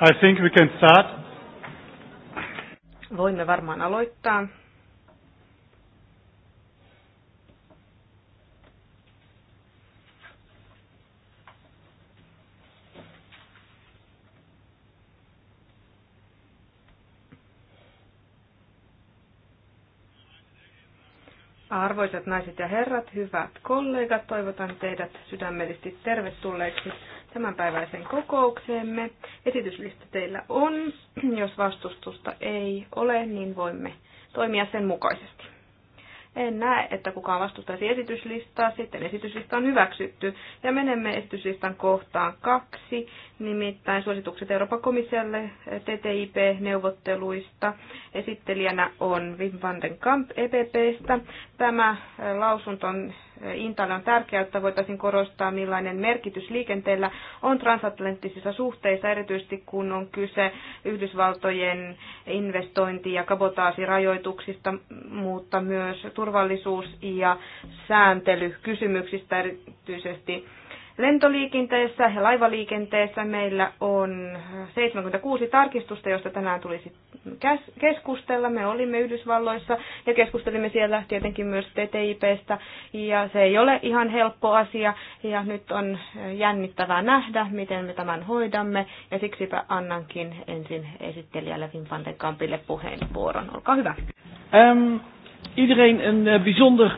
I think we can start. Voimme varmaan aloittaa. Arvoisat naiset ja herrat, hyvät kollegat, toivotan teidät sydämellisesti tervetulleeksi tämänpäiväiseen kokoukseemme. Esityslista teillä on. Jos vastustusta ei ole, niin voimme toimia sen mukaisesti. En näe, että kukaan vastustaisi esityslistaa. Sitten esityslista on hyväksytty. Ja menemme esityslistan kohtaan kaksi, nimittäin suositukset Euroopan komissiolle TTIP-neuvotteluista. Esittelijänä on Wim van den Kamp EPPstä. Tämä lausunto on Intalle on tärkeää, että voitaisiin korostaa, millainen merkitys liikenteellä on transatlanttisissa suhteissa, erityisesti kun on kyse Yhdysvaltojen investointi- ja kabotaasirajoituksista, mutta myös turvallisuus- ja sääntelykysymyksistä erityisesti lentoliikenteessä ja laivaliikenteessä meillä on 76 tarkistusta, joista tänään tulisi keskustella. Me olimme Yhdysvalloissa ja keskustelimme siellä tietenkin myös TTIPstä ja se ei ole ihan helppo asia ja nyt on jännittävää nähdä, miten me tämän hoidamme ja siksipä annankin ensin esittelijälle Wim van den Kampille puheenvuoron. Olkaa hyvä. Um, iedereen een eh, bijzonder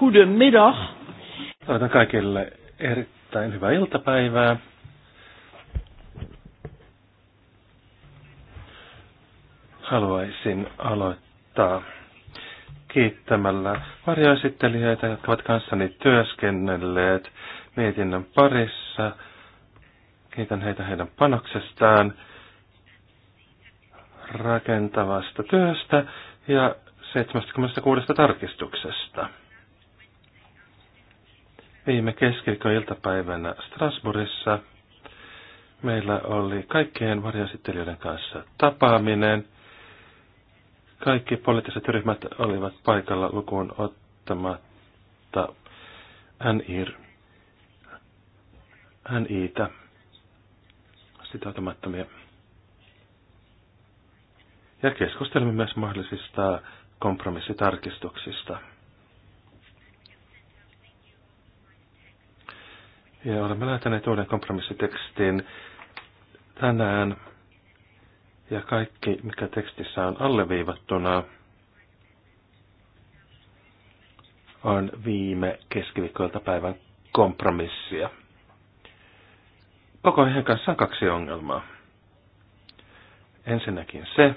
goede middag. Laitan kaikille erittäin hyvää iltapäivää. haluaisin aloittaa kiittämällä varjoesittelijöitä, jotka ovat kanssani työskennelleet mietinnön parissa. Kiitän heitä heidän panoksestaan, rakentavasta työstä ja 76 tarkistuksesta. Viime keskiviikko-iltapäivänä Strasbourgissa meillä oli kaikkien varjoesittelijöiden kanssa tapaaminen – kaikki poliittiset ryhmät olivat paikalla lukuun ottamatta NIR, NIitä sitoutumattomia. Ja keskustelimme myös mahdollisista kompromissitarkistuksista. Ja olemme lähteneet uuden kompromissitekstin tänään ja kaikki, mikä tekstissä on alleviivattuna, on viime keskiviikolta päivän kompromissia. Koko ihan kanssa on kaksi ongelmaa. Ensinnäkin se,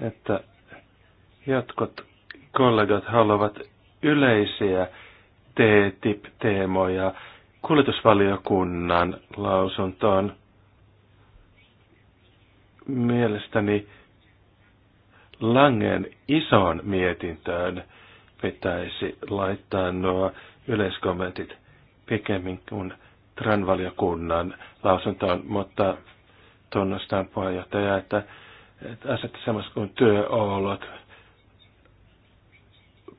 että jotkut kollegat haluavat yleisiä tip teemoja kuljetusvaliokunnan lausuntoon. Mielestäni Langen isoon mietintöön pitäisi laittaa nuo yleiskommentit pikemmin kuin Tran-valiokunnan lausuntoon, mutta tunnustan puheenjohtaja, että, että asiat samassa kuin työolot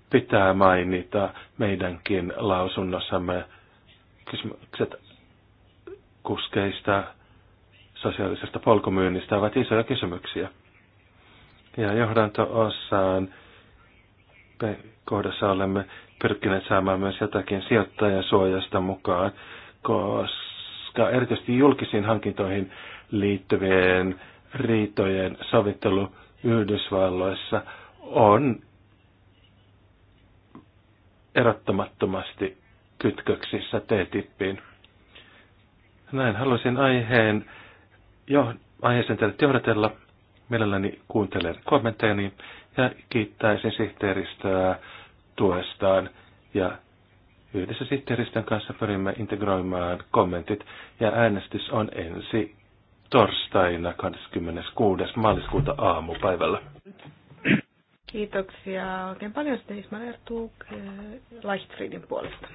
pitää mainita meidänkin lausunnossamme kysymykset kuskeista, sosiaalisesta polkumyynnistä ovat isoja kysymyksiä. Ja johdanto-osaan kohdassa olemme pyrkineet saamaan myös jotakin sijoittajan suojasta mukaan, koska erityisesti julkisiin hankintoihin liittyvien riitojen sovittelu Yhdysvalloissa on erottamattomasti kytköksissä T-tippiin. Näin haluaisin aiheen, jo, aiheeseen teille johdatella. Mielelläni kuuntelen kommenttejani ja kiittäisin sihteeristöä tuestaan ja Yhdessä sihteeristön kanssa pyrimme integroimaan kommentit ja äänestys on ensi torstaina 26. maaliskuuta aamupäivällä. Kiitoksia oikein paljon sitten Ismail Ertug eh, Leichtfriedin puolesta.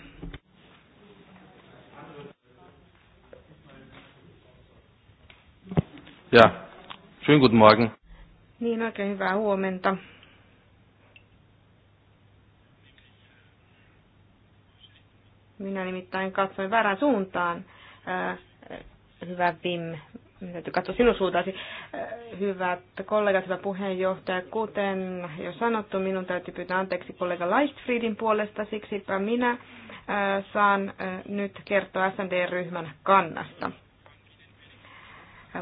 Ja, schönen guten Morgen. Niin, oikein hyvää huomenta. Minä nimittäin katsoin väärän suuntaan. Eh, hyvä Vim, täytyy katsoa sinun suuntaasi. Äh, hyvät kollegat, hyvä puheenjohtaja. Kuten jo sanottu, minun täytyy pyytää anteeksi kollega Lightfriedin puolesta, siksipä minä äh, saan äh, nyt kertoa SND-ryhmän kannasta.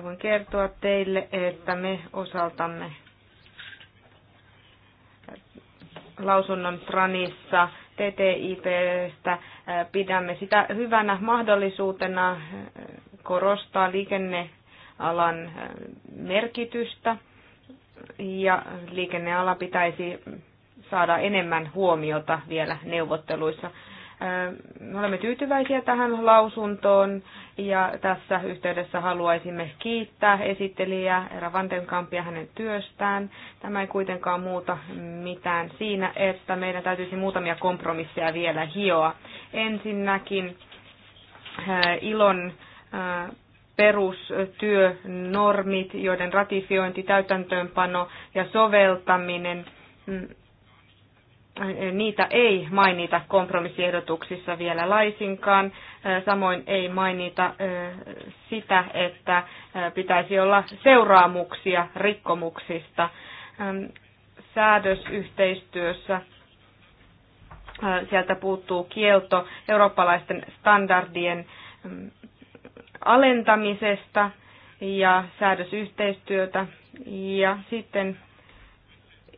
Voin kertoa teille, että me osaltamme lausunnon Tranissa TTIPstä pidämme sitä hyvänä mahdollisuutena korostaa liikenne alan merkitystä ja liikenneala pitäisi saada enemmän huomiota vielä neuvotteluissa. Me olemme tyytyväisiä tähän lausuntoon ja tässä yhteydessä haluaisimme kiittää esittelijää Era hänen työstään. Tämä ei kuitenkaan muuta mitään siinä, että meidän täytyisi muutamia kompromisseja vielä hioa. Ensinnäkin ilon perustyönormit, joiden ratifiointi, täytäntöönpano ja soveltaminen, mm, niitä ei mainita kompromissiehdotuksissa vielä laisinkaan. Samoin ei mainita sitä, että pitäisi olla seuraamuksia rikkomuksista säädösyhteistyössä sieltä puuttuu kielto eurooppalaisten standardien mm, alentamisesta ja säädösyhteistyötä ja sitten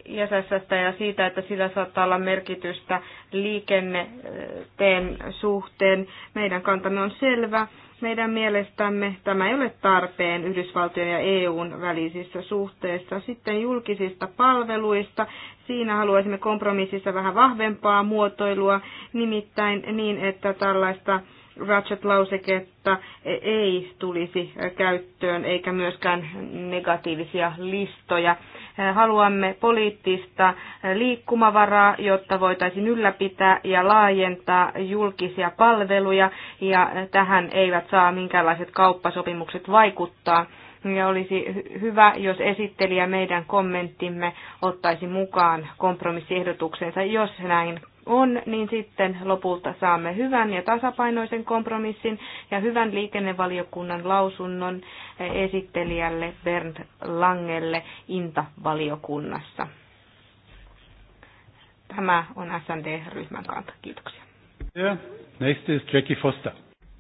ISSstä ja siitä, että sillä saattaa olla merkitystä liikenneteen suhteen. Meidän kantamme on selvä. Meidän mielestämme tämä ei ole tarpeen Yhdysvaltojen ja EUn välisissä suhteissa. Sitten julkisista palveluista. Siinä haluaisimme kompromississa vähän vahvempaa muotoilua, nimittäin niin, että tällaista ratchet-lauseketta ei tulisi käyttöön eikä myöskään negatiivisia listoja. Haluamme poliittista liikkumavaraa, jotta voitaisiin ylläpitää ja laajentaa julkisia palveluja ja tähän eivät saa minkäänlaiset kauppasopimukset vaikuttaa. Ja olisi hyvä, jos esittelijä meidän kommenttimme ottaisi mukaan kompromissiehdotuksensa, jos näin on, niin sitten lopulta saamme hyvän ja tasapainoisen kompromissin ja hyvän liikennevaliokunnan lausunnon eh, esittelijälle Bernd Langelle Inta-valiokunnassa. Tämä on SND-ryhmän kanta. Kiitoksia. Yeah. Next is Jackie Foster.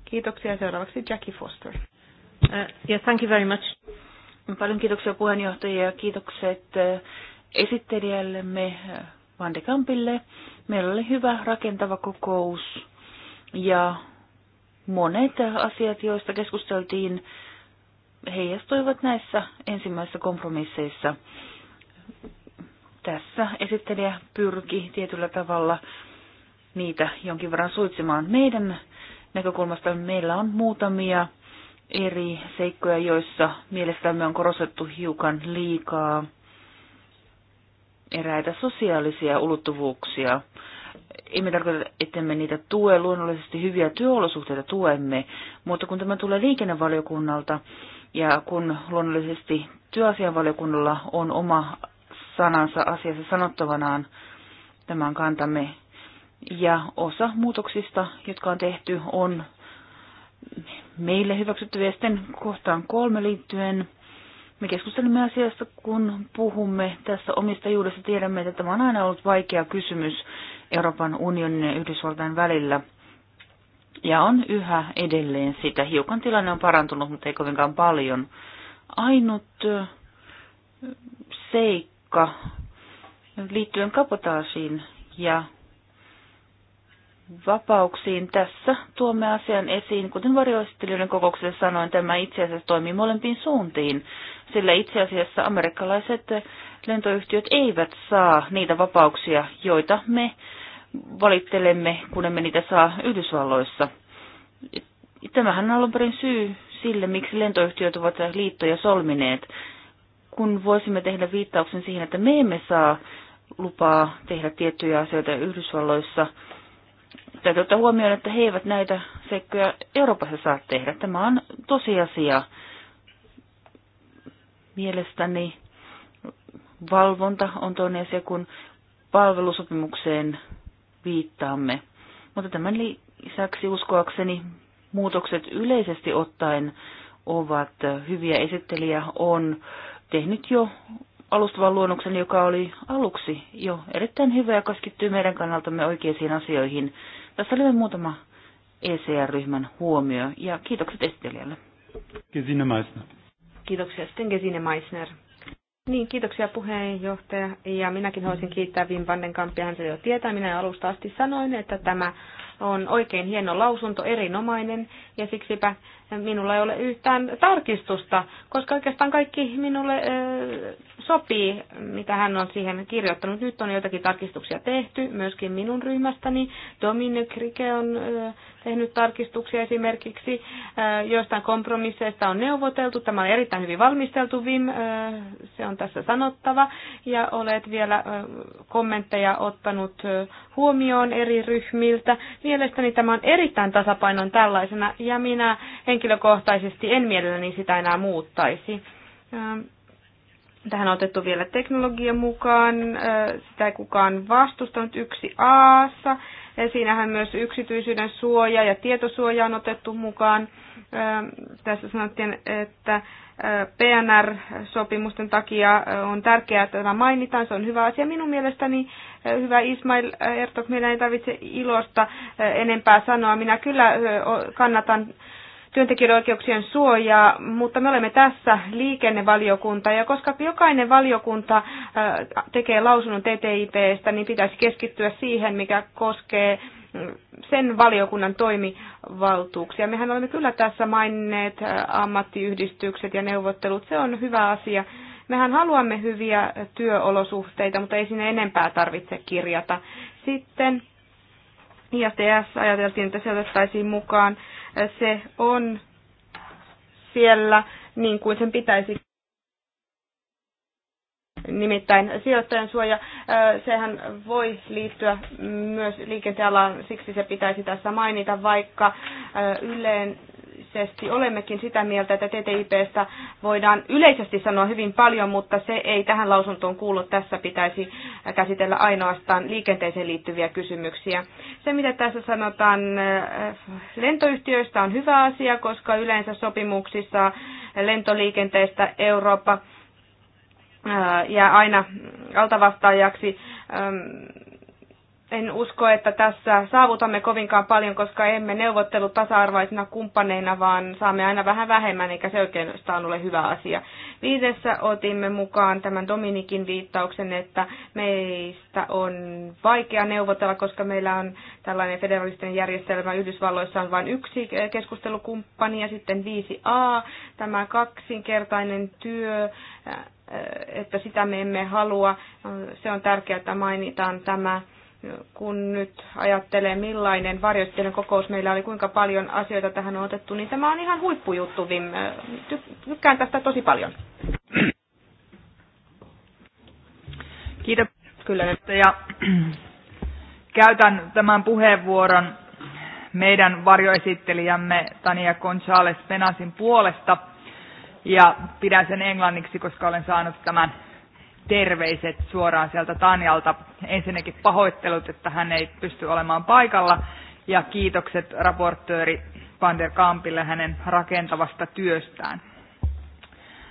Kiitoksia. Seuraavaksi Jackie Foster. Uh, yeah, thank you very much. Paljon kiitoksia puheenjohtajia ja kiitokset eh, esittelijällemme eh, Vandekampille. Meillä oli hyvä rakentava kokous ja monet asiat, joista keskusteltiin, heijastuivat näissä ensimmäisissä kompromisseissa. Tässä esittelijä pyrki tietyllä tavalla niitä jonkin verran suitsimaan. Meidän näkökulmasta meillä on muutamia eri seikkoja, joissa mielestämme on korostettu hiukan liikaa – eräitä sosiaalisia ulottuvuuksia. Emme tarkoita, että me niitä tue. Luonnollisesti hyviä työolosuhteita tuemme, mutta kun tämä tulee liikennevaliokunnalta ja kun luonnollisesti työasianvaliokunnalla on oma sanansa asiassa sanottavanaan tämän kantamme. Ja osa muutoksista, jotka on tehty, on meille hyväksytty viesten kohtaan kolme liittyen me keskustelemme asiasta, kun puhumme tässä omistajuudesta. Tiedämme, että tämä on aina ollut vaikea kysymys Euroopan unionin ja Yhdysvaltain välillä. Ja on yhä edelleen sitä. Hiukan tilanne on parantunut, mutta ei kovinkaan paljon. Ainut seikka liittyen kapotaasiin ja vapauksiin. Tässä tuomme asian esiin, kuten varjoistelijoiden kokouksessa sanoin, tämä itse asiassa toimii molempiin suuntiin, sillä itse asiassa amerikkalaiset lentoyhtiöt eivät saa niitä vapauksia, joita me valittelemme, kun emme niitä saa Yhdysvalloissa. Tämähän on alun perin syy sille, miksi lentoyhtiöt ovat liittoja solmineet, kun voisimme tehdä viittauksen siihen, että me emme saa lupaa tehdä tiettyjä asioita Yhdysvalloissa – täytyy ottaa huomioon, että he eivät näitä seikkoja Euroopassa saa tehdä. Tämä on tosiasia. Mielestäni valvonta on toinen asia, kun palvelusopimukseen viittaamme. Mutta tämän lisäksi uskoakseni muutokset yleisesti ottaen ovat hyviä. Esittelijä on tehnyt jo alustavan luonnoksen, joka oli aluksi jo erittäin hyvä ja keskittyy meidän kannaltamme oikeisiin asioihin. Tässä oli muutama ECR-ryhmän huomio ja kiitokset esittelijälle. Gesine Meissner. Kiitoksia sitten Gesine Meissner. Niin, kiitoksia puheenjohtaja. Ja minäkin haluaisin kiittää Wim Vandenkampia, hän se jo tietää. Minä alusta asti sanoin, että tämä on oikein hieno lausunto, erinomainen, ja siksipä minulla ei ole yhtään tarkistusta, koska oikeastaan kaikki minulle sopii, mitä hän on siihen kirjoittanut. Nyt on joitakin tarkistuksia tehty, myöskin minun ryhmästäni. Dominic Rike on tehnyt tarkistuksia esimerkiksi. Joistain kompromisseista on neuvoteltu. Tämä on erittäin hyvin valmisteltu, Vim, se on tässä sanottava. Ja olet vielä kommentteja ottanut huomioon eri ryhmiltä. Mielestäni tämä on erittäin tasapainon tällaisena, ja minä henkilökohtaisesti en mielelläni sitä enää muuttaisi. Tähän on otettu vielä teknologia mukaan, sitä ei kukaan vastustanut yksi aassa. Siinähän myös yksityisyyden suoja ja tietosuoja on otettu mukaan. Tässä sanottiin, että PNR-sopimusten takia on tärkeää, että tämä mainitaan. Se on hyvä asia minun mielestäni. Hyvä Ismail Ertok, meidän ei tarvitse ilosta enempää sanoa. Minä kyllä kannatan työntekijöiden oikeuksien suojaa, mutta me olemme tässä liikennevaliokunta, ja koska jokainen valiokunta äh, tekee lausunnon TTIPstä, niin pitäisi keskittyä siihen, mikä koskee mm, sen valiokunnan toimivaltuuksia. Mehän olemme kyllä tässä maininneet äh, ammattiyhdistykset ja neuvottelut, se on hyvä asia. Mehän haluamme hyviä työolosuhteita, mutta ei sinne enempää tarvitse kirjata. Sitten ISTS ajateltiin, että se otettaisiin mukaan se on siellä niin kuin sen pitäisi. Nimittäin sijoittajan suoja, sehän voi liittyä myös liikentealaan, siksi se pitäisi tässä mainita, vaikka yleisesti olemmekin sitä mieltä, että TTIPstä voidaan yleisesti sanoa hyvin paljon, mutta se ei tähän lausuntoon kuulu. Tässä pitäisi käsitellä ainoastaan liikenteeseen liittyviä kysymyksiä. Se, mitä tässä sanotaan eh, lentoyhtiöistä, on hyvä asia, koska yleensä sopimuksissa lentoliikenteestä Eurooppa eh, jää aina altavastaajaksi ehm, en usko, että tässä saavutamme kovinkaan paljon, koska emme neuvottelu tasa-arvoisina kumppaneina, vaan saamme aina vähän vähemmän, eikä se oikeastaan ole hyvä asia. Viidessä otimme mukaan tämän Dominikin viittauksen, että meistä on vaikea neuvotella, koska meillä on tällainen federalistinen järjestelmä. Yhdysvalloissa on vain yksi keskustelukumppani ja sitten 5A, tämä kaksinkertainen työ, äh, että sitä me emme halua. Se on tärkeää, että mainitaan tämä kun nyt ajattelee millainen varjoittelijan kokous meillä oli, kuinka paljon asioita tähän on otettu, niin tämä on ihan huippujuttu, Vim. Tykkään tästä tosi paljon. Kiitos. Kyllä. Ja käytän tämän puheenvuoron meidän varjoesittelijämme Tania González Penasin puolesta ja pidän sen englanniksi, koska olen saanut tämän terveiset suoraan sieltä Tanjalta. Ensinnäkin pahoittelut, että hän ei pysty olemaan paikalla ja kiitokset raportööri Van der Kampille hänen rakentavasta työstään.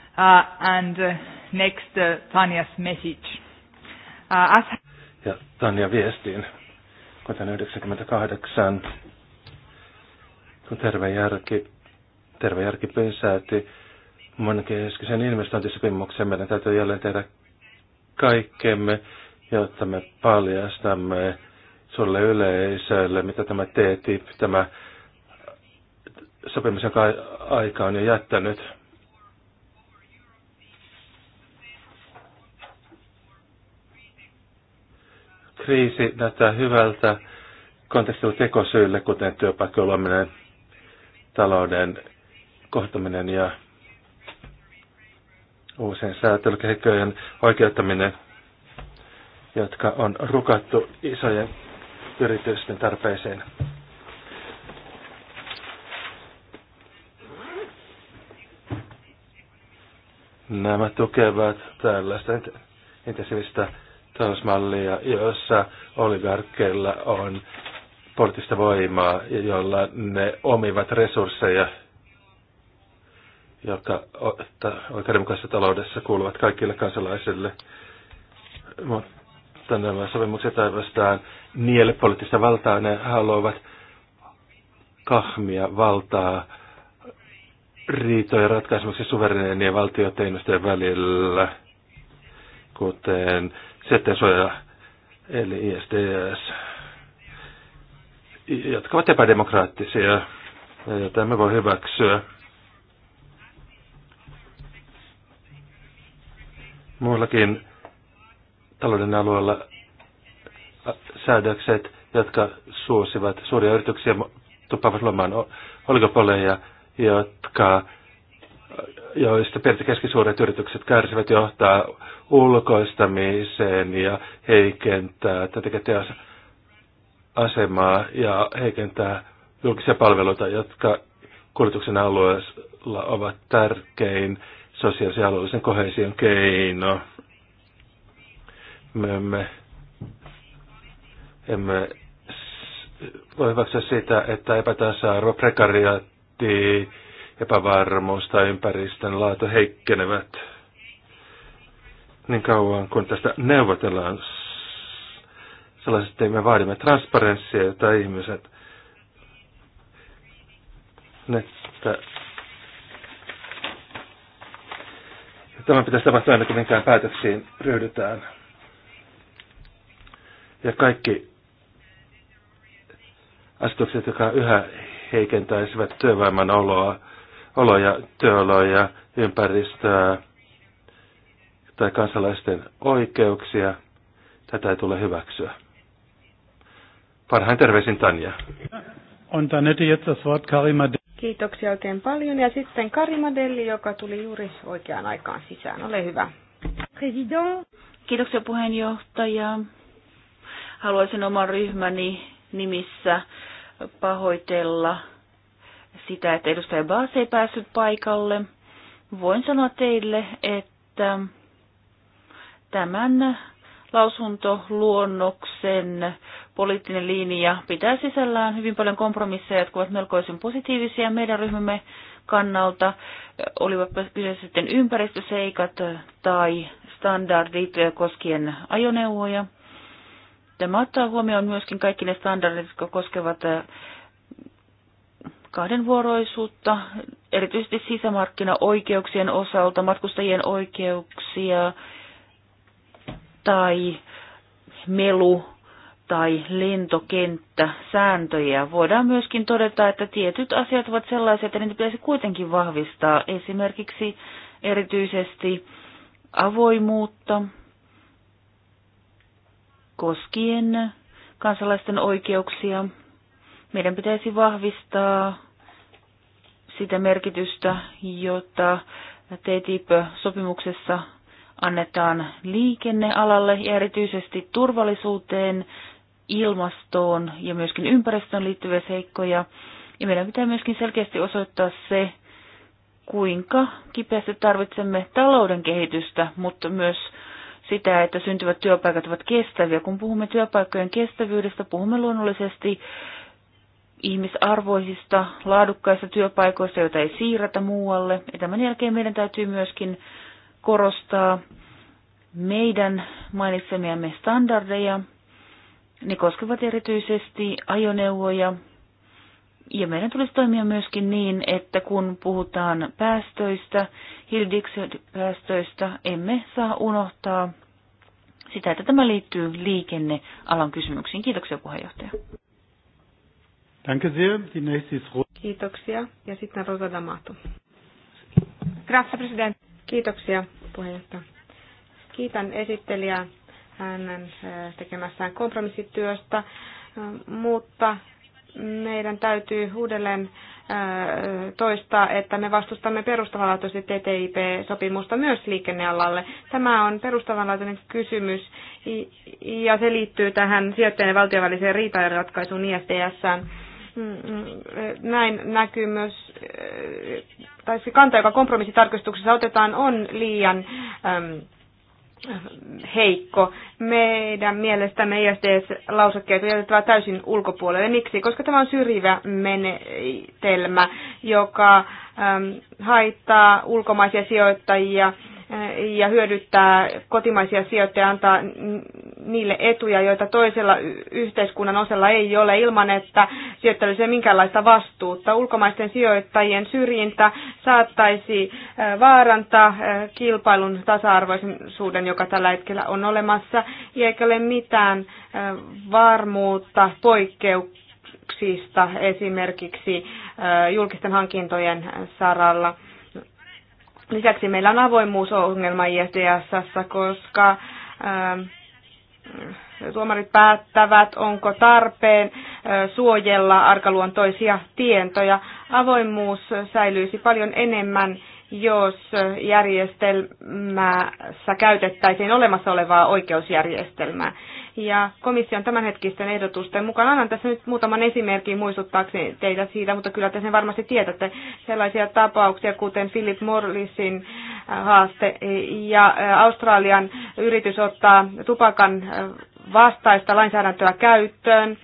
Uh, and uh, next uh, Tanja's message. Uh, as... Ja Tanja viestiin, kuten 98, kun terve järki, terve järki pysäytti keskisen investointisopimuksen, meidän täytyy jälleen tehdä kaikkemme, jotta me paljastamme sulle yleisölle, mitä tämä TTIP, tämä sopimus, joka aika on jo jättänyt. Kriisi näyttää hyvältä kontekstilla tekosyille, kuten työpaikkojen luominen, talouden kohtaminen ja uusien säätelykehikkojen oikeuttaminen, jotka on rukattu isojen yritysten tarpeeseen. Nämä tukevat tällaista intensiivistä talousmallia, jossa oligarkkeilla on poliittista voimaa, jolla ne omivat resursseja – jotka oikeudenmukaisessa taloudessa kuuluvat kaikille kansalaisille. Mutta nämä sopimukset aivastaan niille poliittista valtaa, ne haluavat kahmia valtaa riitojen ratkaisemiseksi suverenien valtioteinosten välillä, kuten CT-suoja eli ISDS, jotka ovat epädemokraattisia, ja tämä me voi hyväksyä. muillakin talouden alueella säädökset, jotka suosivat suuria yrityksiä tuppaavat luomaan oligopoleja, jotka, joista pienet keskisuuret yritykset kärsivät johtaa ulkoistamiseen ja heikentää tätä asemaa ja heikentää julkisia palveluita, jotka kuljetuksen alueella ovat tärkein sosiaalisen ja alueellisen kohesion keino. Me emme, emme voi hyväksyä sitä, että epätasa-arvo, prekariaatti, epävarmuus tai ympäristön laatu heikkenevät niin kauan, kun tästä neuvotellaan sellaisesti, me vaadimme transparenssia, jota ihmiset, että Tämän pitäisi tapahtua ennen kuin minkään päätöksiin ryhdytään. Ja kaikki asetukset, jotka yhä heikentäisivät työvoiman oloa, oloja, työoloja, ympäristöä tai kansalaisten oikeuksia, tätä ei tule hyväksyä. Parhain terveisin Tanja. Und dann hätte jetzt das Wort Karima Kiitoksia oikein paljon. Ja sitten Karimadelli, joka tuli juuri oikeaan aikaan sisään. Ole hyvä. President. Kiitoksia puheenjohtaja. Haluaisin oman ryhmäni nimissä pahoitella sitä, että edustaja Baas ei päässyt paikalle. Voin sanoa teille, että tämän lausuntoluonnoksen poliittinen linja pitää sisällään hyvin paljon kompromisseja, jotka ovat melkoisen positiivisia meidän ryhmämme kannalta, olivat kyseessä sitten ympäristöseikat tai standardit koskien ajoneuvoja. Tämä ottaa huomioon myöskin kaikki ne standardit, jotka koskevat kahdenvuoroisuutta, erityisesti sisämarkkinaoikeuksien osalta, matkustajien oikeuksia tai melu tai sääntöjä Voidaan myöskin todeta, että tietyt asiat ovat sellaisia, että niitä pitäisi kuitenkin vahvistaa. Esimerkiksi erityisesti avoimuutta koskien kansalaisten oikeuksia. Meidän pitäisi vahvistaa sitä merkitystä, jota TTIP-sopimuksessa annetaan liikennealalle ja erityisesti turvallisuuteen ilmastoon ja myöskin ympäristöön liittyviä seikkoja. Ja meidän pitää myöskin selkeästi osoittaa se, kuinka kipeästi tarvitsemme talouden kehitystä, mutta myös sitä, että syntyvät työpaikat ovat kestäviä. Kun puhumme työpaikkojen kestävyydestä, puhumme luonnollisesti ihmisarvoisista, laadukkaista työpaikoista, joita ei siirretä muualle. Ja tämän jälkeen meidän täytyy myöskin korostaa meidän mainitsemiamme standardeja, ne koskevat erityisesti ajoneuvoja, ja meidän tulisi toimia myöskin niin, että kun puhutaan päästöistä, päästöistä, emme saa unohtaa sitä, että tämä liittyy liikennealan kysymyksiin. Kiitoksia puheenjohtaja. Kiitoksia. Ja sitten Rosa D'Amato. President. Kiitoksia, puheenjohtaja. Kiitän esittelijää hänen tekemässään kompromissityöstä, mutta meidän täytyy uudelleen toistaa, että me vastustamme perustavanlaatuisesti TTIP-sopimusta myös liikennealalle. Tämä on perustavanlaatuinen kysymys ja se liittyy tähän sijoittajien ja valtion väliseen riitaratkaisuun mm, mm, Näin näkyy myös, tai se kanta, joka kompromissitarkistuksessa otetaan, on liian ähm, heikko. Meidän mielestämme ISDS-lausakkeet on jätettävä täysin ulkopuolelle. Miksi? Koska tämä on syrjivä menetelmä, joka Ähm, haittaa ulkomaisia sijoittajia äh, ja hyödyttää kotimaisia sijoittajia, antaa niille etuja, joita toisella yhteiskunnan osalla ei ole, ilman että sijoittajille olisi minkäänlaista vastuutta. Ulkomaisten sijoittajien syrjintä saattaisi äh, vaarantaa äh, kilpailun tasa-arvoisuuden, joka tällä hetkellä on olemassa, eikä ole mitään varmuutta poikkeuksista esimerkiksi julkisten hankintojen saralla. Lisäksi meillä on avoimuusongelma ISDSS, koska tuomarit päättävät, onko tarpeen suojella arkaluontoisia tietoja. Avoimuus säilyisi paljon enemmän, jos järjestelmässä käytettäisiin olemassa olevaa oikeusjärjestelmää ja komission tämänhetkisten ehdotusten mukaan. Annan tässä nyt muutaman esimerkin muistuttaakseni teitä siitä, mutta kyllä te sen varmasti tiedätte sellaisia tapauksia, kuten Philip Morrisin äh, haaste ja äh, Australian yritys ottaa tupakan äh, vastaista lainsäädäntöä käyttöön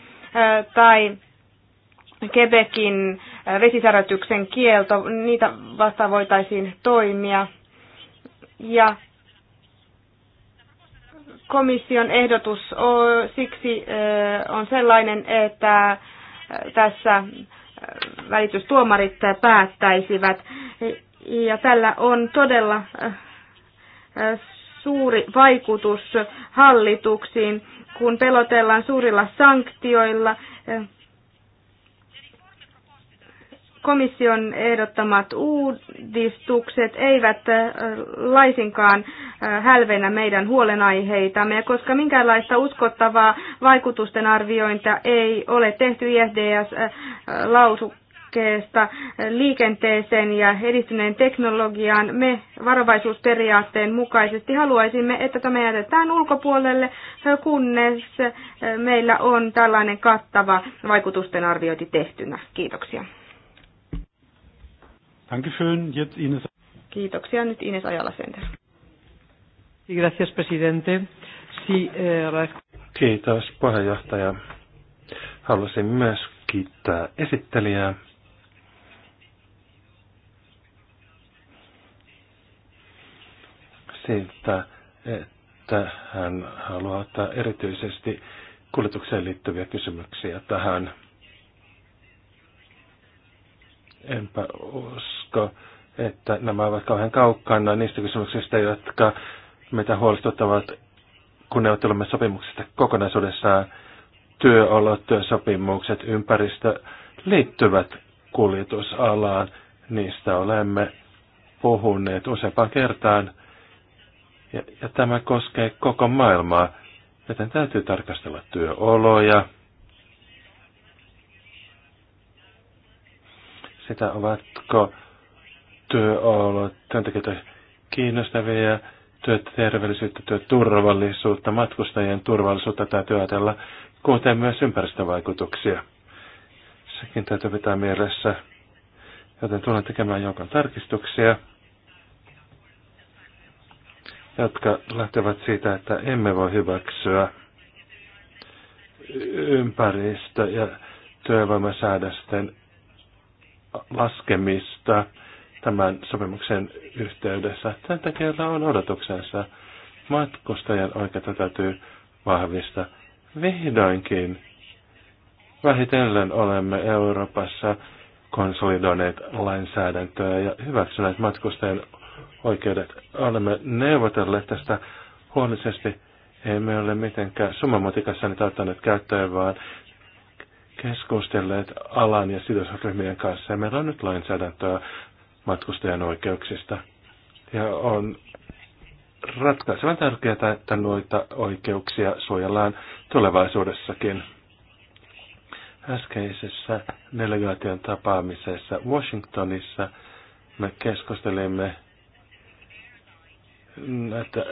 tai Quebecin vesisärötyksen kielto, niitä vastaan voitaisiin toimia. Ja komission ehdotus siksi on sellainen, että tässä välitystuomarit päättäisivät. Ja tällä on todella suuri vaikutus hallituksiin, kun pelotellaan suurilla sanktioilla komission ehdottamat uudistukset eivät laisinkaan hälvenä meidän huolenaiheitamme, koska minkäänlaista uskottavaa vaikutusten arviointia ei ole tehty ISDS-lausu liikenteeseen ja edistyneen teknologiaan. Me varovaisuusperiaatteen mukaisesti haluaisimme, että tämä jätetään ulkopuolelle, kunnes meillä on tällainen kattava vaikutusten arviointi tehtynä. Kiitoksia. Dankeschön. Jetzt Ines. Kiitoksia. Nyt Ines Ajala Center. Gracias, presidente. Si, eh, Kiitos, puheenjohtaja. Haluaisin myös kiittää esittelijää. Siltä, että hän haluaa ottaa erityisesti kuljetukseen liittyviä kysymyksiä tähän enpä usko, että nämä ovat kauhean kaukana niistä kysymyksistä, jotka meitä huolestuttavat, kun neuvottelemme sopimuksista kokonaisuudessaan. Työolot, työsopimukset, ympäristö liittyvät kuljetusalaan. Niistä olemme puhuneet useampaan kertaan. Ja, ja tämä koskee koko maailmaa, joten täytyy tarkastella työoloja, sitä, ovatko työolot työntekijöitä kiinnostavia, työterveellisyyttä, työturvallisuutta, matkustajien turvallisuutta tai työtellä, kuten myös ympäristövaikutuksia. Sekin täytyy pitää mielessä, joten tulen tekemään joukon tarkistuksia, jotka lähtevät siitä, että emme voi hyväksyä ympäristö- ja työvoimasäädösten laskemista tämän sopimuksen yhteydessä. Tämän takia on odotuksensa. Matkustajan oikeutta täytyy vahvistaa. Vihdoinkin vähitellen olemme Euroopassa konsolidoineet lainsäädäntöä ja hyväksyneet matkustajien oikeudet. Olemme neuvotelleet tästä huolisesti. Emme ole mitenkään summamotikassani ottaneet käyttöön, vaan keskustelleet alan ja sidosryhmien kanssa ja meillä on nyt lainsäädäntöä matkustajan oikeuksista. Ja on ratkaisevan tärkeää, että noita oikeuksia suojellaan tulevaisuudessakin. Äskeisessä delegaation tapaamisessa Washingtonissa me keskustelimme näitä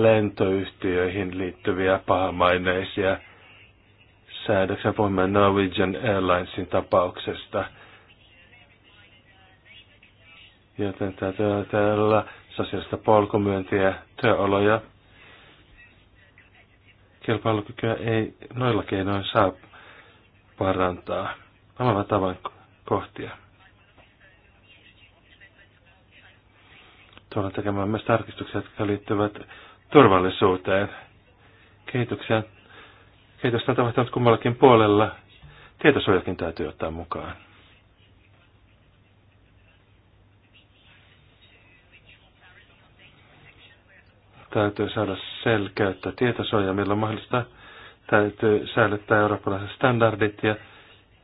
lentoyhtiöihin liittyviä pahamaineisia säädöksen puhumme Norwegian Airlinesin tapauksesta. Joten täytyy ajatella sosiaalista polkumyöntiä, työoloja. Kilpailukykyä ei noilla keinoin saa parantaa. Samalla tavoin kohtia. Tuolla tekemään myös tarkistuksia, jotka liittyvät turvallisuuteen. Kiitoksia ei tästä tapahtunut kummallakin puolella. Tietosuojakin täytyy ottaa mukaan. Täytyy saada selkeyttä tietosuoja, on mahdollista. Täytyy säilyttää eurooppalaiset standardit ja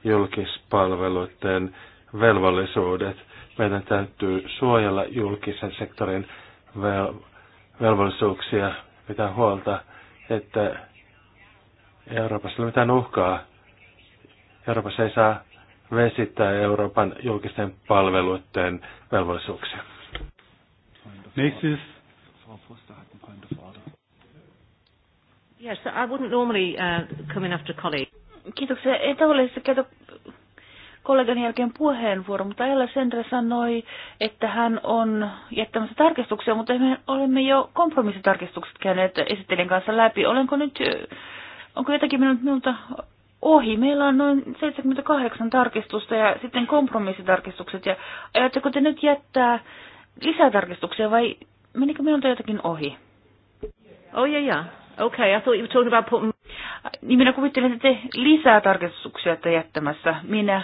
julkispalveluiden velvollisuudet. Meidän täytyy suojella julkisen sektorin vel- velvollisuuksia, pitää huolta, että Euroopassa ei ole mitään uhkaa. Euroopassa ei saa vesittää Euroopan julkisten palveluiden velvollisuuksia. Yes, I wouldn't normally uh, come in after colleague. Kiitoksia. En tavallisesti käytä kollegan jälkeen puheenvuoro, mutta Ella Sendra sanoi, että hän on jättämässä tarkistuksia, mutta me olemme jo kompromissitarkistukset käyneet esittelijän kanssa läpi. Olenko nyt onko jotakin mennyt minulta ohi? Meillä on noin 78 tarkistusta ja sitten kompromissitarkistukset. Ja ajatteko te nyt jättää lisätarkistuksia vai menikö minulta jotakin ohi? Oh yeah, yeah. Okay, I thought you were talking about putting... Niin minä kuvittelin, että te lisää tarkistuksia että jättämässä. Minä,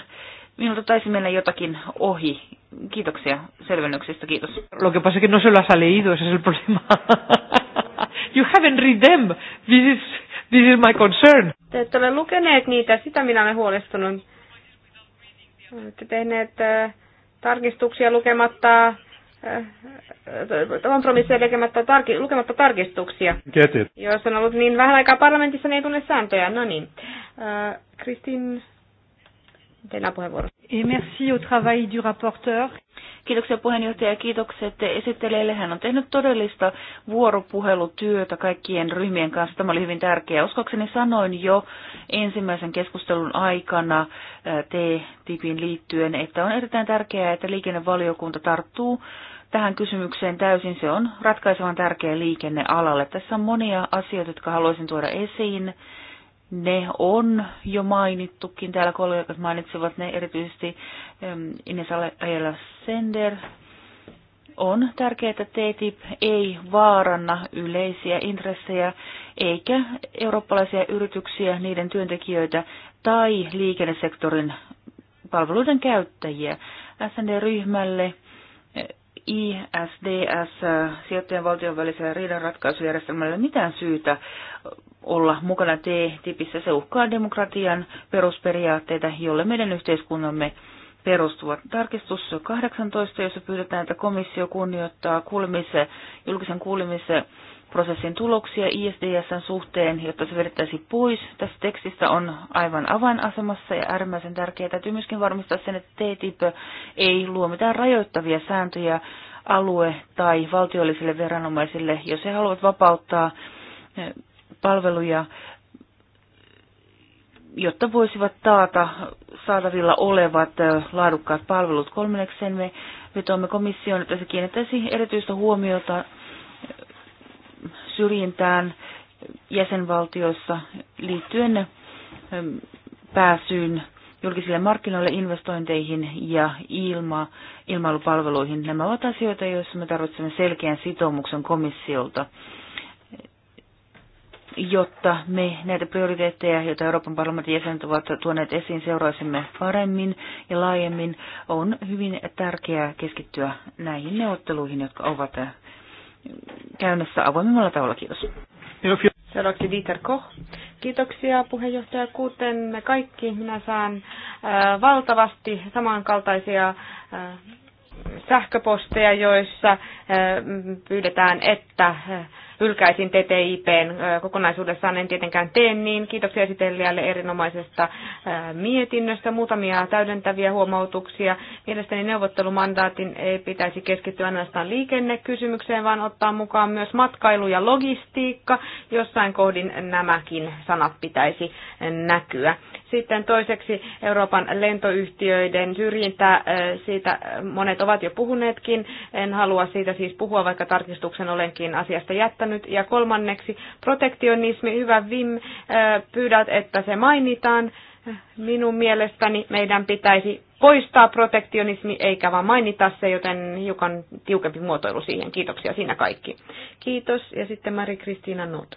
minulta taisi mennä jotakin ohi. Kiitoksia selvennyksestä, kiitos. Lo que pasa es que no se lo ha leído, ese es el problema. you haven't read them. This is This is my concern. Te ette ole lukeneet niitä, sitä minä olen huolestunut. Olette tehneet tarkistuksia lukematta kompromisseja tekemättä tarki, lukematta tarkistuksia. Get it. Jos on ollut niin vähän aikaa parlamentissa, niin ei tunne sääntöjä. No niin. Kristin Teillä on puheenvuoro. Merci au travail du rapporteur. Kiitoksia puheenjohtaja ja kiitokset esittelijälle. Hän on tehnyt todellista vuoropuhelutyötä kaikkien ryhmien kanssa. Tämä oli hyvin tärkeää. Uskokseni sanoin jo ensimmäisen keskustelun aikana T-tipin liittyen, että on erittäin tärkeää, että liikennevaliokunta tarttuu tähän kysymykseen täysin. Se on ratkaisevan tärkeä liikennealalle. Tässä on monia asioita, jotka haluaisin tuoda esiin. Ne on jo mainittukin, täällä kollegat mainitsivat ne erityisesti Ines Ajala Sender. On tärkeää, että TTIP ei vaaranna yleisiä intressejä eikä eurooppalaisia yrityksiä, niiden työntekijöitä tai liikennesektorin palveluiden käyttäjiä. SND-ryhmälle ISDS äh, sijoittajan valtion välisellä riidanratkaisujärjestelmällä mitään syytä olla mukana T-tipissä. Se uhkaa demokratian perusperiaatteita, jolle meidän yhteiskunnamme perustuvat. Tarkistus 18, jossa pyydetään, että komissio kunnioittaa kuulemisen, julkisen kuulemisen prosessin tuloksia ISDSn suhteen, jotta se vedettäisi pois. Tässä tekstistä on aivan avainasemassa ja äärimmäisen tärkeää. Täytyy myöskin varmistaa sen, että TTIP ei luo mitään rajoittavia sääntöjä alue- tai valtiollisille viranomaisille, jos he haluavat vapauttaa eh, palveluja, jotta voisivat taata saatavilla olevat eh, laadukkaat palvelut. kolmenneksen. me vetoamme komissioon, että se kiinnittäisi erityistä huomiota syrjintään jäsenvaltioissa liittyen ähm, pääsyyn julkisille markkinoille, investointeihin ja ilma, ilmailupalveluihin. Nämä ovat asioita, joissa me tarvitsemme selkeän sitoumuksen komissiolta, jotta me näitä prioriteetteja, joita Euroopan parlamentin jäsenet ovat tuoneet esiin, seuraisimme paremmin ja laajemmin. On hyvin tärkeää keskittyä näihin neuvotteluihin, jotka ovat käynnissä avoimemmalla tavalla. Kiitos. Seuraavaksi Dieter Koch. Kiitoksia puheenjohtaja. Kuten me kaikki, minä saan äh, valtavasti samankaltaisia äh, sähköposteja, joissa äh, pyydetään, että äh, hylkäisin TTIPn kokonaisuudessaan, en tietenkään tee niin. Kiitoksia esitelijälle erinomaisesta mietinnöstä. Muutamia täydentäviä huomautuksia. Mielestäni neuvottelumandaatin ei pitäisi keskittyä ainoastaan liikennekysymykseen, vaan ottaa mukaan myös matkailu ja logistiikka. Jossain kohdin nämäkin sanat pitäisi näkyä. Sitten toiseksi Euroopan lentoyhtiöiden syrjintää, äh, siitä monet ovat jo puhuneetkin, en halua siitä siis puhua, vaikka tarkistuksen olenkin asiasta jättänyt. Ja kolmanneksi protektionismi, hyvä Vim, äh, pyydät, että se mainitaan. Minun mielestäni meidän pitäisi poistaa protektionismi eikä vaan mainita se, joten hiukan tiukempi muotoilu siihen. Kiitoksia siinä kaikki. Kiitos ja sitten Mari-Kristiina Nuut.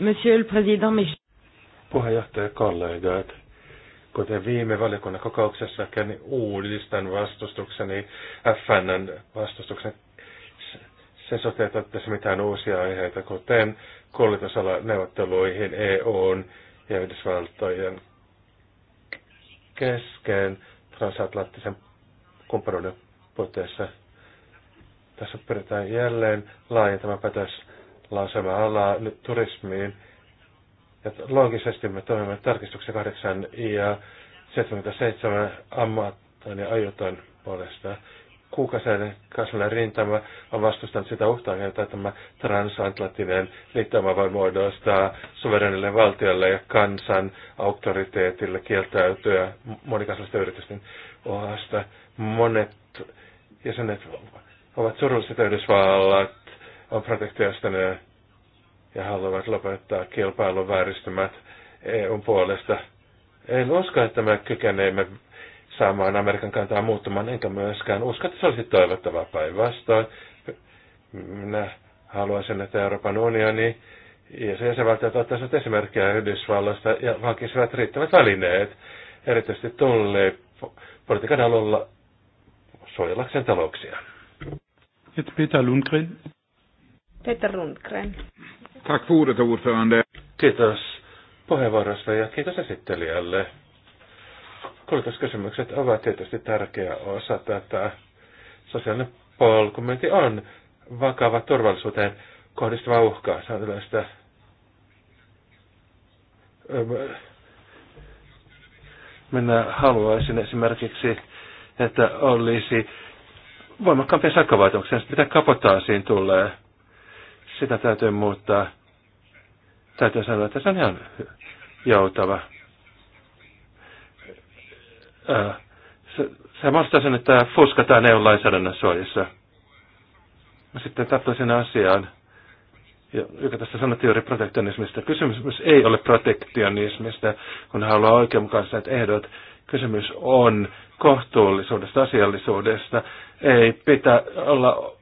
Monsieur le Président, mes puheenjohtajakollegat. Kuten viime valiokunnan kokouksessa niin uudistan vastustukseni, FNn vastustuksen. Se että tässä mitään uusia aiheita, kuten koulutusala neuvotteluihin EUn ja Yhdysvaltojen kesken transatlanttisen kumppanuuden puitteissa. Tässä pyritään jälleen laajentamaan päätös lausemaan alaa nyt turismiin – ja loogisesti me toimimme tarkistuksen 8 ja 77 ammattain ja ajoton puolesta. Kuukasäinen kasvallinen rintama on vastustanut sitä uhtaa, että tämä transatlanttinen liittoma voi muodostaa suverenille valtiolle ja kansan auktoriteetille kieltäytyä monikansallisten yritysten ohasta. Monet jäsenet ovat surulliset Yhdysvallat, on protektiosta ne ja haluavat lopettaa kilpailun vääristymät EUn puolesta. En usko, että me kykeneemme saamaan Amerikan kantaa muuttumaan, enkä myöskään usko, että se olisi toivottavaa päinvastoin. Minä haluaisin, että Euroopan unioni ja se jäsenvaltiot ottaisivat esimerkkejä Yhdysvalloista ja hankisivat riittävät välineet, erityisesti tulli politiikan alulla suojellakseen talouksia. Peter Lundgren. Peter Lundgren. Tack för ordet, ordförande. Kiitos puheenvuorosta ja kiitos esittelijälle. Kulutuskysymykset ovat tietysti tärkeä osa tätä. Sosiaalinen polkumenti on vakava turvallisuuteen kohdistuva uhka. Se on yleistä minä haluaisin esimerkiksi, että olisi voimakkaampia sakkovaatimuksia, mitä kapotaasiin tulee. Sitä täytyy muuttaa täytyy sanoa, että se on ihan joutava. Se, se vastaa sen, että fuskataan EU-lainsäädännön suojissa. Sitten tarttuisin asiaan, joka tässä sanottiin juuri protektionismista. Kysymys ei ole protektionismista, kun haluaa oikeudenmukaiset ehdot. Kysymys on kohtuullisuudesta, asiallisuudesta. Ei pitää olla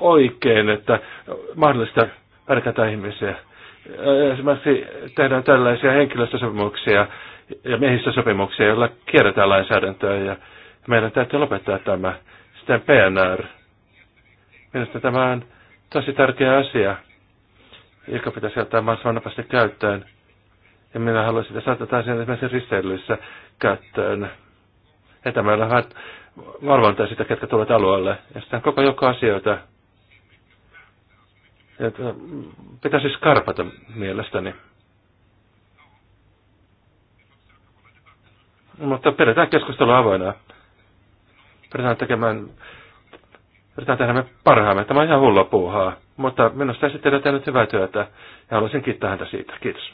oikein, että mahdollista pärkätä ihmisiä esimerkiksi tehdään tällaisia henkilöstösopimuksia ja sopimuksia, joilla kierretään lainsäädäntöä ja meidän täytyy lopettaa tämä. Sitten PNR. Mielestäni tämä on tosi tärkeä asia, joka pitäisi ottaa mahdollisimman nopeasti käyttöön. Ja minä haluaisin, että saatetaan sen esimerkiksi risteilyissä käyttöön. Että meillä on valvontaa sitä, ketkä tulevat alueelle. Ja sitten koko joukko asioita, että pitäisi skarpata mielestäni. Mutta pidetään keskustelu avoinna. Pidetään tekemään, pidetään tehdä me parhaamme. Tämä on ihan hullua puuhaa. Mutta minusta esittelijä on tehnyt hyvää työtä ja haluaisin kiittää häntä siitä. Kiitos.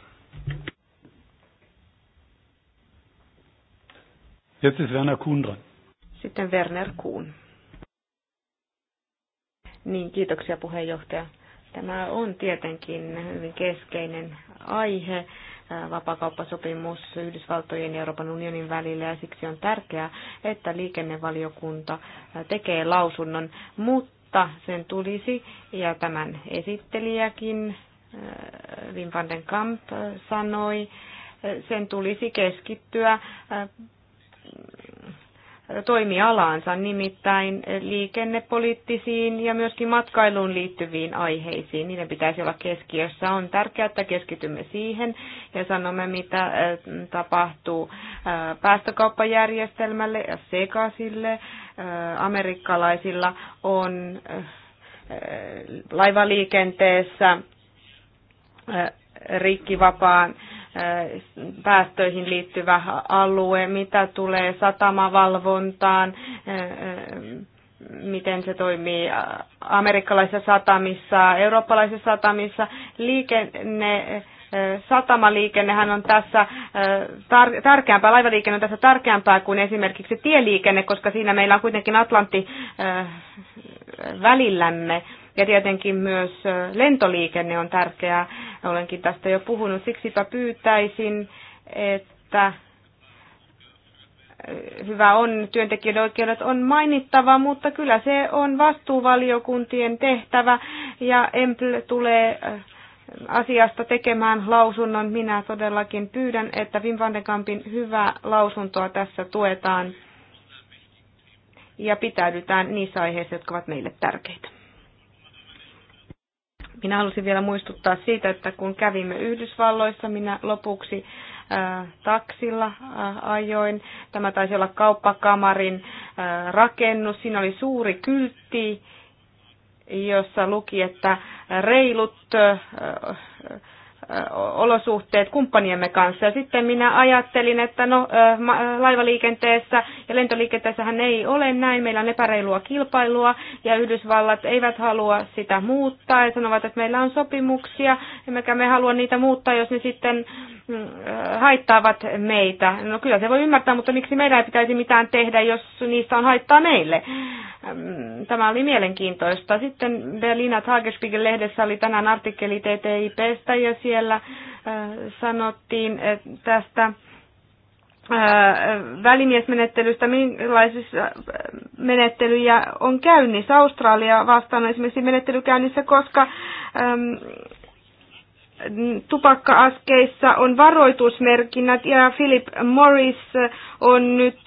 Sitten Werner Kuhn. Niin, kiitoksia puheenjohtaja. Tämä on tietenkin hyvin keskeinen aihe, vapakauppasopimus Yhdysvaltojen ja Euroopan unionin välillä, ja siksi on tärkeää, että liikennevaliokunta tekee lausunnon, mutta sen tulisi, ja tämän esittelijäkin Wim van den Kamp sanoi, sen tulisi keskittyä toimialaansa, nimittäin liikennepoliittisiin ja myöskin matkailuun liittyviin aiheisiin. Niiden pitäisi olla keskiössä. On tärkeää, että keskitymme siihen ja sanomme, mitä tapahtuu päästökauppajärjestelmälle ja sekasille. Amerikkalaisilla on laivaliikenteessä rikkivapaan päästöihin liittyvä alue, mitä tulee satamavalvontaan, miten se toimii amerikkalaisissa satamissa, eurooppalaisissa satamissa. Liikenne, satamaliikennehän on tässä tar- tärkeämpää, laivaliikenne on tässä tärkeämpää kuin esimerkiksi tieliikenne, koska siinä meillä on kuitenkin Atlantti välillämme. Ja tietenkin myös lentoliikenne on tärkeää. Olenkin tästä jo puhunut. Siksipä pyytäisin, että hyvä on, työntekijöiden oikeudet on mainittava, mutta kyllä se on vastuuvaliokuntien tehtävä ja EMPL tulee asiasta tekemään lausunnon. Minä todellakin pyydän, että Wim van de Kampin hyvää lausuntoa tässä tuetaan ja pitäydytään niissä aiheissa, jotka ovat meille tärkeitä. Minä halusin vielä muistuttaa siitä, että kun kävimme Yhdysvalloissa, minä lopuksi taksilla ajoin. Tämä taisi olla kauppakamarin rakennus. Siinä oli suuri kyltti, jossa luki, että reilut olosuhteet kumppaniemme kanssa. Ja sitten minä ajattelin, että no laivaliikenteessä ja lentoliikenteessähän ei ole näin. Meillä on epäreilua kilpailua ja Yhdysvallat eivät halua sitä muuttaa ja sanovat, että meillä on sopimuksia, emmekä me halua niitä muuttaa, jos ne sitten mm, haittaavat meitä. No kyllä se voi ymmärtää, mutta miksi meidän ei pitäisi mitään tehdä, jos niistä on haittaa meille? Mm, tämä oli mielenkiintoista. Sitten Berliina Tagesspiegel-lehdessä oli tänään artikkeli TTIPstä ja siellä siellä äh, sanottiin tästä äh, välimiesmenettelystä, minkälaisia äh, menettelyjä on käynnissä. Australia vastaan esimerkiksi menettelykäynnissä, koska ähm, tupakka-askeissa on varoitusmerkinnät ja Philip Morris on nyt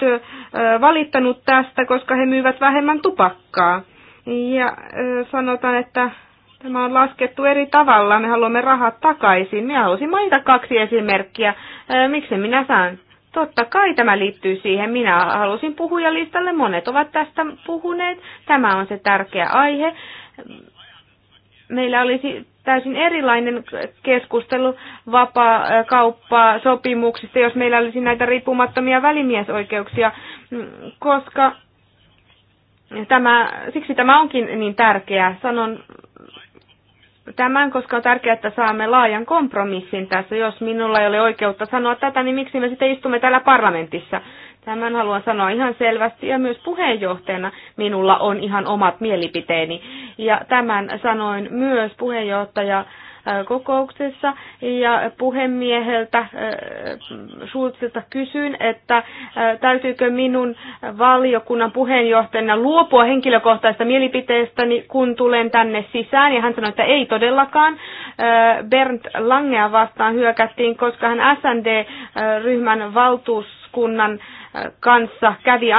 valittanut tästä, koska he myyvät vähemmän tupakkaa. Ja sanotaan, että Tämä on laskettu eri tavalla, me haluamme rahat takaisin. Minä halusin mainita kaksi esimerkkiä. Miksi minä saan? Totta kai tämä liittyy siihen. Minä halusin puhujalistalle, monet ovat tästä puhuneet. Tämä on se tärkeä aihe. Meillä olisi täysin erilainen keskustelu vapaa kauppaa sopimuksista, jos meillä olisi näitä riippumattomia välimiesoikeuksia, koska tämä, siksi tämä onkin niin tärkeää. Sanon tämän, koska on tärkeää, että saamme laajan kompromissin tässä. Jos minulla ei ole oikeutta sanoa tätä, niin miksi me sitten istumme täällä parlamentissa? Tämän haluan sanoa ihan selvästi ja myös puheenjohtajana minulla on ihan omat mielipiteeni. Ja tämän sanoin myös puheenjohtaja kokouksessa ja puhemieheltä äh, Schulzilta kysyin, että äh, täytyykö minun valiokunnan puheenjohtajana luopua henkilökohtaista mielipiteestäni, kun tulen tänne sisään. Ja hän sanoi, että ei todellakaan. Äh, Bernd Langea vastaan hyökättiin, koska hän SND-ryhmän valtuuskunnan kanssa kävi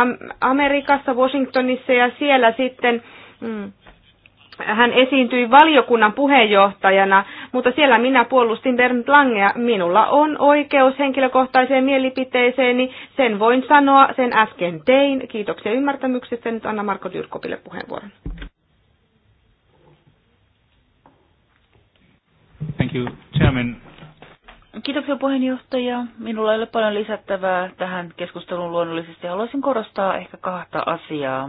Amerikassa, Washingtonissa ja siellä sitten mm, hän esiintyi valiokunnan puheenjohtajana, mutta siellä minä puolustin Bernd Langea. Minulla on oikeus henkilökohtaiseen mielipiteeseeni, sen voin sanoa, sen äsken tein. Kiitoksia ymmärtämyksestä. Nyt anna Marko Dyrkopille puheenvuoron. Thank you, Chairman. Kiitoksia puheenjohtaja. Minulla ei ole paljon lisättävää tähän keskusteluun luonnollisesti. Haluaisin korostaa ehkä kahta asiaa.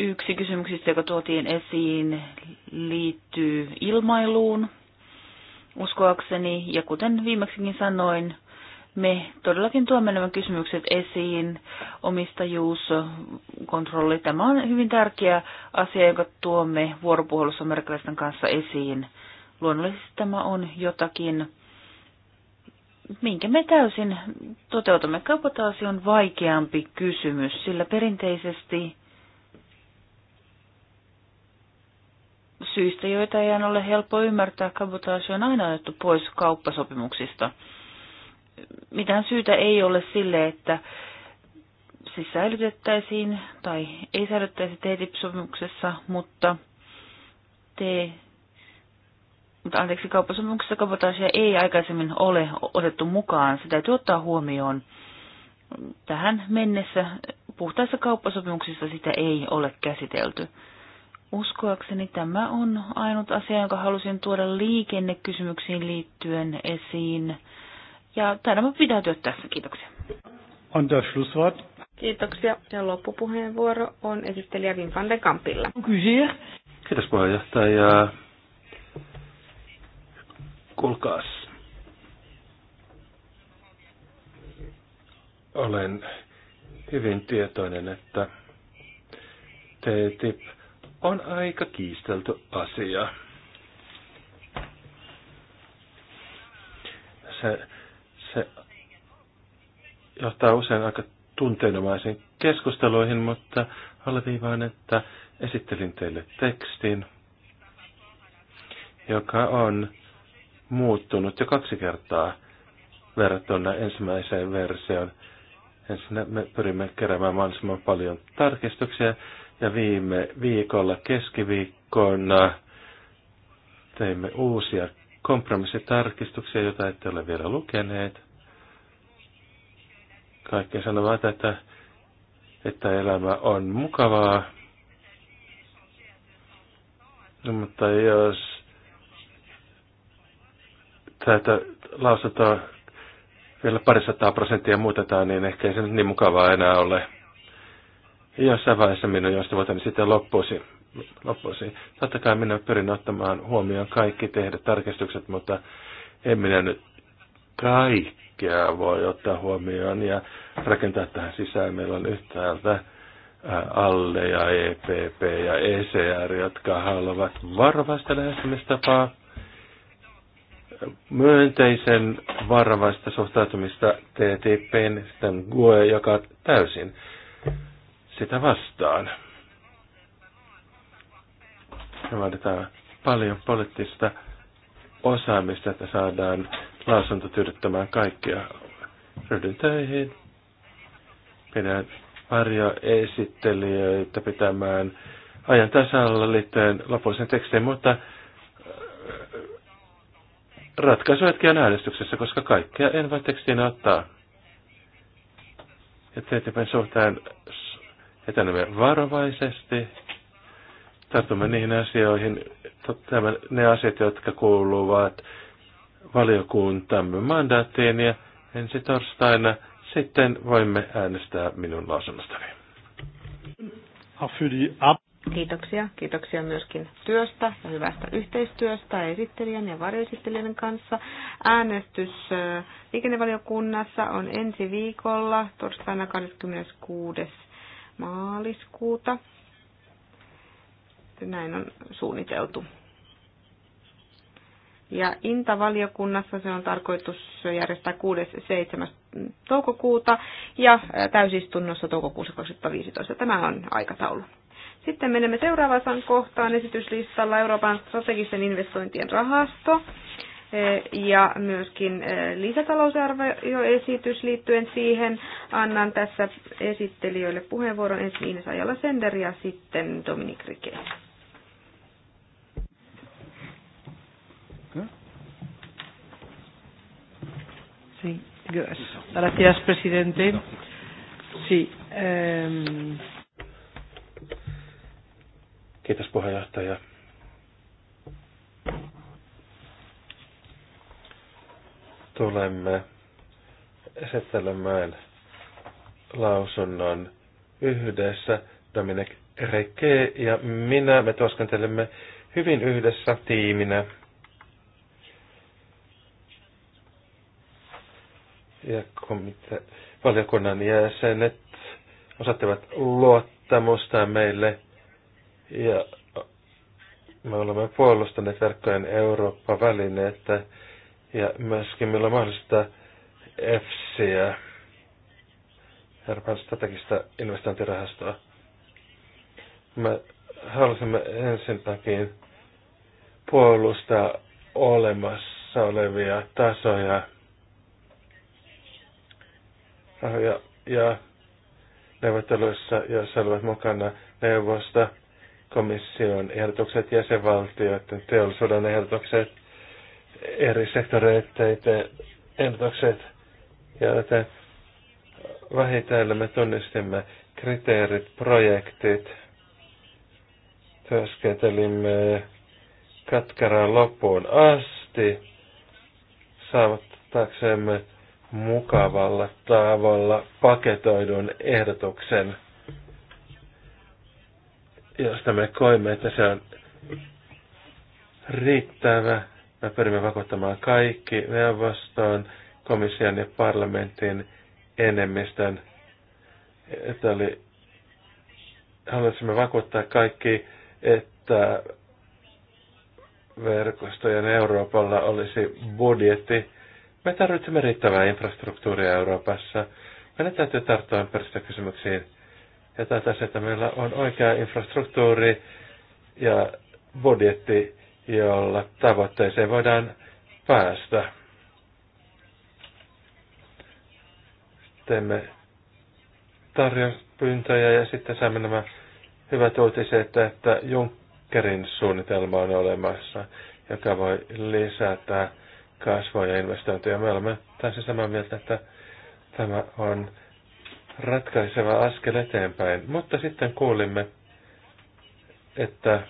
Yksi kysymyksistä, joka tuotiin esiin, liittyy ilmailuun uskoakseni, ja kuten viimeksikin sanoin, me todellakin tuomme nämä kysymykset esiin, omistajuuskontrolli. Tämä on hyvin tärkeä asia, jonka tuomme vuoropuhelussa amerikkalaisten kanssa esiin. Luonnollisesti tämä on jotakin, minkä me täysin toteutamme. Kaupataasi on vaikeampi kysymys, sillä perinteisesti syistä, joita ei ole helppo ymmärtää, kabotaasi on aina ajettu pois kauppasopimuksista. Mitään syytä ei ole sille, että siis säilytettäisiin tai ei säilyttäisi TTIP-sopimuksessa, mutta, te, mutta anteeksi, kauppasopimuksessa kabotaasia ei aikaisemmin ole otettu mukaan. Se täytyy ottaa huomioon. Tähän mennessä puhtaissa kauppasopimuksissa sitä ei ole käsitelty. Uskoakseni tämä on ainut asia, jonka halusin tuoda liikennekysymyksiin liittyen esiin. Ja taidamme pitäytyä tässä. Kiitoksia. On Schlusswort. Kiitoksia. Ja loppupuheenvuoro on esittelijä Wim van den Kampilla. Kiitos puheenjohtaja. Kulkaas. Olen hyvin tietoinen, että TTIP on aika kiistelty asia. Se, se johtaa usein aika tunteenomaisiin keskusteluihin, mutta alleviivaan, että esittelin teille tekstin, joka on muuttunut jo kaksi kertaa verrattuna ensimmäiseen versioon. Ensin me pyrimme keräämään mahdollisimman paljon tarkistuksia ja viime viikolla keskiviikkona teimme uusia kompromissitarkistuksia, joita ette ole vielä lukeneet. Kaikki sanovat, että, että elämä on mukavaa, no, mutta jos tätä lausutaan vielä parisataa prosenttia muutetaan, niin ehkä ei se nyt niin mukavaa enää ole jossain vaiheessa minun joustavuuteni sitten loppuisi. loppuisi. Totta kai minä pyrin ottamaan huomioon kaikki tehdä tarkistukset, mutta en minä nyt kaikkea voi ottaa huomioon ja rakentaa tähän sisään. Meillä on yhtäältä Alle ja EPP ja ECR, jotka haluavat varovasta lähestymistapaa, myönteisen varovasta suhtautumista TTPn, sitten GUE, joka täysin sitä vastaan. Me vaaditaan paljon poliittista osaamista, että saadaan lausunto tyydyttämään kaikkia. Ryhdyn töihin. Pidän varjoesittelijöitä pitämään ajan tasalla liittyen lopulliseen tekstiin, mutta äh, ratkaisu on äänestyksessä, koska kaikkea en voi tekstiin ottaa. Ja TTPn suhteen etenemme varovaisesti, tartumme niihin asioihin, tämän, ne asiat, jotka kuuluvat valiokuntamme mandaattiin ja ensi torstaina sitten voimme äänestää minun lausunnostani. Kiitoksia. Kiitoksia myöskin työstä ja hyvästä yhteistyöstä esittelijän ja varjoesittelijän kanssa. Äänestys äh, liikennevaliokunnassa on ensi viikolla torstaina 26 maaliskuuta. Näin on suunniteltu. Ja Inta-valiokunnassa se on tarkoitus järjestää 6.7. toukokuuta ja täysistunnossa toukokuussa 2015. Tämä on aikataulu. Sitten menemme seuraavaan kohtaan esityslistalla Euroopan strategisten investointien rahasto. Eh, ja myöskin eh, lisätalousarvioesitys liittyen siihen. Annan tässä esittelijöille puheenvuoron ensin Ines Ajala-Sender ja sitten Dominik Rike. Sí, gracias, presidente. Sí, eh... Kiitos puheenjohtaja. tulemme esittelemään lausunnon yhdessä. Dominic Reke ja minä, me työskentelemme hyvin yhdessä tiiminä. Ja komite- valiokunnan jäsenet osattivat luottamusta meille ja me olemme puolustaneet verkkojen Eurooppa-välineettä ja myöskin millä mahdollista EFSiä, Euroopan strategista investointirahastoa. Me halusimme ensinnäkin puolustaa olemassa olevia tasoja ja, ja neuvotteluissa, joissa olivat mukana neuvosta, komission ehdotukset, jäsenvaltioiden teollisuuden ehdotukset – eri sektoreiden ja että vähitellen me tunnistimme kriteerit, projektit, työskentelimme katkeraan loppuun asti, saavuttaaksemme mukavalla tavalla paketoidun ehdotuksen, josta me koimme, että se on riittävä me pyrimme vakuuttamaan kaikki neuvoston, komission ja parlamentin enemmistön. Että oli, haluaisimme vakuuttaa kaikki, että verkostojen Euroopalla olisi budjetti. Me tarvitsemme riittävää infrastruktuuria Euroopassa. Meidän täytyy tarttua ympäristökysymyksiin ja tätä, että meillä on oikea infrastruktuuri ja budjetti jolla tavoitteeseen voidaan päästä. Teemme tarjouspyyntöjä ja sitten saamme nämä hyvät uutiset, että Junckerin suunnitelma on olemassa, joka voi lisätä kasvua ja investointeja. Me olemme täysin samaa mieltä, että tämä on ratkaiseva askel eteenpäin. Mutta sitten kuulimme, että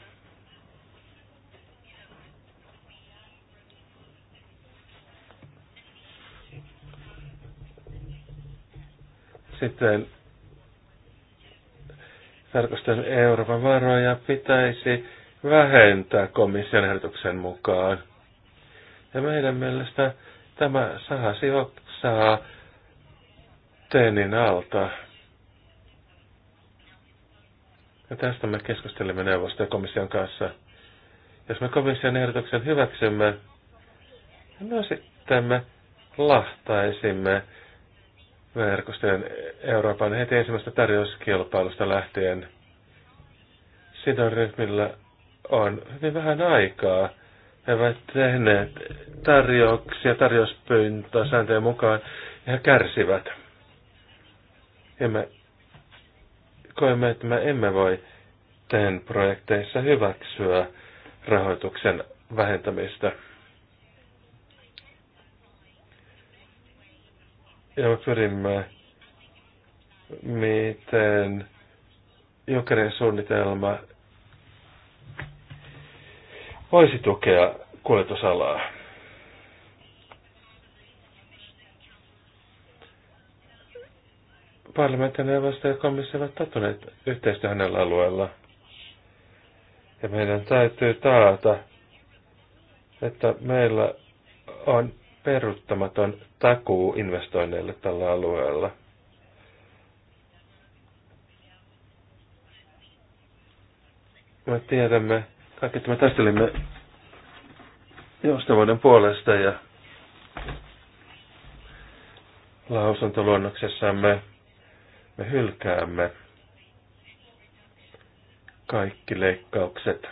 Sitten tarkastan Euroopan varoja pitäisi vähentää komission ehdotuksen mukaan. Ja meidän mielestä tämä sahasi sijoittaa Tenin alta. Ja tästä me keskustelimme komission kanssa. Jos me komission ehdotuksen hyväksymme, no sitten me lahtaisimme verkostojen Euroopan heti ensimmäistä tarjouskilpailusta lähtien. Sidoryhmillä on hyvin vähän aikaa. He ovat tehneet tarjouksia, tarjouspyyntöä sääntöjen mukaan ja he kärsivät. Ja me koemme, että me emme voi TEN-projekteissa hyväksyä rahoituksen vähentämistä – Ja me pyrimme, miten jokainen suunnitelma voisi tukea kuljetusalaa. Parlamenttineuvosto ja komissio ovat tottuneet yhteistyöhön alueella. Ja meidän täytyy taata, että meillä on peruuttamaton takuu investoinneille tällä alueella. Me tiedämme, kaikki että me taistelimme joustavuuden puolesta ja lausuntoluonnoksessamme me hylkäämme kaikki leikkaukset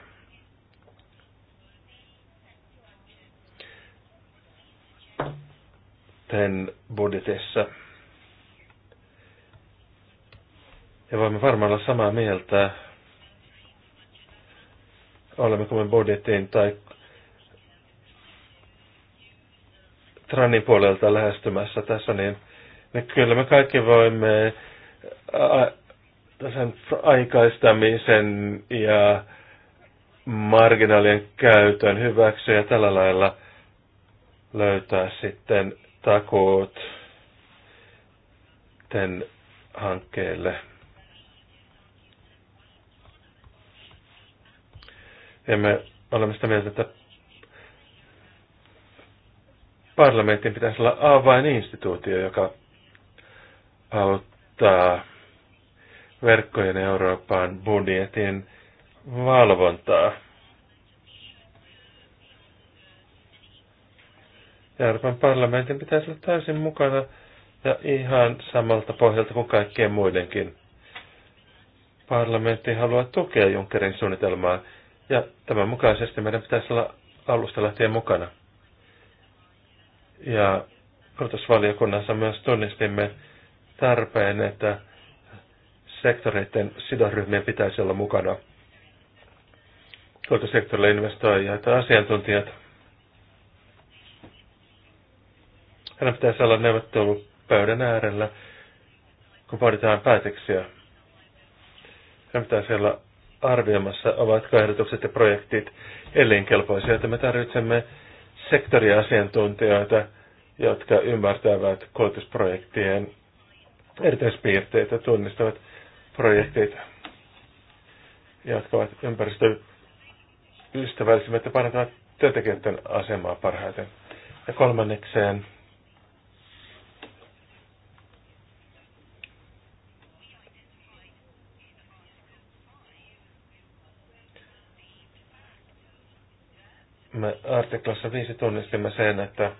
sitten budjetissa. Ja voimme varmaan olla samaa mieltä, olemmeko me budjetin tai trannin puolelta lähestymässä tässä, niin, me kyllä me kaikki voimme sen aikaistamisen ja marginaalien käytön hyväksi ja tällä lailla löytää sitten takoot tämän hankkeelle. Ja me olemme sitä mieltä, että parlamentin pitäisi olla avaininstituutio, joka auttaa verkkojen Euroopan budjetin valvontaa. Euroopan parlamentin pitäisi olla täysin mukana ja ihan samalta pohjalta kuin kaikkien muidenkin. Parlamentti haluaa tukea Junckerin suunnitelmaa ja tämän mukaisesti meidän pitäisi olla alusta lähtien mukana. Ja koulutusvaliokunnassa myös tunnistimme tarpeen, että sektoreiden sidoryhmien pitäisi olla mukana. Koulutussektorilla investoijat ja asiantuntijat – Aina pitäisi olla pöydän äärellä, kun pohditaan päätöksiä. Aina pitäisi olla arvioimassa, ovatko ehdotukset ja projektit elinkelpoisia, että me tarvitsemme sektoriasiantuntijoita, jotka ymmärtävät koulutusprojektien erityispiirteitä, tunnistavat projektit, jotka ovat ympäristöystävällisimmät ja parantavat työntekijöiden asemaa parhaiten. Ja kolmannekseen me artiklassa 5 tunnistimme sen, että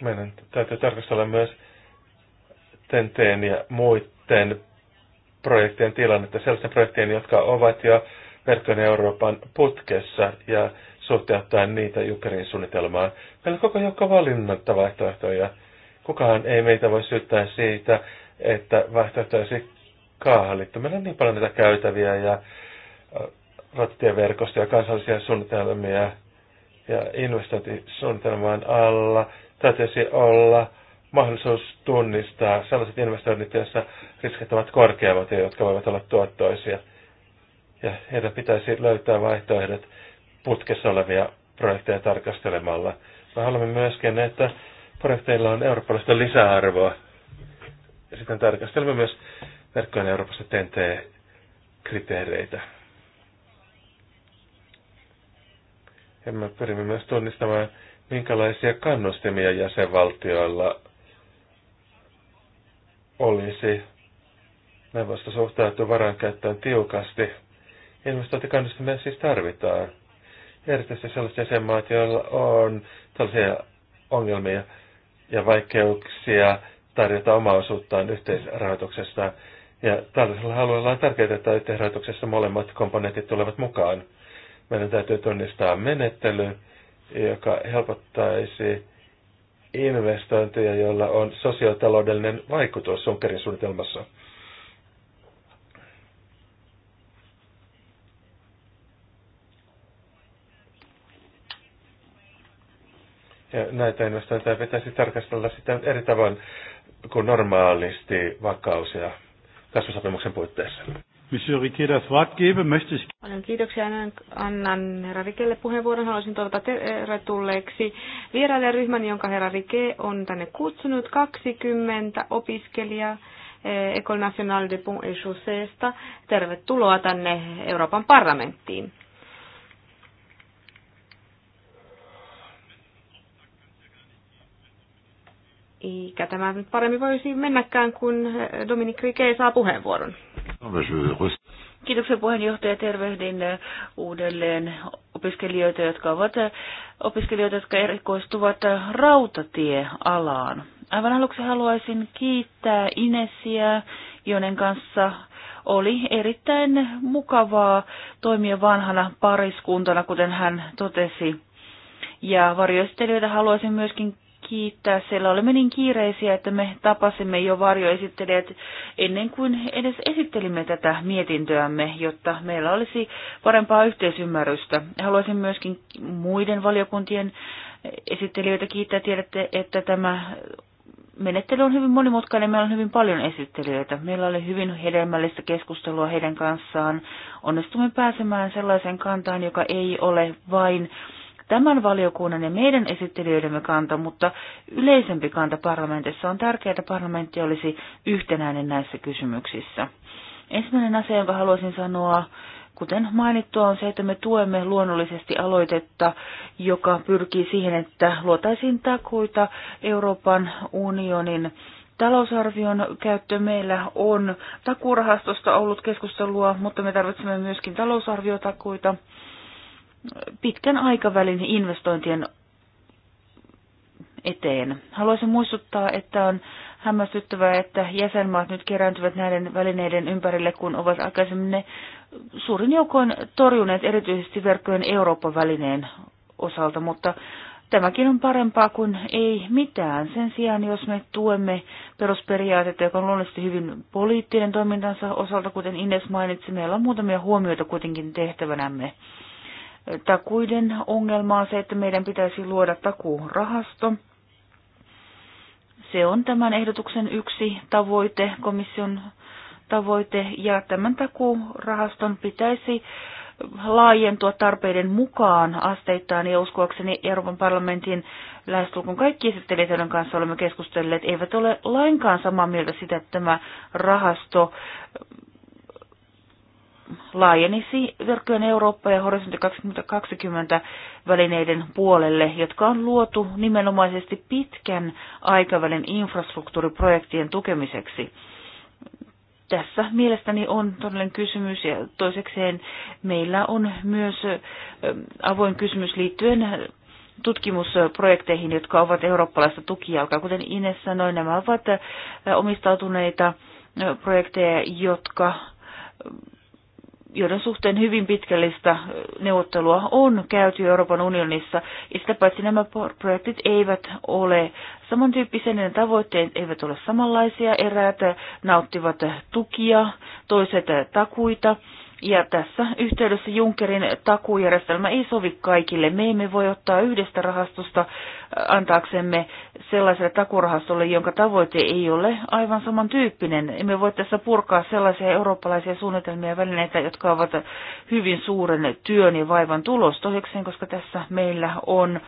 meidän täytyy tarkastella myös TENTEen ja muiden projektien tilannetta, sellaisten projektien, jotka ovat jo verkkojen Euroopan putkessa ja suhteuttaen niitä jukerin suunnitelmaan. Meillä on koko joukko valinnanta vaihtoehtoja. Kukaan ei meitä voi syyttää siitä, että vaihtoehtoja olisi kaahallittu. Meillä on niin paljon näitä käytäviä ja rautatieverkosta ja kansallisia suunnitelmia ja investointisuunnitelman alla täytyisi olla mahdollisuus tunnistaa sellaiset investoinnit, joissa riskit ovat korkeammat ja jotka voivat olla tuottoisia. Ja heidän pitäisi löytää vaihtoehdot putkessa olevia projekteja tarkastelemalla. Me haluamme myöskin, että projekteilla on eurooppalaista lisäarvoa. Ja sitten tarkastelemme myös verkkojen Euroopassa TNT-kriteereitä. Ja me pyrimme myös tunnistamaan, minkälaisia kannustimia jäsenvaltioilla olisi. Neuvosto suhtautuu varankäyttöön tiukasti. Investointikannustimia siis tarvitaan. Erityisesti sellaiset jäsenmaat, joilla on tällaisia ongelmia ja vaikeuksia tarjota osuuttaan yhteisrahoituksesta. Ja tällaisella alueella on tärkeää, että yhteisrahoituksessa molemmat komponentit tulevat mukaan. Meidän täytyy tunnistaa menettely, joka helpottaisi investointeja, joilla on sosiotaloudellinen vaikutus Sunkerin suunnitelmassa. Ja näitä investointeja pitäisi tarkastella sitä eri tavoin kuin normaalisti vakaus- ja kasvusopimuksen puitteissa. Monsieur Riquet das Wort gebe, möchte ich... Paljon kiitoksia. Annan herra Rikelle puheenvuoron. Haluaisin toivota tervetulleeksi vierailijaryhmän, jonka herra Rike on tänne kutsunut. 20 opiskelijaa eh, École Nationale de Pont et Chausseesta. Tervetuloa tänne Euroopan parlamenttiin. Eikä tämä nyt paremmin voisi mennäkään, kun eh, Dominik Rike saa puheenvuoron. No, Kiitoksia puheenjohtaja. Tervehdin äh, uudelleen opiskelijoita, jotka ovat äh, opiskelijoita, jotka erikoistuvat äh, rautatiealaan. Aivan aluksi haluaisin kiittää Inesiä, jonen kanssa oli erittäin mukavaa toimia vanhana pariskuntana, kuten hän totesi. Ja varjoistelijoita haluaisin myöskin kiittää, siellä olemme niin kiireisiä, että me tapasimme jo varjoesittelijät ennen kuin edes esittelimme tätä mietintöämme, jotta meillä olisi parempaa yhteisymmärrystä. Haluaisin myöskin muiden valiokuntien esittelijöitä kiittää. Tiedätte, että tämä menettely on hyvin monimutkainen, meillä on hyvin paljon esittelijöitä. Meillä oli hyvin hedelmällistä keskustelua heidän kanssaan. Onnistumme pääsemään sellaisen kantaan, joka ei ole vain tämän valiokunnan ja meidän esittelijöidemme kanta, mutta yleisempi kanta parlamentissa on tärkeää, että parlamentti olisi yhtenäinen näissä kysymyksissä. Ensimmäinen asia, jonka haluaisin sanoa, kuten mainittua, on se, että me tuemme luonnollisesti aloitetta, joka pyrkii siihen, että luotaisiin takuita Euroopan unionin talousarvion käyttö meillä on takuurahastosta ollut keskustelua, mutta me tarvitsemme myöskin talousarviotakuita pitkän aikavälin investointien eteen. Haluaisin muistuttaa, että on hämmästyttävää, että jäsenmaat nyt kerääntyvät näiden välineiden ympärille, kun ovat aikaisemmin ne suurin joukoin torjuneet erityisesti verkkojen Eurooppa-välineen osalta, mutta tämäkin on parempaa kuin ei mitään. Sen sijaan, jos me tuemme perusperiaatetta, joka on luonnollisesti hyvin poliittinen toimintansa osalta, kuten Ines mainitsi, meillä on muutamia huomioita kuitenkin tehtävänämme takuiden ongelma on se, että meidän pitäisi luoda takuurahasto. Se on tämän ehdotuksen yksi tavoite, komission tavoite, ja tämän takuurahaston pitäisi laajentua tarpeiden mukaan asteittain, ja uskoakseni Euroopan parlamentin lähestulkoon kaikki esittelijät, joiden kanssa olemme keskustelleet, eivät ole lainkaan samaa mieltä sitä, että tämä rahasto laajenisi verkkojen Eurooppa ja Horisontti 2020 välineiden puolelle, jotka on luotu nimenomaisesti pitkän aikavälin infrastruktuuriprojektien tukemiseksi. Tässä mielestäni on todellinen kysymys ja toisekseen meillä on myös avoin kysymys liittyen tutkimusprojekteihin, jotka ovat eurooppalaista tukijalkaa. Kuten Ines sanoi, nämä ovat omistautuneita projekteja, jotka joiden suhteen hyvin pitkällistä neuvottelua on käyty Euroopan unionissa. Ja sitä paitsi nämä projektit eivät ole samantyyppisiä, ne tavoitteet eivät ole samanlaisia. Eräät nauttivat tukia, toiset takuita ja tässä yhteydessä Junckerin takuujärjestelmä ei sovi kaikille. Me emme voi ottaa yhdestä rahastosta äh, antaaksemme sellaiselle takurahastolle, jonka tavoite ei ole aivan samantyyppinen. Emme voi tässä purkaa sellaisia eurooppalaisia suunnitelmia ja välineitä, jotka ovat hyvin suuren työn ja vaivan tulos toisekseen, koska tässä meillä on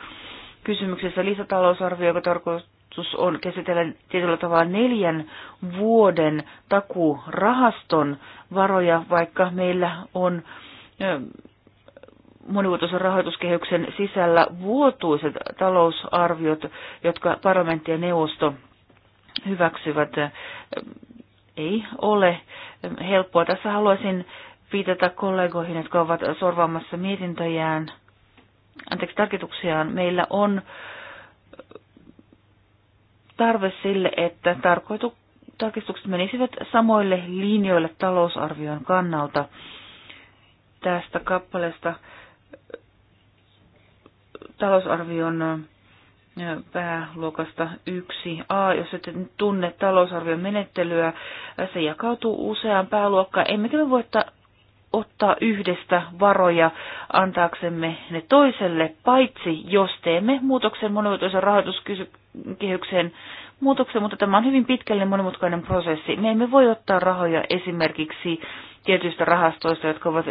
kysymyksessä lisätalousarvio, joka tarkoittaa tarkoitus on käsitellä tietyllä tavalla neljän vuoden takurahaston varoja, vaikka meillä on monivuotoisen rahoituskehyksen sisällä vuotuiset talousarviot, jotka parlamentti ja neuvosto hyväksyvät. Ei ole helppoa. Tässä haluaisin viitata kollegoihin, jotka ovat sorvaamassa mietintöjään, anteeksi, tarkituksiaan. Meillä on äh, tarve sille, että tarkoitu, tarkistukset menisivät samoille linjoille talousarvion kannalta tästä kappaleesta äh, talousarvion äh, pääluokasta 1a, jos et tunne talousarvion menettelyä, se jakautuu useaan pääluokkaan, emmekä me voi ottaa yhdestä varoja antaaksemme ne toiselle, paitsi jos teemme muutoksen monimutkaisen rahoituskehykseen muutoksen, mutta tämä on hyvin pitkälle monimutkainen prosessi. Me emme voi ottaa rahoja esimerkiksi tietyistä rahastoista, jotka ovat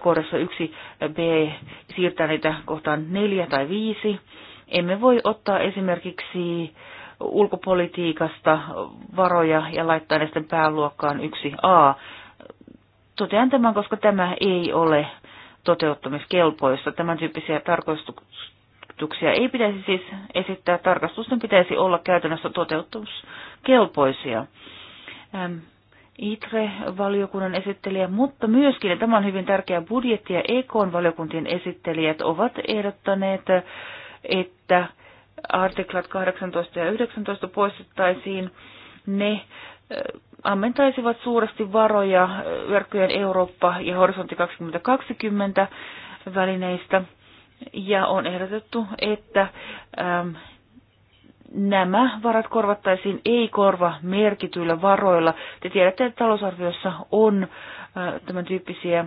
kohdassa 1b, siirtää niitä kohtaan 4 tai 5. Emme voi ottaa esimerkiksi ulkopolitiikasta varoja ja laittaa ne sitten pääluokkaan 1a. Totean tämän, koska tämä ei ole toteuttamiskelpoista. Tämän tyyppisiä tarkoituksia ei pitäisi siis esittää. Tarkastusten pitäisi olla käytännössä toteuttamiskelpoisia. ITRE-valiokunnan esittelijä, mutta myöskin, ja tämä on hyvin tärkeä budjetti, ja EK-valiokuntien esittelijät ovat ehdottaneet, että artiklat 18 ja 19 poistettaisiin. Ne ammentaisivat suuresti varoja verkkojen Eurooppa ja Horisontti 2020 välineistä. Ja on ehdotettu, että ähm, nämä varat korvattaisiin ei-korva merkityillä varoilla. Te tiedätte, että talousarviossa on äh, tämän tyyppisiä.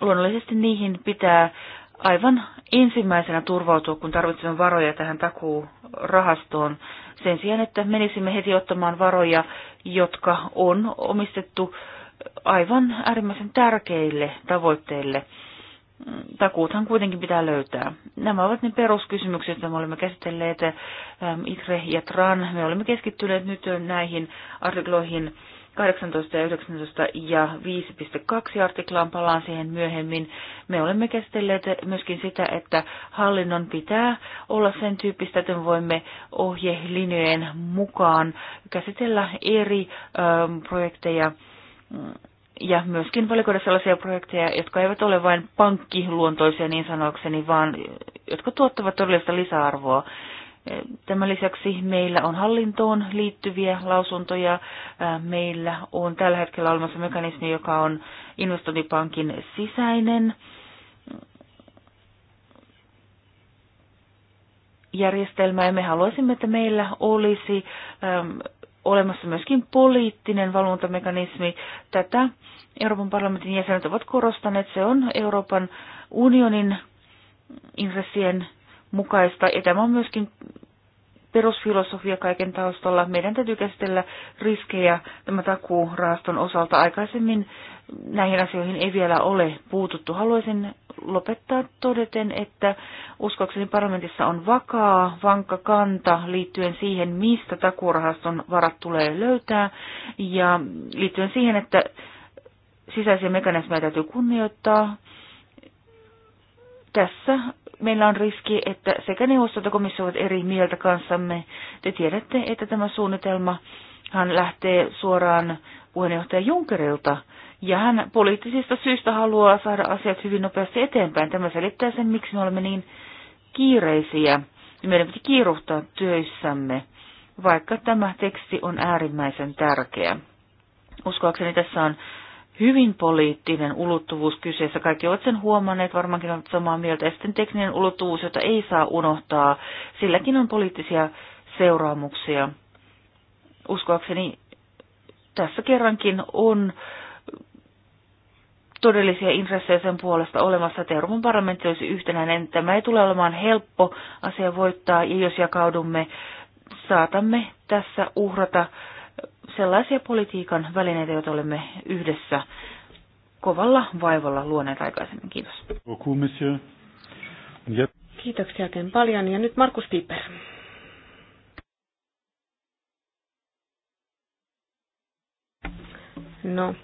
Luonnollisesti niihin pitää aivan ensimmäisenä turvautua, kun tarvitsemme varoja tähän takuurahastoon sen sijaan, että menisimme heti ottamaan varoja, jotka on omistettu aivan äärimmäisen tärkeille tavoitteille. Takuuthan kuitenkin pitää löytää. Nämä ovat ne peruskysymykset, joita me olemme käsitelleet ähm, ITRE ja TRAN. Me olemme keskittyneet nyt äh, näihin artikloihin 18 ja 19 ja 5.2 artiklaan, palaan siihen myöhemmin. Me olemme käsitelleet myöskin sitä, että hallinnon pitää olla sen tyyppistä, että me voimme ohjelinjojen mukaan käsitellä eri ö, ähm, projekteja mm, ja myöskin valikoida sellaisia projekteja, jotka eivät ole vain pankkiluontoisia niin sanokseni, vaan jotka tuottavat todellista lisäarvoa. Tämän lisäksi meillä on hallintoon liittyviä lausuntoja. Meillä on tällä hetkellä olemassa mekanismi, joka on investointipankin sisäinen järjestelmä. Ja me haluaisimme, että meillä olisi olemassa myöskin poliittinen valvontamekanismi. Tätä Euroopan parlamentin jäsenet ovat korostaneet. Se on Euroopan unionin intressien mukaista. Ja tämä on myöskin perusfilosofia kaiken taustalla. Meidän täytyy käsitellä riskejä tämän takuurahaston osalta. Aikaisemmin näihin asioihin ei vielä ole puututtu. Haluaisin lopettaa todeten, että uskokseni parlamentissa on vakaa, vankka kanta liittyen siihen, mistä takuurahaston varat tulee löytää ja liittyen siihen, että sisäisiä mekanismeja täytyy kunnioittaa. Tässä meillä on riski, että sekä neuvosto että komissio ovat eri mieltä kanssamme. Te tiedätte, että tämä suunnitelma hän lähtee suoraan puheenjohtaja Junckerilta, ja hän poliittisista syistä haluaa saada asiat hyvin nopeasti eteenpäin. Tämä selittää sen, miksi me olemme niin kiireisiä. Meidän piti kiiruhtaa työissämme, vaikka tämä teksti on äärimmäisen tärkeä. Uskoakseni tässä on hyvin poliittinen ulottuvuus kyseessä. Kaikki ovat sen huomanneet, varmaankin ovat samaa mieltä. Ja sitten tekninen ulottuvuus, jota ei saa unohtaa, silläkin on poliittisia seuraamuksia. Uskoakseni tässä kerrankin on todellisia intressejä sen puolesta olemassa, että Euroopan parlamentti olisi yhtenäinen. Tämä ei tule olemaan helppo asia voittaa, ja jos jakaudumme, saatamme tässä uhrata sellaisia politiikan välineitä, joita olemme yhdessä kovalla vaivalla luoneet aikaisemmin. Kiitos. Kiitoksia oikein paljon. Ja nyt Markus Piper. No,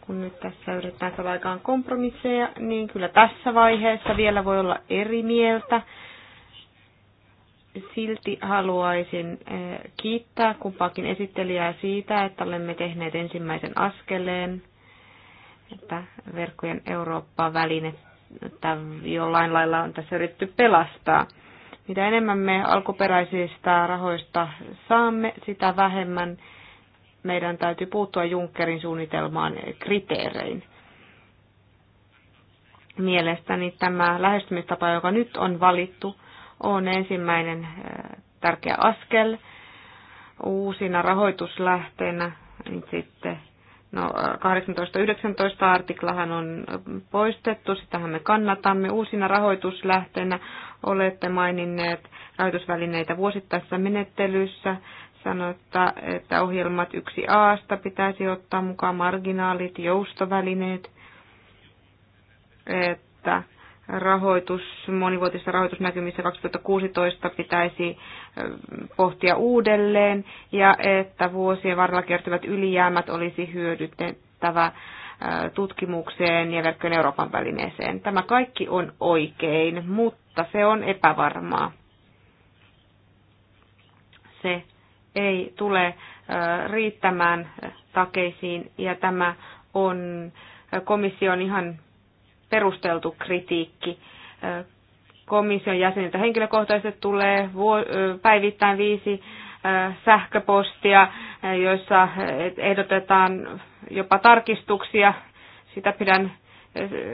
kun nyt tässä yritetään saada aikaan kompromisseja, niin kyllä tässä vaiheessa vielä voi olla eri mieltä silti haluaisin eh, kiittää kumpaakin esittelijää siitä, että olemme tehneet ensimmäisen askeleen, että verkkojen väline että jollain lailla on tässä yritetty pelastaa. Mitä enemmän me alkuperäisistä rahoista saamme, sitä vähemmän meidän täytyy puuttua Junckerin suunnitelmaan kriteerein. Mielestäni tämä lähestymistapa, joka nyt on valittu, on ensimmäinen eh, tärkeä askel uusina rahoituslähteenä. Nyt sitten No 18-19 artiklahan on poistettu, sitähän me kannatamme. Uusina rahoituslähteenä olette maininneet rahoitusvälineitä vuosittaisessa menettelyssä. sano että ohjelmat 1A pitäisi ottaa mukaan marginaalit, joustovälineet, että rahoitus, monivuotista rahoitusnäkymissä 2016 pitäisi pohtia uudelleen ja että vuosien varrella kertyvät ylijäämät olisi hyödytettävä tutkimukseen ja verkkojen Euroopan välineeseen. Tämä kaikki on oikein, mutta se on epävarmaa. Se ei tule riittämään takeisiin ja tämä on komission ihan perusteltu kritiikki. Komission jäseniltä henkilökohtaisesti tulee päivittäin viisi sähköpostia, joissa ehdotetaan jopa tarkistuksia. Sitä pidän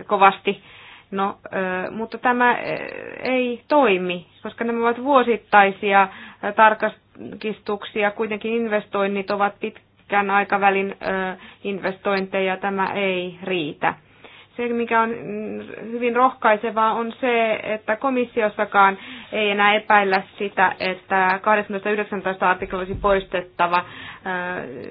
kovasti. No, mutta tämä ei toimi, koska nämä ovat vuosittaisia tarkistuksia, Kuitenkin investoinnit ovat pitkän aikavälin investointeja. Tämä ei riitä se, mikä on hyvin rohkaisevaa, on se, että komissiossakaan ei enää epäillä sitä, että 18.19. artikla olisi poistettava. Äh,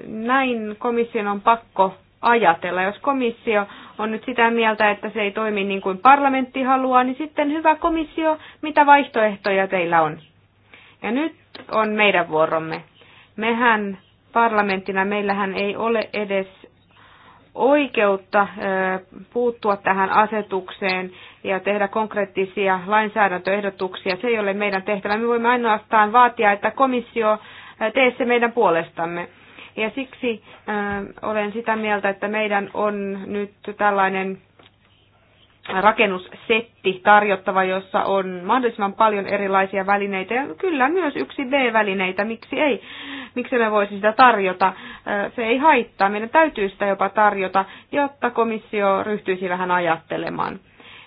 näin komission on pakko ajatella. Jos komissio on nyt sitä mieltä, että se ei toimi niin kuin parlamentti haluaa, niin sitten hyvä komissio, mitä vaihtoehtoja teillä on? Ja nyt on meidän vuoromme. Mehän parlamenttina, meillähän ei ole edes oikeutta puuttua tähän asetukseen ja tehdä konkreettisia lainsäädäntöehdotuksia. Se ei ole meidän tehtävä. Me voimme ainoastaan vaatia, että komissio tee se meidän puolestamme. Ja siksi olen sitä mieltä, että meidän on nyt tällainen rakennussetti tarjottava, jossa on mahdollisimman paljon erilaisia välineitä ja kyllä myös yksi B-välineitä, miksi ei, miksi me voisi sitä tarjota, se ei haittaa, meidän täytyy sitä jopa tarjota, jotta komissio ryhtyisi vähän ajattelemaan.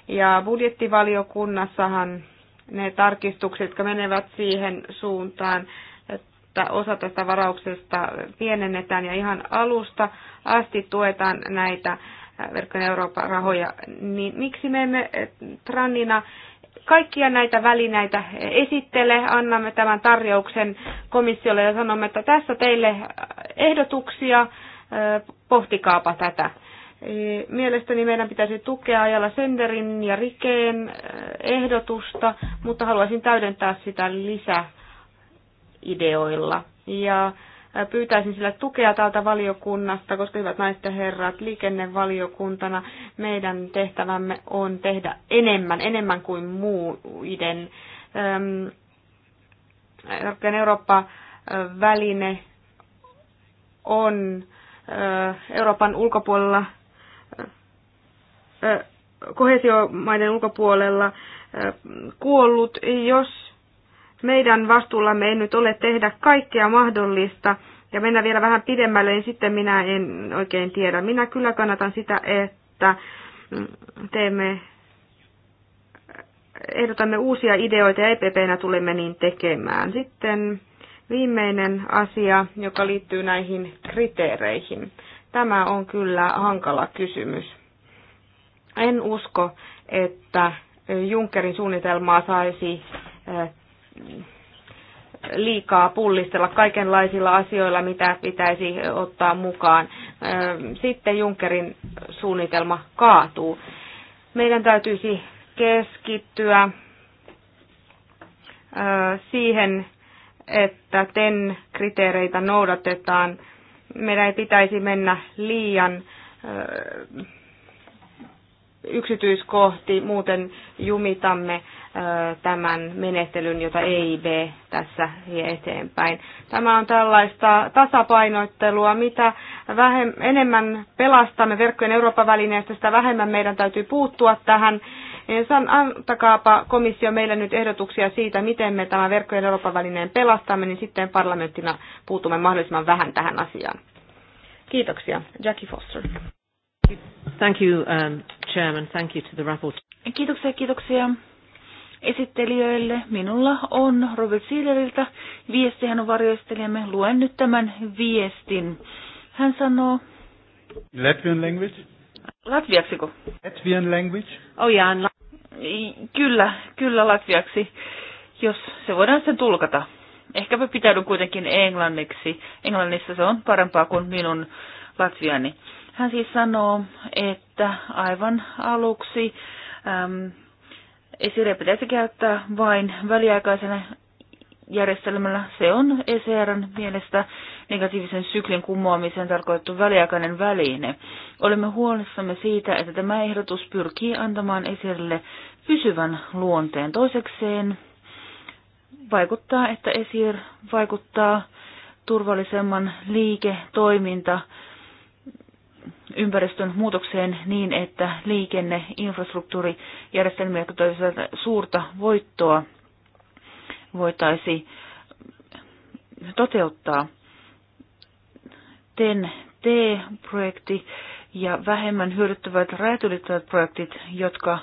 Ja budjettivaliokunnassahan ne tarkistukset, jotka menevät siihen suuntaan, että osa tästä varauksesta pienennetään ja ihan alusta asti tuetaan näitä verkkojen Euroopan rahoja, niin miksi me emme eh, Trannina kaikkia näitä välineitä esittele, annamme tämän tarjouksen komissiolle ja sanomme, että tässä teille eh, ehdotuksia, eh, pohtikaapa tätä. Mielestäni meidän pitäisi tukea ajalla Senderin ja Rikeen ehdotusta, mutta haluaisin täydentää sitä lisäideoilla. Ja pyytäisin sillä tukea täältä valiokunnasta, koska hyvät naiset ja herrat, liikennevaliokuntana meidän tehtävämme on tehdä enemmän, enemmän kuin muiden. Euroopan Eurooppa-väline on Euroopan ulkopuolella, kohesiomaiden ulkopuolella kuollut, jos meidän vastuullamme ei nyt ole tehdä kaikkea mahdollista ja mennä vielä vähän pidemmälle, niin sitten minä en oikein tiedä. Minä kyllä kannatan sitä, että mm, teemme, ehdotamme uusia ideoita ja EPPnä tulemme niin tekemään. Sitten viimeinen asia, joka liittyy näihin kriteereihin. Tämä on kyllä hankala kysymys. En usko, että Junckerin suunnitelmaa saisi eh, liikaa pullistella kaikenlaisilla asioilla, mitä pitäisi ottaa mukaan. Sitten Junckerin suunnitelma kaatuu. Meidän täytyisi keskittyä siihen, että TEN kriteereitä noudatetaan. Meidän ei pitäisi mennä liian yksityiskohti, muuten jumitamme tämän menettelyn, jota EIB tässä vie eteenpäin. Tämä on tällaista tasapainoittelua, mitä vähem, enemmän pelastamme verkkojen Euroopan välineestä, sitä vähemmän meidän täytyy puuttua tähän. Niin san, antakaapa komissio meille nyt ehdotuksia siitä, miten me tämän verkkojen Euroopan välineen pelastamme, niin sitten parlamenttina puutumme mahdollisimman vähän tähän asiaan. Kiitoksia. Jackie Foster. Thank you, um, Chairman. Thank you to the rapporteur. Kiitoksia, kiitoksia esittelijöille. Minulla on Robert Seeleriltä viesti, hän on varjoistelijamme. Luen nyt tämän viestin. Hän sanoo... Latvian language? Latviaksiko? Latvian language? Oh yeah, la- kyllä, kyllä latviaksi, jos se voidaan sen tulkata. Ehkäpä pitäydyn kuitenkin englanniksi. Englannissa se on parempaa kuin minun latviani. Hän siis sanoo, että aivan aluksi äm, esiriä pitäisi käyttää vain väliaikaisena järjestelmällä. Se on ECRn mielestä negatiivisen syklin kumoamiseen tarkoitettu väliaikainen väline. Olemme huolissamme siitä, että tämä ehdotus pyrkii antamaan esille pysyvän luonteen. Toisekseen vaikuttaa, että esir vaikuttaa turvallisemman liiketoiminta ympäristön muutokseen niin, että liikenne, infrastruktuuri, järjestelmiä, jotka toisivat suurta voittoa, voitaisiin toteuttaa. TEN-T-projekti ja vähemmän hyödyttävät rajatylittävät projektit, jotka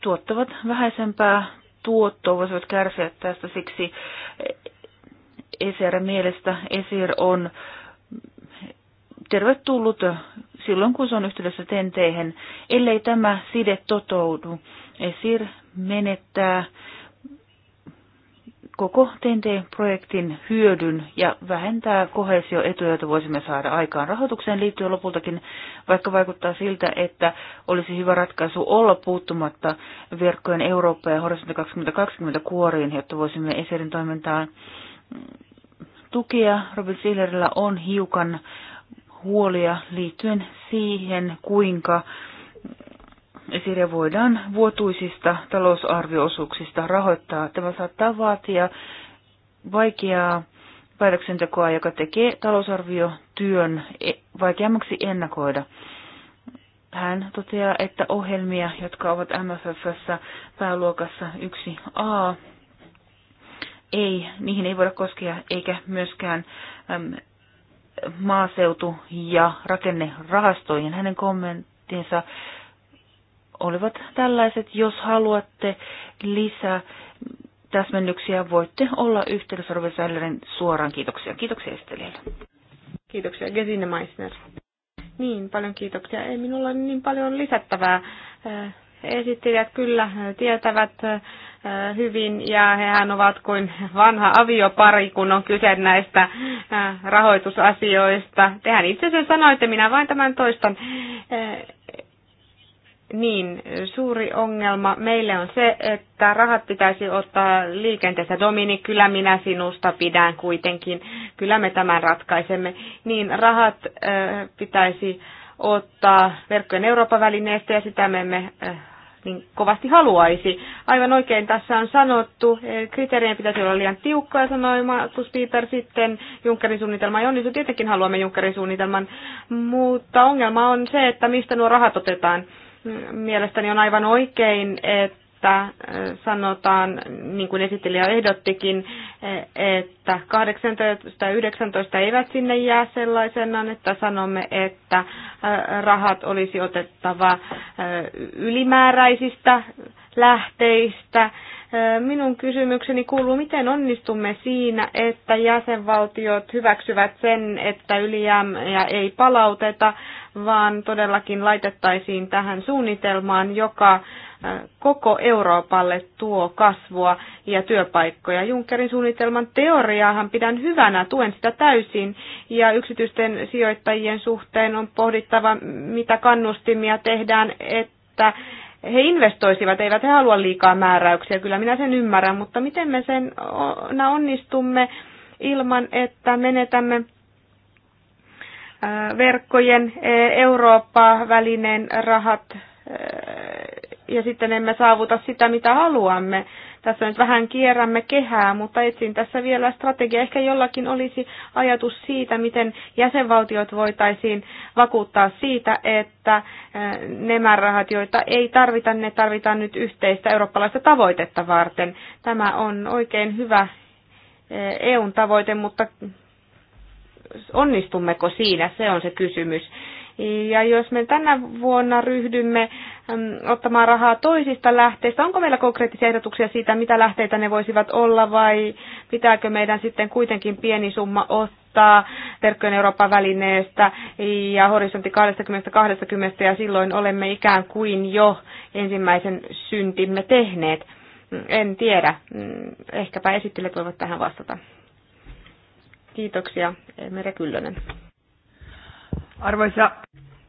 tuottavat vähäisempää tuottoa, voisivat kärsiä tästä. Siksi ECR mielestä ESIR on tervetullut silloin, kun se on yhteydessä tenteihin, ellei tämä side totoudu. ESIR menettää koko tenteen projektin hyödyn ja vähentää kohesioetuja, joita voisimme saada aikaan rahoitukseen liittyen lopultakin, vaikka vaikuttaa siltä, että olisi hyvä ratkaisu olla puuttumatta verkkojen Eurooppa ja Horisontti 2020 kuoriin, jotta voisimme ESERin toimintaan tukea. Robin Sillerillä on hiukan huolia liittyen siihen, kuinka esille voidaan vuotuisista talousarvioosuuksista rahoittaa. Tämä saattaa vaatia vaikeaa päätöksentekoa, joka tekee talousarviotyön e- vaikeammaksi ennakoida. Hän toteaa, että ohjelmia, jotka ovat MFFssä pääluokassa 1a, ei, niihin ei voida koskea eikä myöskään äm, maaseutu- ja rakennerahastoihin. Hänen kommenttinsa olivat tällaiset, jos haluatte lisää täsmennyksiä, voitte olla yhteydessä Robert suoraan. Kiitoksia. Kiitoksia esittelijälle. Kiitoksia Gesine Meissner. Niin, paljon kiitoksia. Ei minulla ole niin paljon lisättävää. Äh, esittelijät kyllä tietävät hyvin ja hehän ovat kuin vanha aviopari, kun on kyse näistä rahoitusasioista. Tehän itse sen sanoitte, minä vain tämän toistan. Niin, suuri ongelma meille on se, että rahat pitäisi ottaa liikenteessä Domini, kyllä minä sinusta pidän kuitenkin. Kyllä me tämän ratkaisemme. Niin, rahat pitäisi ottaa verkkojen Euroopan välineestä ja sitä me emme niin kovasti haluaisi. Aivan oikein tässä on sanottu, eh, kriteerien pitäisi olla liian tiukkoja, sanoi Markus Piper sitten. Junckerin suunnitelma ei onnistu, tietenkin haluamme Junckerin suunnitelman, mutta ongelma on se, että mistä nuo rahat otetaan. Mm, mielestäni on aivan oikein, että että äh, sanotaan, niin kuin esittelijä ehdottikin, äh, että 18 ja 19 eivät sinne jää sellaisenaan, että sanomme, että äh, rahat olisi otettava ylimääräisistä lähteistä. Minun kysymykseni kuuluu, miten onnistumme siinä, että jäsenvaltiot hyväksyvät sen, että ylijäämiä ei palauteta, vaan todellakin laitettaisiin tähän suunnitelmaan, joka koko Euroopalle tuo kasvua ja työpaikkoja. Junckerin suunnitelman teoriaahan pidän hyvänä, tuen sitä täysin, ja yksityisten sijoittajien suhteen on pohdittava, mitä kannustimia tehdään, että he investoisivat, eivät he halua liikaa määräyksiä, kyllä minä sen ymmärrän, mutta miten me sen onnistumme ilman, että menetämme verkkojen e, Eurooppa-välinen rahat ja sitten emme saavuta sitä, mitä haluamme. Tässä nyt vähän kierrämme kehää, mutta etsin tässä vielä strategia. Ehkä jollakin olisi ajatus siitä, miten jäsenvaltiot voitaisiin vakuuttaa siitä, että eh, ne määrärahat, joita ei tarvita, ne tarvitaan nyt yhteistä eurooppalaista tavoitetta varten. Tämä on oikein hyvä EUn eh, e tavoite, mutta onnistummeko siinä, se on se kysymys. Ja jos me tänä vuonna ryhdymme ottamaan rahaa toisista lähteistä, onko meillä konkreettisia ehdotuksia siitä, mitä lähteitä ne voisivat olla vai pitääkö meidän sitten kuitenkin pieni summa ottaa Terkkojen Euroopan välineestä ja horisontti 2020 ja silloin olemme ikään kuin jo ensimmäisen syntimme tehneet? En tiedä. Ehkäpä esittelijät voivat tähän vastata. Kiitoksia, Mere Kyllönen. Arvoisa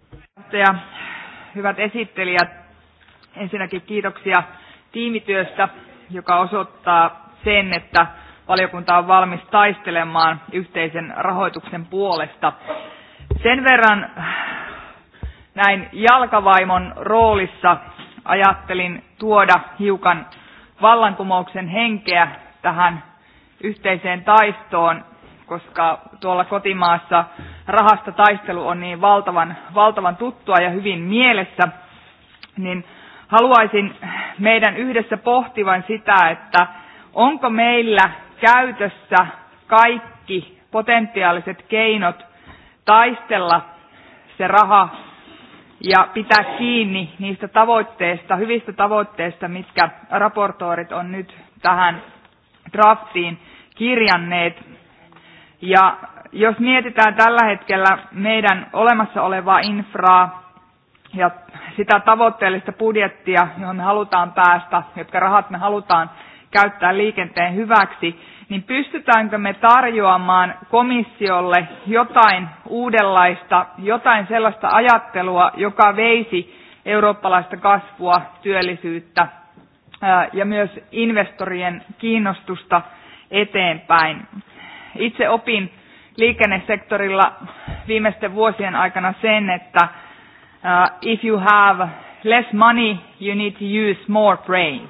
puheenjohtaja, hyvät esittelijät, ensinnäkin kiitoksia tiimityöstä, joka osoittaa sen, että valiokunta on valmis taistelemaan yhteisen rahoituksen puolesta. Sen verran näin jalkavaimon roolissa ajattelin tuoda hiukan vallankumouksen henkeä tähän yhteiseen taistoon koska tuolla kotimaassa rahasta taistelu on niin valtavan, valtavan tuttua ja hyvin mielessä, niin haluaisin meidän yhdessä pohtivan sitä, että onko meillä käytössä kaikki potentiaaliset keinot taistella se raha ja pitää kiinni niistä tavoitteista, hyvistä tavoitteista, mitkä raportoorit on nyt tähän draftiin kirjanneet ja jos mietitään tällä hetkellä meidän olemassa olevaa infraa ja sitä tavoitteellista budjettia, johon me halutaan päästä, jotka rahat me halutaan käyttää liikenteen hyväksi, niin pystytäänkö me tarjoamaan komissiolle jotain uudenlaista, jotain sellaista ajattelua, joka veisi eurooppalaista kasvua, työllisyyttä ja myös investorien kiinnostusta eteenpäin. Itse opin liikennesektorilla viimeisten vuosien aikana sen, että uh, if you have less money, you need to use more brain.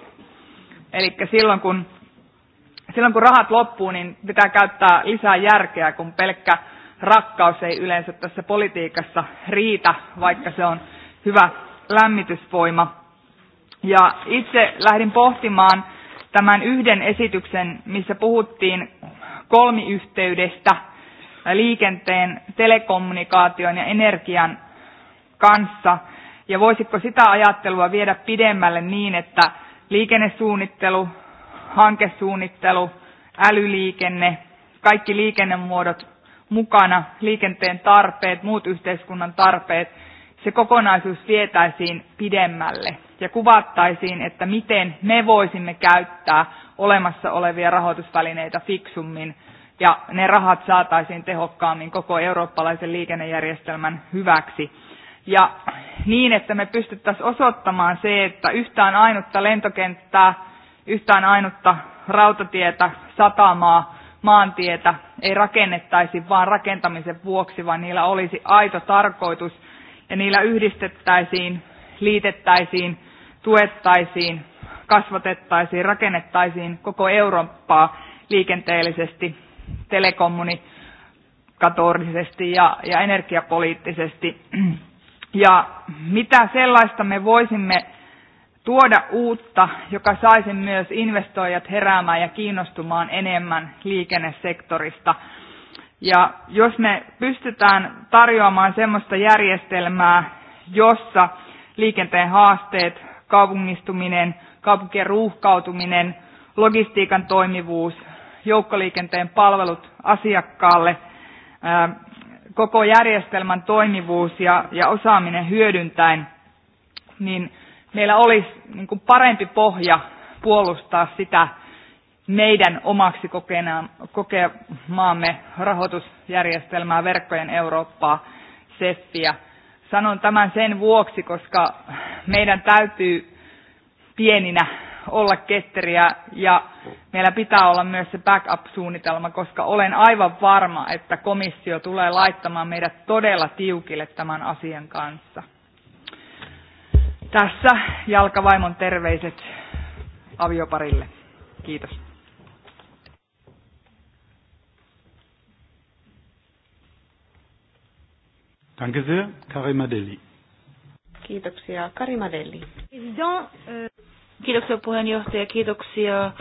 Eli silloin kun, silloin kun rahat loppuu, niin pitää käyttää lisää järkeä, kun pelkkä rakkaus ei yleensä tässä politiikassa riitä, vaikka se on hyvä lämmitysvoima. Ja itse lähdin pohtimaan tämän yhden esityksen, missä puhuttiin kolmiyhteydestä liikenteen, telekommunikaation ja energian kanssa, ja voisiko sitä ajattelua viedä pidemmälle niin, että liikennesuunnittelu, hankesuunnittelu, älyliikenne, kaikki liikennemuodot mukana, liikenteen tarpeet, muut yhteiskunnan tarpeet, se kokonaisuus vietäisiin pidemmälle ja kuvattaisiin, että miten me voisimme käyttää olemassa olevia rahoitusvälineitä fiksummin ja ne rahat saataisiin tehokkaammin koko eurooppalaisen liikennejärjestelmän hyväksi. Ja niin, että me pystyttäisiin osoittamaan se, että yhtään ainutta lentokenttää, yhtään ainutta rautatietä, satamaa, maantietä ei rakennettaisi vaan rakentamisen vuoksi, vaan niillä olisi aito tarkoitus ja niillä yhdistettäisiin, liitettäisiin, tuettaisiin kasvatettaisiin, rakennettaisiin koko Eurooppaa liikenteellisesti, telekommunikatorisesti ja, ja energiapoliittisesti. Ja mitä sellaista me voisimme tuoda uutta, joka saisi myös investoijat heräämään ja kiinnostumaan enemmän liikennesektorista. Ja jos me pystytään tarjoamaan sellaista järjestelmää, jossa liikenteen haasteet kaupungistuminen, kaupunkien ruuhkautuminen, logistiikan toimivuus, joukkoliikenteen palvelut asiakkaalle, koko järjestelmän toimivuus ja, ja osaaminen hyödyntäen, niin meillä olisi niin kuin parempi pohja puolustaa sitä meidän omaksi kokemaamme rahoitusjärjestelmää, verkkojen Eurooppaa, SEFiä, Sanon tämän sen vuoksi, koska meidän täytyy pieninä olla ketteriä ja meillä pitää olla myös se backup-suunnitelma, koska olen aivan varma, että komissio tulee laittamaan meidät todella tiukille tämän asian kanssa. Tässä jalkavaimon terveiset avioparille. Kiitos. Danke sehr, Karima Deli. Kiitoksia, Karima Deli. Kiitoksia puheenjohtaja, kiitoksia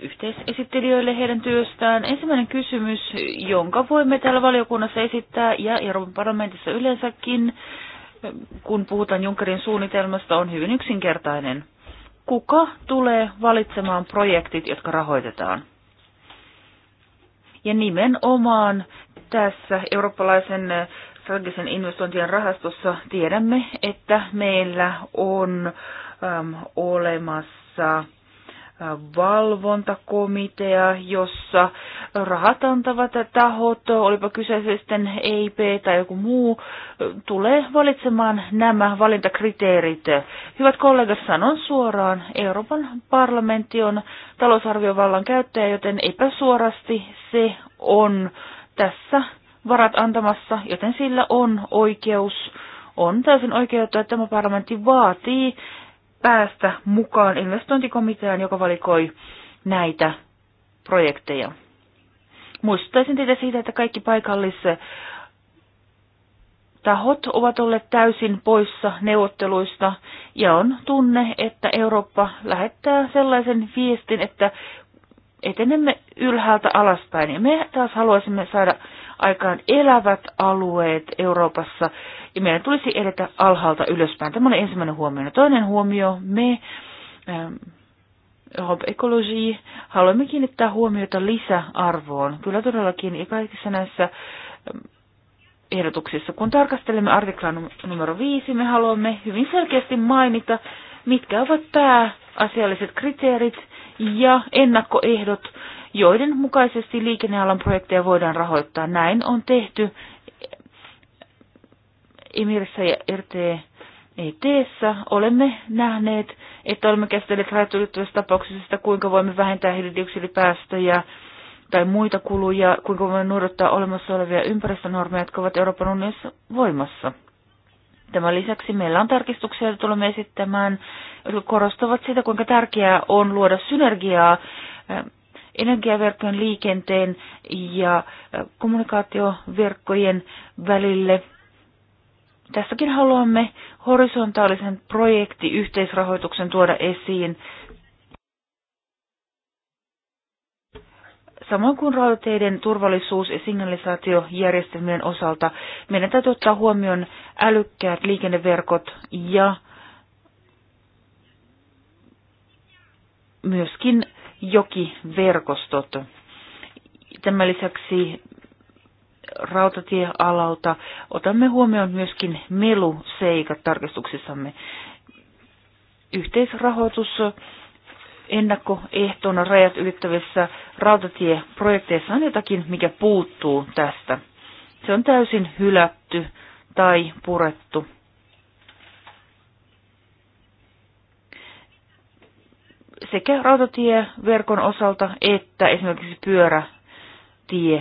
yhteisesittelijöille heidän työstään. Ensimmäinen kysymys, jonka voimme täällä valiokunnassa esittää ja Euroopan parlamentissa yleensäkin, kun puhutaan Junckerin suunnitelmasta, on hyvin yksinkertainen. Kuka tulee valitsemaan projektit, jotka rahoitetaan? Ja nimenomaan tässä eurooppalaisen strategisen investointien rahastossa tiedämme, että meillä on äm, olemassa valvontakomitea, jossa rahat antavat tahot, olipa kyseessä sitten EIP tai joku muu, tulee valitsemaan nämä valintakriteerit. Hyvät kollegat, sanon suoraan, Euroopan parlamentti on talousarviovallan käyttäjä, joten epäsuorasti se on tässä varat antamassa, joten sillä on oikeus, on täysin oikeutta, että tämä parlamentti vaatii päästä mukaan investointikomiteaan, joka valikoi näitä projekteja. Muistuttaisin teitä siitä, että kaikki paikalliset tahot ovat olleet täysin poissa neuvotteluista ja on tunne, että Eurooppa lähettää sellaisen viestin, että etenemme ylhäältä alaspäin. Ja me taas haluaisimme saada aikaan elävät alueet Euroopassa, ja meidän tulisi edetä alhaalta ylöspäin. Tämä oli ensimmäinen huomio. Toinen huomio, me ähm, Rob Ecology haluamme kiinnittää huomiota lisäarvoon. Kyllä todellakin, ja kaikissa näissä ähm, ehdotuksissa, kun tarkastelemme artiklaa numero viisi. me haluamme hyvin selkeästi mainita, mitkä ovat pääasialliset kriteerit ja ennakkoehdot, joiden mukaisesti liikennealan projekteja voidaan rahoittaa. Näin on tehty Emirissä ja RTETssä. Olemme nähneet, että olemme käsitelleet rajoittuvissa tapauksissa, kuinka voimme vähentää hiilidioksidipäästöjä tai muita kuluja, kuinka voimme noudattaa olemassa olevia ympäristönormeja, jotka ovat Euroopan unionissa voimassa. Tämän lisäksi meillä on tarkistuksia, joita tulemme esittämään, jotka korostavat sitä, kuinka tärkeää on luoda synergiaa energiaverkkojen liikenteen ja äh, kommunikaatioverkkojen välille. Tässäkin haluamme horisontaalisen projektiyhteisrahoituksen tuoda esiin, samoin kuin rautateiden turvallisuus- ja signalisaatiojärjestelmien osalta. Meidän täytyy ottaa huomioon älykkäät liikenneverkot ja myöskin jokiverkostot. Tämän lisäksi rautatiealalta otamme huomioon myöskin meluseikat tarkistuksissamme. Yhteisrahoitus ennakkoehtona rajat ylittävissä rautatieprojekteissa on jotakin, mikä puuttuu tästä. Se on täysin hylätty tai purettu. sekä rautatieverkon osalta että esimerkiksi pyörä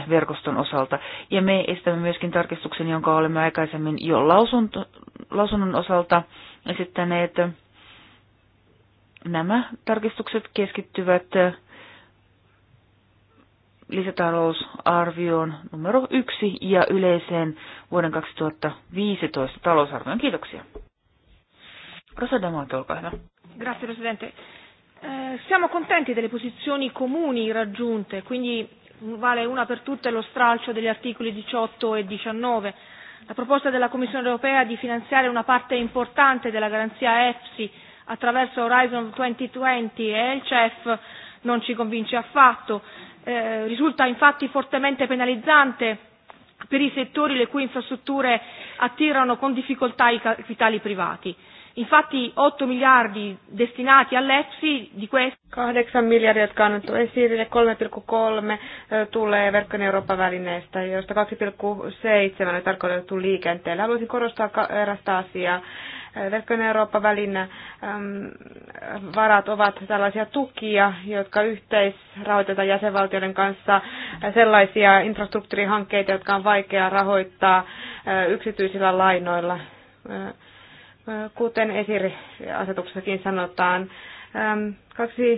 verkoston osalta. Ja me estämme myöskin tarkistuksen, jonka olemme aikaisemmin jo lausunto, lausunnon osalta esittäneet. Nämä tarkistukset keskittyvät lisätalousarvioon numero yksi ja yleiseen vuoden 2015 talousarvioon. Kiitoksia. Rosa Damato, olkaa hyvä. Grazie, Presidente. Eh, siamo contenti delle posizioni comuni raggiunte, quindi vale una per tutte lo stralcio degli articoli 18 e 19. La proposta della Commissione europea di finanziare una parte importante della garanzia EFSI attraverso Horizon 2020 e il CEF non ci convince affatto. Eh, risulta infatti fortemente penalizzante per i settori le cui infrastrutture attirano con difficoltà i capitali privati. Infatti 8 miliardi destinati all'EPSI di questi... 8 miljardia, jotka on annettu esille, 3,3 tulee verkkojen Euroopan välineestä, josta 2,7 on tarkoitettu liikenteelle. Haluaisin korostaa erästä asiaa. Verkkojen Euroopan välin varat ovat tällaisia tukia, jotka yhteisrahoitetaan jäsenvaltioiden kanssa sellaisia infrastruktuurihankkeita, jotka on vaikea rahoittaa yksityisillä lainoilla Kuten esiriasetuksessakin sanotaan,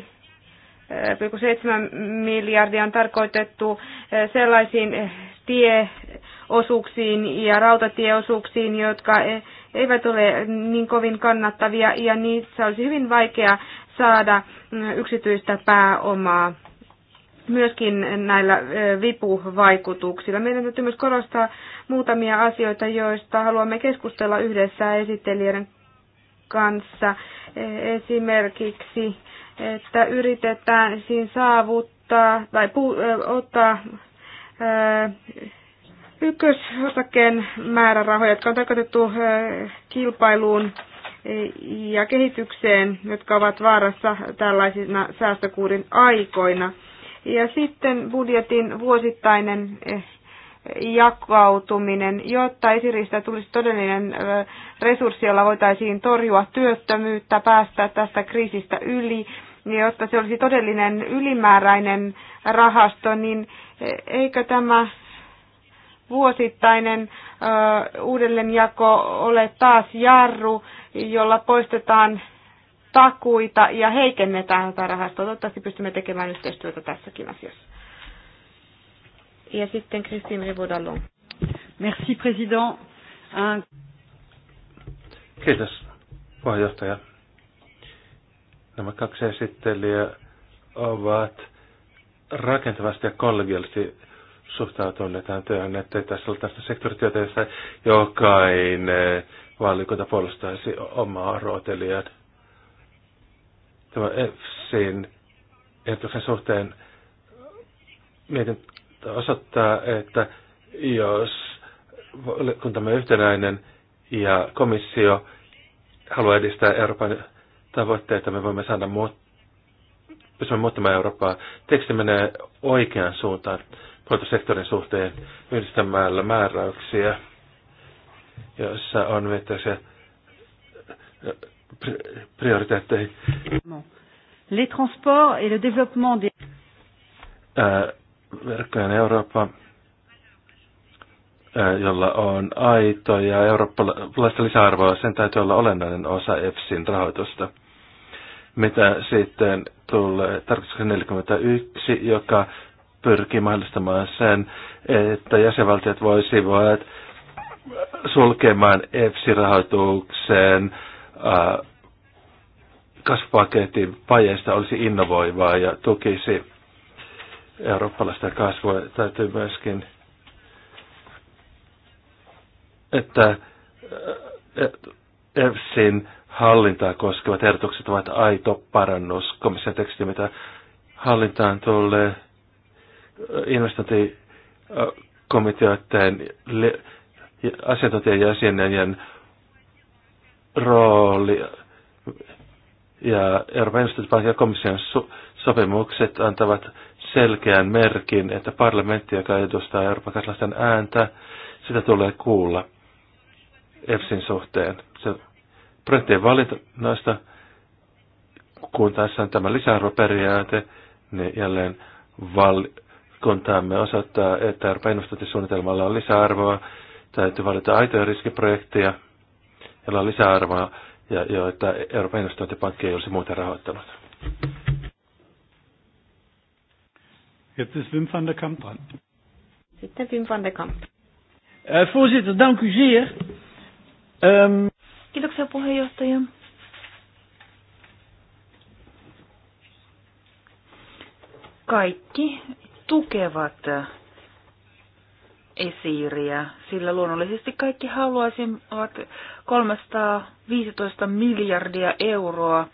2,7 miljardia on tarkoitettu sellaisiin tieosuuksiin ja rautatieosuuksiin, jotka e, eivät ole niin kovin kannattavia ja niissä olisi hyvin vaikea saada yksityistä pääomaa myöskin näillä vipuvaikutuksilla. Meidän täytyy myös korostaa muutamia asioita, joista haluamme keskustella yhdessä esittelijöiden kanssa. Esimerkiksi, että yritetään siinä saavuttaa tai puu, ottaa ykkösosakkeen määrärahoja, jotka on tarkoitettu kilpailuun ja kehitykseen, jotka ovat vaarassa tällaisina säästökuurin aikoina. Ja sitten budjetin vuosittainen eh, jakautuminen, jotta esiristä tulisi todellinen resurssi, jolla voitaisiin torjua työttömyyttä, päästä tästä kriisistä yli, niin jotta se olisi todellinen ylimääräinen rahasto, niin e, eikö tämä vuosittainen uudelleenjako ole taas jarru, jolla poistetaan takuita ja heikennetään tätä rahastoa. Toivottavasti pystymme tekemään yhteistyötä tässäkin asiassa. Ja sitten Kristin Rivodallon. Merci, président. Un... Kiitos, puheenjohtaja. Nämä kaksi esittelijä ovat rakentavasti ja kollegiallisesti suhtautuneet tähän työhön, että tässä on tästä sektorityötä, jossa jokainen vaalikunta puolustaisi omaa rootelijan. Tämä EFSin ehdotuksen suhteen mietin osoittaa, että jos kun tämä yhtenäinen ja komissio haluaa edistää Euroopan tavoitteita, me voimme saada muut, pysymme muuttamaan Eurooppaa. Teksti menee oikeaan suuntaan tuotantosektorin suhteen yhdistämällä määräyksiä, joissa on se äh, prioriteetteihin. Les transports et le développement des... Ää, äh, verkkojen Eurooppa, jolla on aito ja eurooppalaista lisäarvoa, sen täytyy olla olennainen osa EFSin rahoitusta. Mitä sitten tulee tarkoitus 41, joka pyrkii mahdollistamaan sen, että jäsenvaltiot voisivat sulkemaan EFSI-rahoitukseen kasvupaketin vajeista olisi innovoivaa ja tukisi eurooppalaista kasvua täytyy myöskin, että EFSin hallintaa koskevat ehdotukset ovat aito parannus komission teksti, mitä hallintaan tulee investointikomiteoiden asiantuntijajäsenen rooli ja Euroopan investointipankin ja komission sopimukset antavat selkeän merkin, että parlamentti, joka edustaa Euroopan ääntä, sitä tulee kuulla EFSin suhteen. Se projektien valinnoista, kun tässä on tämä lisäarvoperiaate, niin jälleen valkuntaamme osoittaa, että Euroopan investointisuunnitelmalla on lisäarvoa. Täytyy valita aitoja riskiprojekteja, joilla on lisäarvoa ja joita Euroopan investointipankki ei olisi muuten rahoittanut. Jetzt ist Wim van der Kamp dran. Sitten Wim van der Kamp. Uh, voorzitter, dank u zeer. Um... Kiitoksia puheenjohtaja. Kaikki tukevat esiiriä, sillä luonnollisesti kaikki haluaisivat 315 miljardia euroa,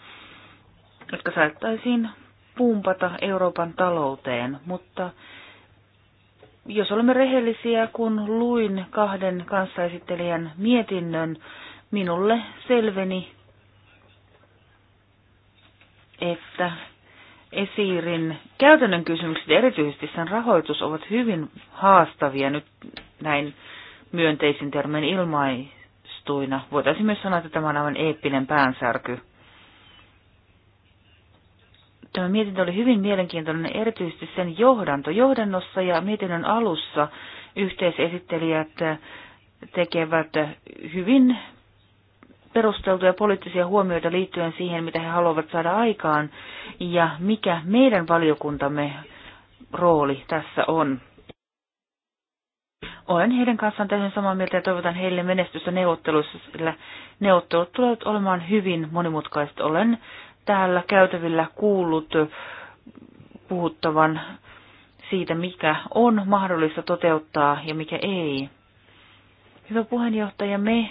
jotka saattaisiin pumpata Euroopan talouteen, mutta jos olemme rehellisiä, kun luin kahden kanssaesittelijän mietinnön, minulle selveni, että Esiirin käytännön kysymykset, erityisesti sen rahoitus, ovat hyvin haastavia nyt näin myönteisin termin ilmaistuina. Voitaisiin myös sanoa, että tämä on aivan eeppinen päänsärky. Tämä mietintö oli hyvin mielenkiintoinen, erityisesti sen johdanto. Johdannossa ja mietinnön alussa yhteisesittelijät tekevät hyvin perusteltuja poliittisia huomioita liittyen siihen, mitä he haluavat saada aikaan ja mikä meidän valiokuntamme rooli tässä on. Olen heidän kanssaan täysin samaa mieltä ja toivotan heille menestystä neuvotteluissa, sillä neuvottelut tulevat olemaan hyvin monimutkaiset. Olen täällä käytävillä kuullut puhuttavan siitä, mikä on mahdollista toteuttaa ja mikä ei. Hyvä puheenjohtaja, me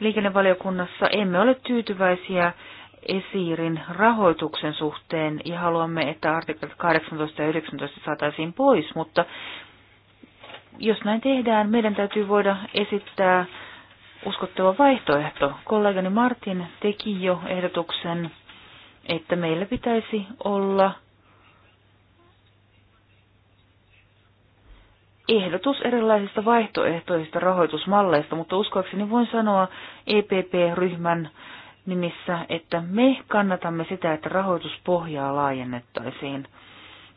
liikennevaliokunnassa emme ole tyytyväisiä esiirin rahoituksen suhteen ja haluamme, että artiklat 18 ja 19 saataisiin pois, mutta jos näin tehdään, meidän täytyy voida esittää uskottava vaihtoehto. Kollegani Martin teki jo ehdotuksen että meillä pitäisi olla ehdotus erilaisista vaihtoehtoisista rahoitusmalleista, mutta uskoakseni voin sanoa EPP-ryhmän nimissä, että me kannatamme sitä, että rahoituspohjaa laajennettaisiin.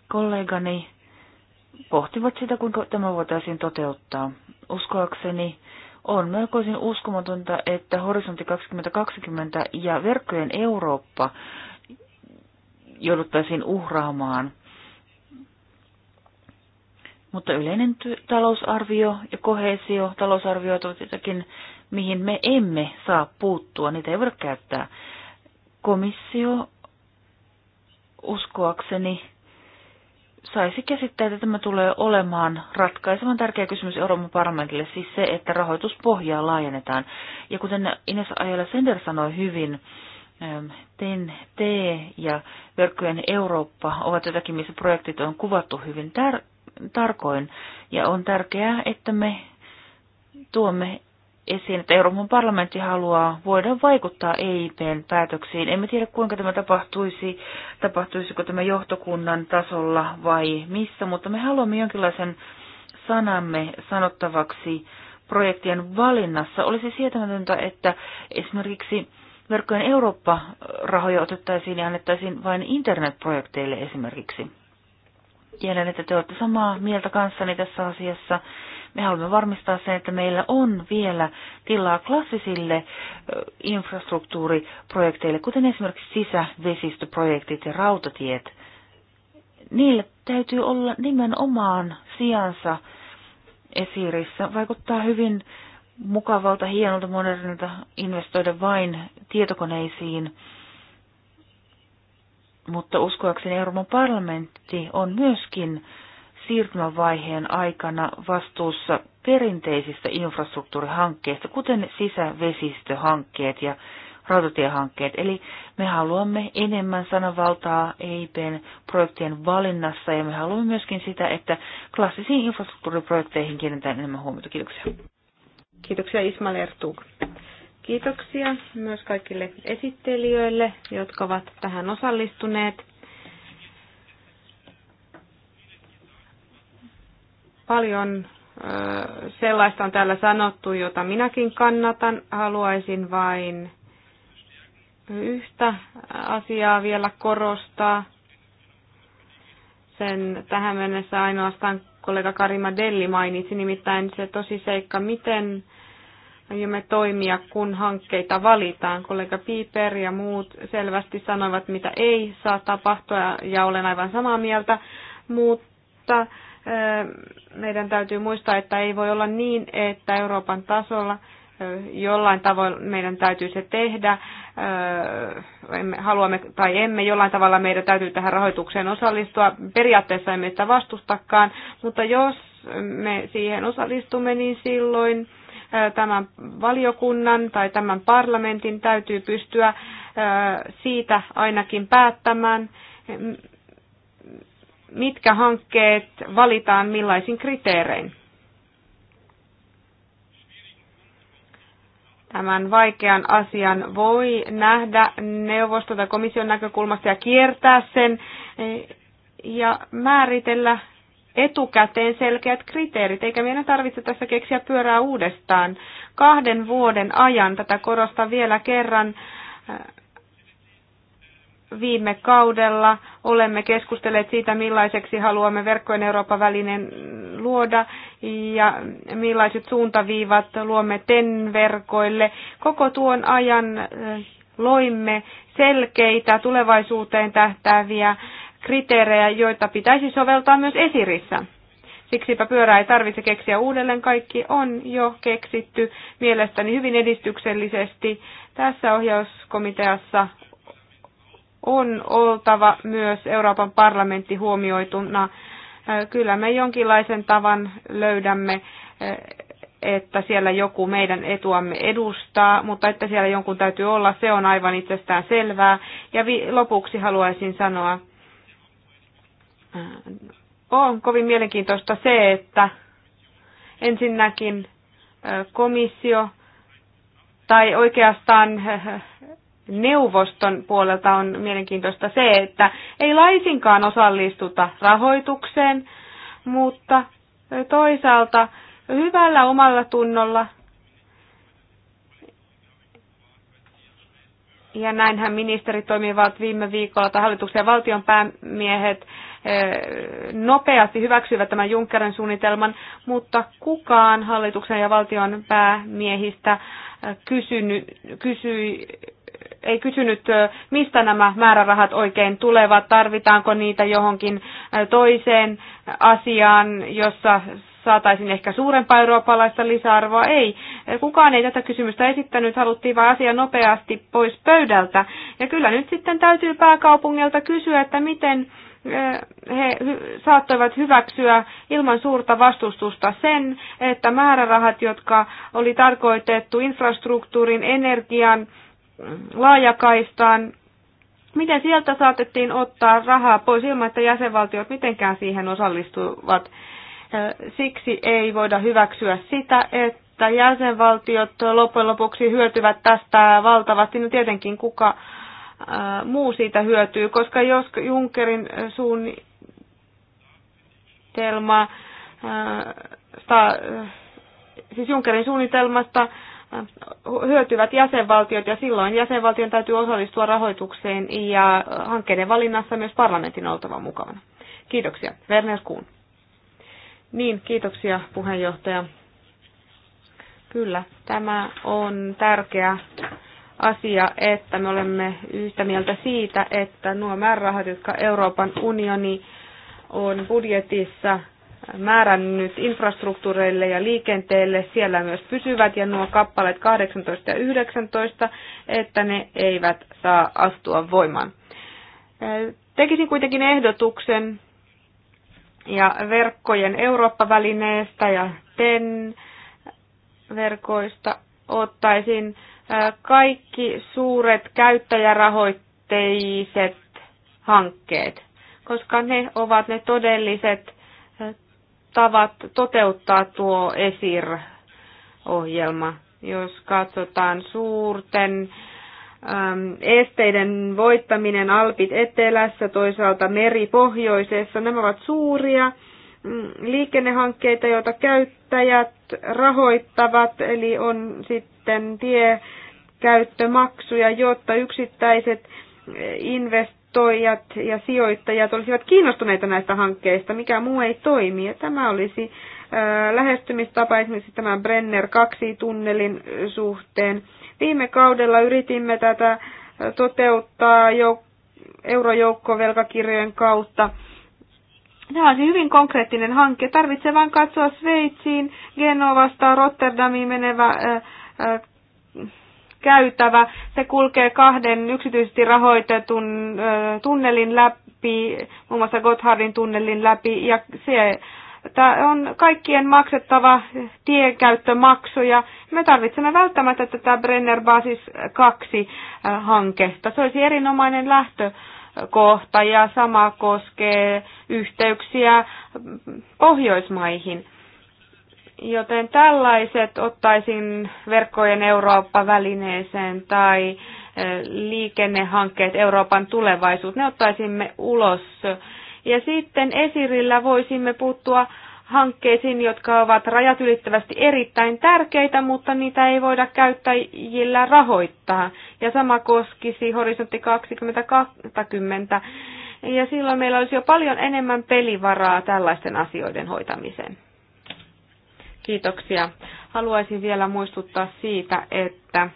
Kollegani pohtivat sitä, kuinka tämä voitaisiin toteuttaa. Uskoakseni on melkoisin uskomatonta, että Horisontti 2020 ja Verkkojen Eurooppa jouduttaisiin uhraamaan. Mutta yleinen talousarvio ja kohesio, talousarvio ovat jotakin, mihin me emme saa puuttua, niitä ei voida käyttää. Komissio uskoakseni saisi käsittää, että tämä tulee olemaan ratkaisevan tärkeä kysymys Euroopan parlamentille, siis se, että rahoituspohjaa laajennetaan. Ja kuten Ines Ajala Sender sanoi hyvin, TEN-T ja verkkojen Eurooppa ovat jotakin, missä projektit on kuvattu hyvin tar- tarkoin. Ja on tärkeää, että me tuomme esiin, että Euroopan parlamentti haluaa voida vaikuttaa EIPn päätöksiin. Emme tiedä, kuinka tämä tapahtuisi, tapahtuisiko tämä johtokunnan tasolla vai missä, mutta me haluamme jonkinlaisen sanamme sanottavaksi projektien valinnassa. Olisi sietämätöntä, että esimerkiksi verkkojen Eurooppa-rahoja otettaisiin ja annettaisiin vain internetprojekteille esimerkiksi. Tiedän, että te olette samaa mieltä kanssani tässä asiassa. Me haluamme varmistaa sen, että meillä on vielä tilaa klassisille infrastruktuuriprojekteille, kuten esimerkiksi sisävesistöprojektit ja rautatiet. Niillä täytyy olla nimenomaan sijansa esirissä. Vaikuttaa hyvin mukavalta, hienolta, modernilta investoida vain tietokoneisiin, mutta uskoakseni Euroopan parlamentti on myöskin siirtymävaiheen aikana vastuussa perinteisistä infrastruktuurihankkeista, kuten sisävesistöhankkeet ja rautatiehankkeet. Eli me haluamme enemmän sananvaltaa EIPn projektien valinnassa ja me haluamme myöskin sitä, että klassisiin infrastruktuuriprojekteihin kiinnitetään enemmän huomiota. Kiitoksia. Kiitoksia Ismail Ertug. Kiitoksia myös kaikille esittelijöille, jotka ovat tähän osallistuneet. Paljon sellaista on täällä sanottu, jota minäkin kannatan. Haluaisin vain yhtä asiaa vielä korostaa. Sen tähän mennessä ainoastaan kollega Karima Delli mainitsi, nimittäin se tosi seikka, miten aiomme toimia, kun hankkeita valitaan. Kollega Piper ja muut selvästi sanoivat, mitä ei saa tapahtua, ja olen aivan samaa mieltä, mutta meidän täytyy muistaa, että ei voi olla niin, että Euroopan tasolla – jollain tavoin meidän täytyy se tehdä, haluamme tai emme, jollain tavalla meidän täytyy tähän rahoitukseen osallistua. Periaatteessa emme sitä vastustakaan, mutta jos me siihen osallistumme, niin silloin tämän valiokunnan tai tämän parlamentin täytyy pystyä siitä ainakin päättämään, mitkä hankkeet valitaan millaisin kriteerein. tämän vaikean asian voi nähdä neuvosto tai komission näkökulmasta ja kiertää sen eh, ja määritellä etukäteen selkeät kriteerit, eikä meidän tarvitse tässä keksiä pyörää uudestaan. Kahden vuoden ajan, tätä korostan vielä kerran, viime kaudella olemme keskustelleet siitä, millaiseksi haluamme verkkojen Euroopan välinen luoda ja millaiset suuntaviivat luomme TEN-verkoille. Koko tuon ajan eh, loimme selkeitä tulevaisuuteen tähtääviä kriteerejä, joita pitäisi soveltaa myös esirissä. Siksipä pyörää ei tarvitse keksiä uudelleen, kaikki on jo keksitty mielestäni hyvin edistyksellisesti tässä ohjauskomiteassa on oltava myös Euroopan parlamentti huomioituna. Kyllä me jonkinlaisen tavan löydämme, että siellä joku meidän etuamme edustaa, mutta että siellä jonkun täytyy olla, se on aivan itsestään selvää. Ja lopuksi haluaisin sanoa, on kovin mielenkiintoista se, että ensinnäkin komissio tai oikeastaan neuvoston puolelta on mielenkiintoista se, että ei laisinkaan osallistuta rahoitukseen, mutta toisaalta hyvällä omalla tunnolla Ja näinhän ministerit toimivat viime viikolla, tai hallituksen ja valtion päämiehet eh, nopeasti hyväksyivät tämän Junckerin suunnitelman, mutta kukaan hallituksen ja valtion päämiehistä eh, kysynyt, kysyi ei kysynyt, mistä nämä määrärahat oikein tulevat, tarvitaanko niitä johonkin toiseen asiaan, jossa saataisiin ehkä suurempaa eurooppalaista lisäarvoa. Ei, kukaan ei tätä kysymystä esittänyt, haluttiin vain asia nopeasti pois pöydältä. Ja kyllä nyt sitten täytyy pääkaupungilta kysyä, että miten he saattoivat hyväksyä ilman suurta vastustusta sen, että määrärahat, jotka oli tarkoitettu infrastruktuurin, energian, laajakaistaan. Miten sieltä saatettiin ottaa rahaa pois ilman, että jäsenvaltiot mitenkään siihen osallistuvat? Siksi ei voida hyväksyä sitä, että jäsenvaltiot loppujen lopuksi hyötyvät tästä valtavasti. No tietenkin kuka muu siitä hyötyy, koska jos Junckerin suunnitelma, siis Junckerin suunnitelmasta hyötyvät jäsenvaltiot ja silloin jäsenvaltion täytyy osallistua rahoitukseen ja hankkeiden valinnassa myös parlamentin oltava mukana. Kiitoksia. Werner Kuhn. Niin, kiitoksia puheenjohtaja. Kyllä, tämä on tärkeä asia, että me olemme yhtä mieltä siitä, että nuo määrärahat, jotka Euroopan unioni on budjetissa määrännyt infrastruktuureille ja liikenteelle, siellä myös pysyvät ja nuo kappaleet 18 ja 19, että ne eivät saa astua voimaan. Tekisin kuitenkin ehdotuksen ja verkkojen Eurooppa-välineestä ja TEN-verkoista ottaisin kaikki suuret käyttäjärahoitteiset hankkeet, koska ne ovat ne todelliset tavat toteuttaa tuo ESIR-ohjelma. Jos katsotaan suurten ähm, esteiden voittaminen Alpit etelässä, toisaalta meri pohjoisessa, nämä ovat suuria mm, liikennehankkeita, joita käyttäjät rahoittavat, eli on sitten tiekäyttömaksuja, jotta yksittäiset invest toijat ja sijoittajat olisivat kiinnostuneita näistä hankkeista, mikä muu ei toimi. Ja tämä olisi lähestymistapa esimerkiksi tämän Brenner 2-tunnelin suhteen. Viime kaudella yritimme tätä toteuttaa eurojoukkovelkakirjojen kautta. Tämä on hyvin konkreettinen hanke. Tarvitsee vain katsoa Sveitsiin, Genovasta, Rotterdamiin menevä käytävä. Se kulkee kahden yksityisesti rahoitetun tunnelin läpi, muun muassa Gotthardin tunnelin läpi, ja se Tämä on kaikkien maksettava tienkäyttömaksuja. Me tarvitsemme välttämättä tätä Brenner Basis 2-hanketta. Se olisi erinomainen lähtö kohta ja sama koskee yhteyksiä Pohjoismaihin. Joten tällaiset ottaisin verkkojen Eurooppa-välineeseen tai eh, liikennehankkeet Euroopan tulevaisuus, ne ottaisimme ulos. Ja sitten esirillä voisimme puuttua hankkeisiin, jotka ovat rajat ylittävästi erittäin tärkeitä, mutta niitä ei voida käyttäjillä rahoittaa. Ja sama koskisi Horisontti 2020. Ja silloin meillä olisi jo paljon enemmän pelivaraa tällaisten asioiden hoitamiseen. Kiitoksia. Haluaisin vielä muistuttaa siitä, että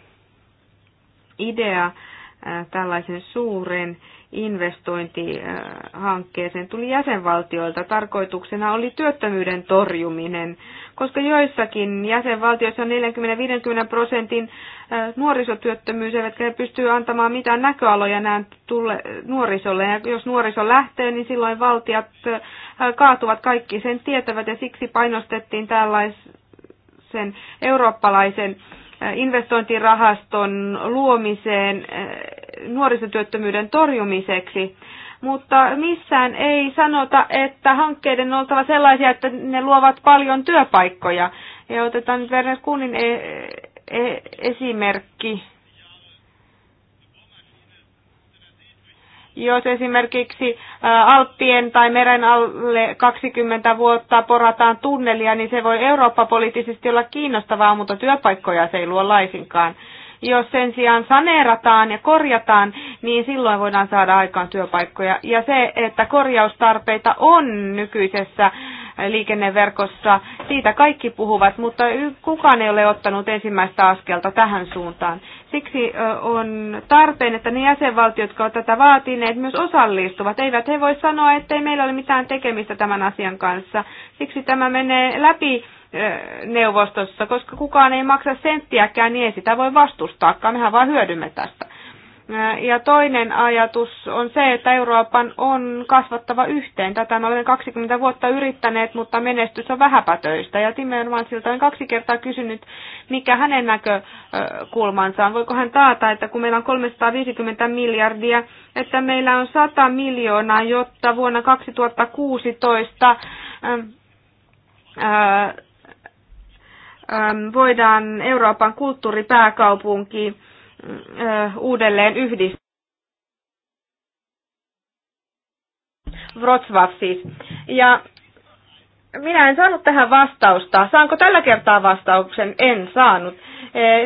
idea äh, tällaisen suuren investointihankkeeseen tuli jäsenvaltioilta. Tarkoituksena oli työttömyyden torjuminen, koska joissakin jäsenvaltioissa on 40-50 prosentin nuorisotyöttömyys, eivätkä ne pysty antamaan mitään näköaloja näin tulle, nuorisolle. Ja jos nuoriso lähtee, niin silloin valtiot kaatuvat kaikki sen tietävät, ja siksi painostettiin tällaisen eurooppalaisen investointirahaston luomiseen nuorisotyöttömyyden torjumiseksi mutta missään ei sanota, että hankkeiden on oltava sellaisia, että ne luovat paljon työpaikkoja. Ja otetaan nyt Werner Kuunin e- e- esimerkki. Jos esimerkiksi Alppien tai meren alle 20 vuotta porataan tunnelia, niin se voi Eurooppa-poliittisesti olla kiinnostavaa, mutta työpaikkoja se ei luo laisinkaan. Jos sen sijaan saneerataan ja korjataan, niin silloin voidaan saada aikaan työpaikkoja. Ja se, että korjaustarpeita on nykyisessä liikenneverkossa, siitä kaikki puhuvat, mutta kukaan ei ole ottanut ensimmäistä askelta tähän suuntaan. Siksi on tarpeen, että ne jäsenvaltiot, jotka ovat tätä vaatineet, myös osallistuvat. Eivät he voi sanoa, ettei meillä ole mitään tekemistä tämän asian kanssa. Siksi tämä menee läpi neuvostossa, koska kukaan ei maksa senttiäkään, niin ei sitä voi vastustaakaan, mehän vaan hyödymme tästä. Ja toinen ajatus on se, että Euroopan on kasvattava yhteen. Tätä me olemme 20 vuotta yrittäneet, mutta menestys on vähäpätöistä. Ja Timmermansilta on kaksi kertaa kysynyt, mikä hänen näkökulmansa on. Voiko hän taata, että kun meillä on 350 miljardia, että meillä on 100 miljoonaa, jotta vuonna 2016 Ähm, voidaan Euroopan kulttuuripääkaupunki äh, uudelleen yhdistää. Wrocław siis. Ja minä en saanut tähän vastausta. Saanko tällä kertaa vastauksen? En saanut.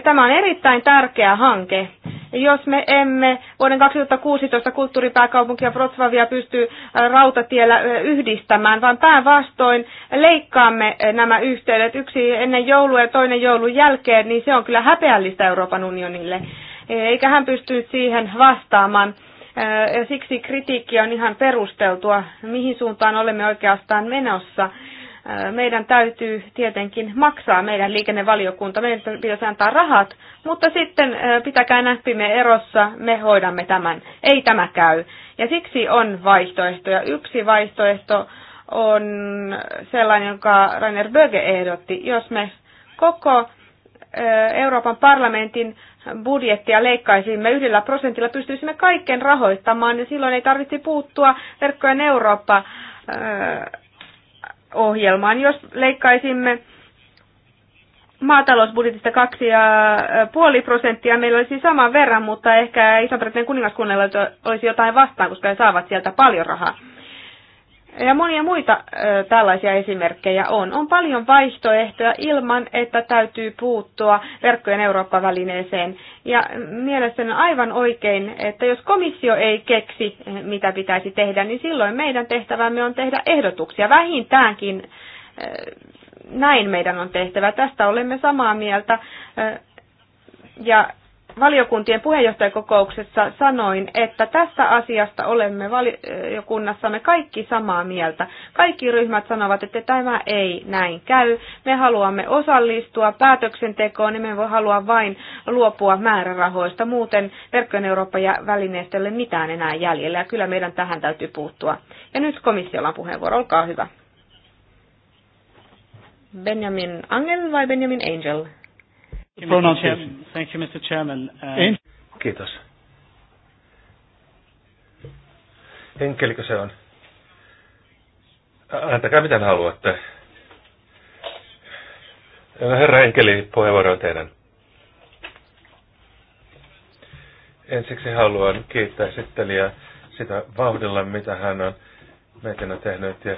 Tämä on erittäin tärkeä hanke. Jos me emme vuoden 2016 kulttuuripääkaupunkia Wrocławia pysty rautatiellä yhdistämään, vaan päinvastoin leikkaamme nämä yhteydet yksi ennen joulua ja toinen joulun jälkeen, niin se on kyllä häpeällistä Euroopan unionille. E, eikä hän pysty siihen vastaamaan. Siksi kritiikki on ihan perusteltua, mihin suuntaan olemme oikeastaan menossa meidän täytyy tietenkin maksaa meidän liikennevaliokunta, meidän pitäisi antaa rahat, mutta sitten pitäkää näppimme erossa, me hoidamme tämän. Ei tämä käy. Ja siksi on vaihtoehtoja. Yksi vaihtoehto on sellainen, jonka Rainer Böge ehdotti. Jos me koko Euroopan parlamentin budjettia leikkaisimme yhdellä prosentilla, pystyisimme kaiken rahoittamaan ja niin silloin ei tarvitsisi puuttua verkkojen Eurooppa ohjelmaan. Jos leikkaisimme maatalousbudjetista 2,5 prosenttia, meillä olisi saman verran, mutta ehkä Iso-Britannian kuningaskunnalla olisi jotain vastaan, koska he saavat sieltä paljon rahaa. Ja monia muita ö, tällaisia esimerkkejä on. On paljon vaihtoehtoja ilman, että täytyy puuttua verkkojen Eurooppa-välineeseen. Ja mielestäni on aivan oikein, että jos komissio ei keksi, eh, mitä pitäisi tehdä, niin silloin meidän tehtävämme on tehdä ehdotuksia. Vähintäänkin ö, näin meidän on tehtävä. Tästä olemme samaa mieltä. Ö, ja valiokuntien puheenjohtajakokouksessa sanoin, että tästä asiasta olemme valiokunnassamme kaikki samaa mieltä. Kaikki ryhmät sanovat, että tämä ei näin käy. Me haluamme osallistua päätöksentekoon ja niin me voi halua vain luopua määrärahoista. Muuten verkkojen Eurooppa ja välineistölle mitään enää jäljellä ja kyllä meidän tähän täytyy puuttua. Ja nyt komissiolla on puheenvuoro, olkaa hyvä. Benjamin Angel vai Benjamin Angel? Pronunciation. Thank you, Mr. Chairman. Uh... Kiitos. Enkelikö se on? Antakaa mitä haluatte. Herra Enkeli, puheenvuoro on teidän. Ensiksi haluan kiittää esittelijää sitä vauhdilla, mitä hän on meitä tehnyt. Ja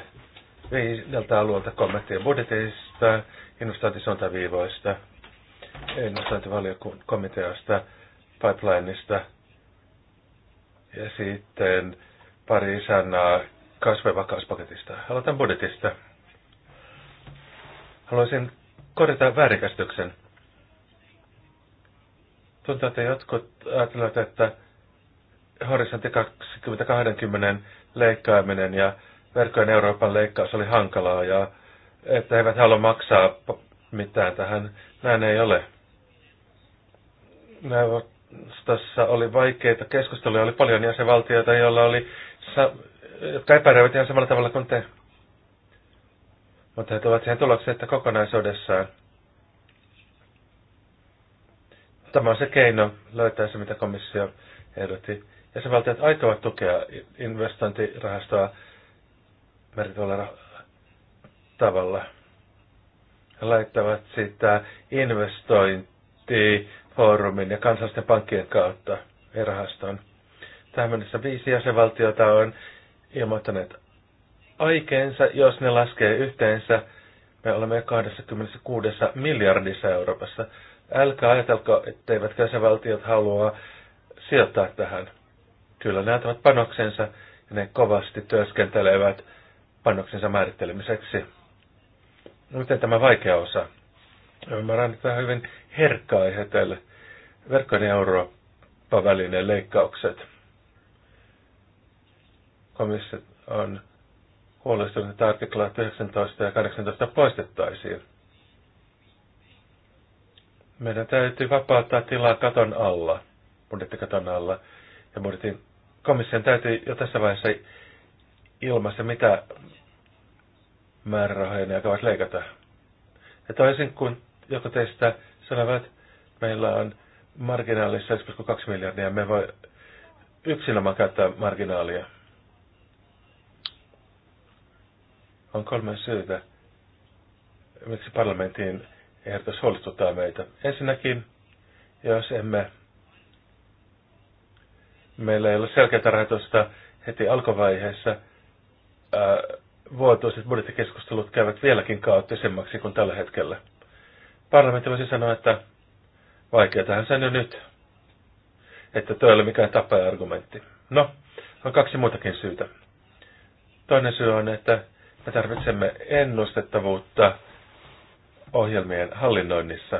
viideltä alueelta kommenttia budjetista, viivoista investointivaliokomiteasta, pipelineista ja sitten pari sanaa kasvevakauspaketista. Aloitan budjetista. Haluaisin korjata väärinkäsityksen. Tuntuu, että jotkut ajattelevat, että horisontti 2020 leikkaaminen ja verkkojen Euroopan leikkaus oli hankalaa ja että he eivät halua maksaa mitään tähän. Näin ei ole. Tässä oli vaikeita keskusteluja, oli paljon jäsenvaltioita, joilla oli, jotka epäröivät ihan samalla tavalla kuin te. Mutta he tuovat siihen tulokseen, että kokonaisuudessaan tämä on se keino löytää se, mitä komissio ehdotti. Ja se valtiot aikovat tukea investointirahastoa merkittävällä tavalla laittavat sitä investointifoorumin ja kansallisten pankkien kautta ja rahaston. Tähän mennessä viisi jäsenvaltiota on ilmoittaneet aikeensa, jos ne laskee yhteensä. Me olemme 26 miljardissa Euroopassa. Älkää ajatelko, etteivät jäsenvaltiot halua sijoittaa tähän. Kyllä ne antavat panoksensa ja ne kovasti työskentelevät panoksensa määrittelemiseksi. No miten tämä vaikea osa? Mä että tähän hyvin herkkä aihe tälle verkkojen Eurooppa-välineen leikkaukset. Komissio on huolestunut, että artiklat 19 ja 18 poistettaisiin. Meidän täytyy vapauttaa tilaa katon alla, budjettikaton alla. Ja budjetin komission täytyy jo tässä vaiheessa ilmaista, mitä määrärahojen jakavat leikata. Ja toisin kuin joku teistä sanovat, meillä on marginaalissa 1,2 miljardia, me voi yksinomaan käyttää marginaalia. On kolme syytä, miksi parlamentin ehdotus huolestuttaa meitä. Ensinnäkin, jos emme, meillä ei ole selkeää rahoitusta heti alkuvaiheessa, ää, vuotuiset budjettikeskustelut käyvät vieläkin kaoottisemmaksi kuin tällä hetkellä. Parlamentti voisi sanoa, että vaikeatahan se on jo nyt, että tuo ei ole mikään tapa-argumentti. No, on kaksi muutakin syytä. Toinen syy on, että me tarvitsemme ennustettavuutta ohjelmien hallinnoinnissa.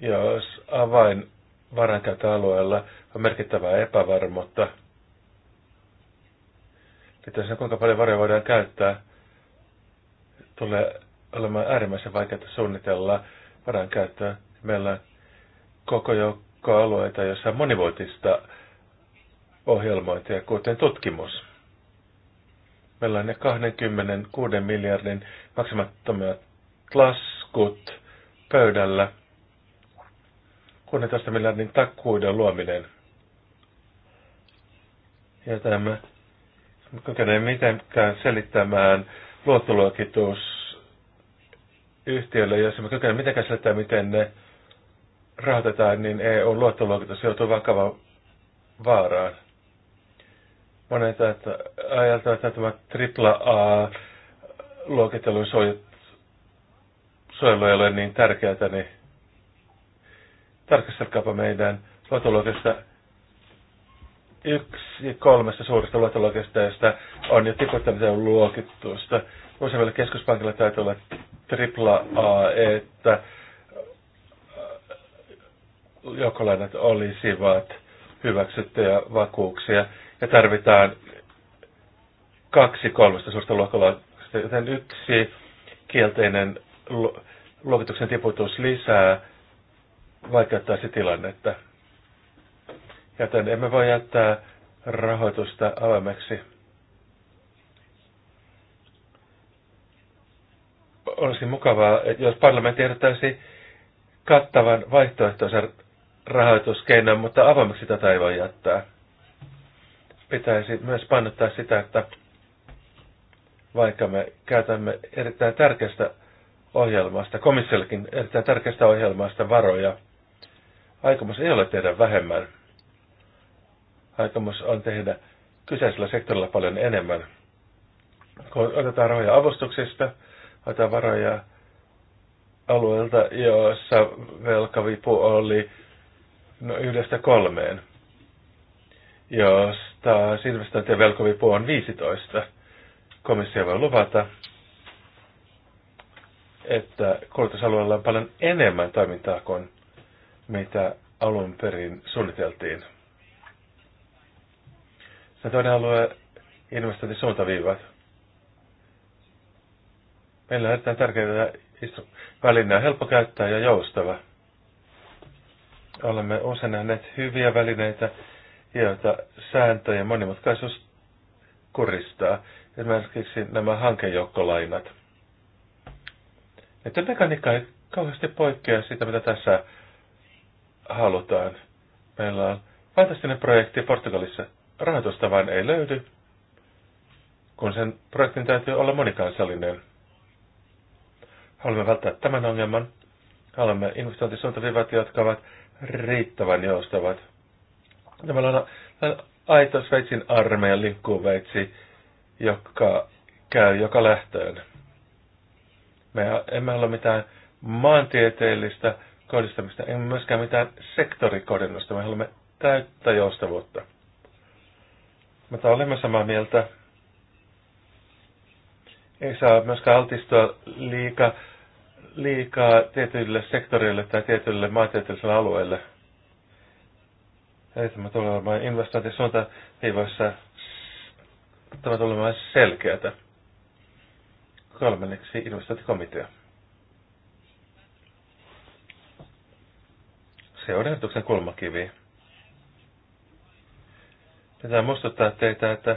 Jos avain varankäyttöalueella on merkittävää epävarmuutta, että se kuinka paljon varoja voidaan käyttää, tulee olemaan äärimmäisen vaikeaa suunnitella varan käyttöä. Meillä on koko joukko alueita, joissa on monivuotista ohjelmointia, kuten tutkimus. Meillä on ne 26 miljardin maksamattomat laskut pöydällä, 16 miljardin takkuuden luominen. Ja tämä kykene mitenkään selittämään luottoluokitus yhtiölle, jos me kykene mitenkään selittämään, miten ne rahoitetaan, niin eu luottoluokitus joutuu vakavaan vaaraan. Monet ajalta, että tämä AAA-luokittelun suojelu ei ole niin tärkeää, niin tarkastelkaapa meidän luottoluokista yksi kolmesta suurista luottoluokittajista on jo tiputtamisen luokitusta. Useimmilla keskuspankilla täytyy olla tripla A, että äh, joukkolainat olisivat hyväksyttyjä vakuuksia. Ja tarvitaan kaksi kolmesta suurista luokkalaisista, joten yksi kielteinen luokituksen tiputus lisää vaikeuttaisi tilannetta joten emme voi jättää rahoitusta avoimeksi. Olisi mukavaa, että jos parlamentti ehdottaisi kattavan vaihtoehtoisen rahoituskeinon, mutta avoimeksi tätä ei voi jättää. Pitäisi myös painottaa sitä, että vaikka me käytämme erittäin tärkeästä ohjelmasta, komissiollekin erittäin tärkeästä ohjelmasta varoja, aikomus ei ole tehdä vähemmän – aikomus on tehdä kyseisellä sektorilla paljon enemmän. Kun otetaan rahoja avustuksista, otetaan varoja alueelta, jossa velkavipu oli no yhdestä kolmeen, josta investointien velkavipu on 15. Komissio voi luvata, että kulutusalueella on paljon enemmän toimintaa kuin mitä alun perin suunniteltiin. Sitten toinen alue, investointisuuntaviivat. Meillä on erittäin tärkeää välineä helppo käyttää ja joustava. Olemme usein nähneet hyviä välineitä, joita sääntöjen monimutkaisuus kuristaa. Esimerkiksi nämä hankejoukkolainat. Että mekaniikka ei kauheasti poikkea siitä, mitä tässä halutaan. Meillä on fantastinen projekti Portugalissa – rahoitusta vain ei löydy, kun sen projektin täytyy olla monikansallinen. Haluamme välttää tämän ongelman. Haluamme investointisuuntaviivat, jotka ovat riittävän joustavat. Tämä on aito Sveitsin armeijan linkkuveitsi, joka käy joka lähtöön. Me emme halua mitään maantieteellistä kohdistamista, emme myöskään mitään sektorikohdennusta. Me haluamme täyttä joustavuutta. Mutta olemme samaa mieltä. Ei saa myöskään altistua liika, liikaa tietyille sektorille tai tietyille maantieteelliselle alueelle. Eli tämä tulee olemaan investointisuunta viivoissa. Tämä tulee olemaan selkeätä. Kolmanneksi investointikomitea. Se on ehdotuksen kulmakivi. Pitää muistuttaa teitä, että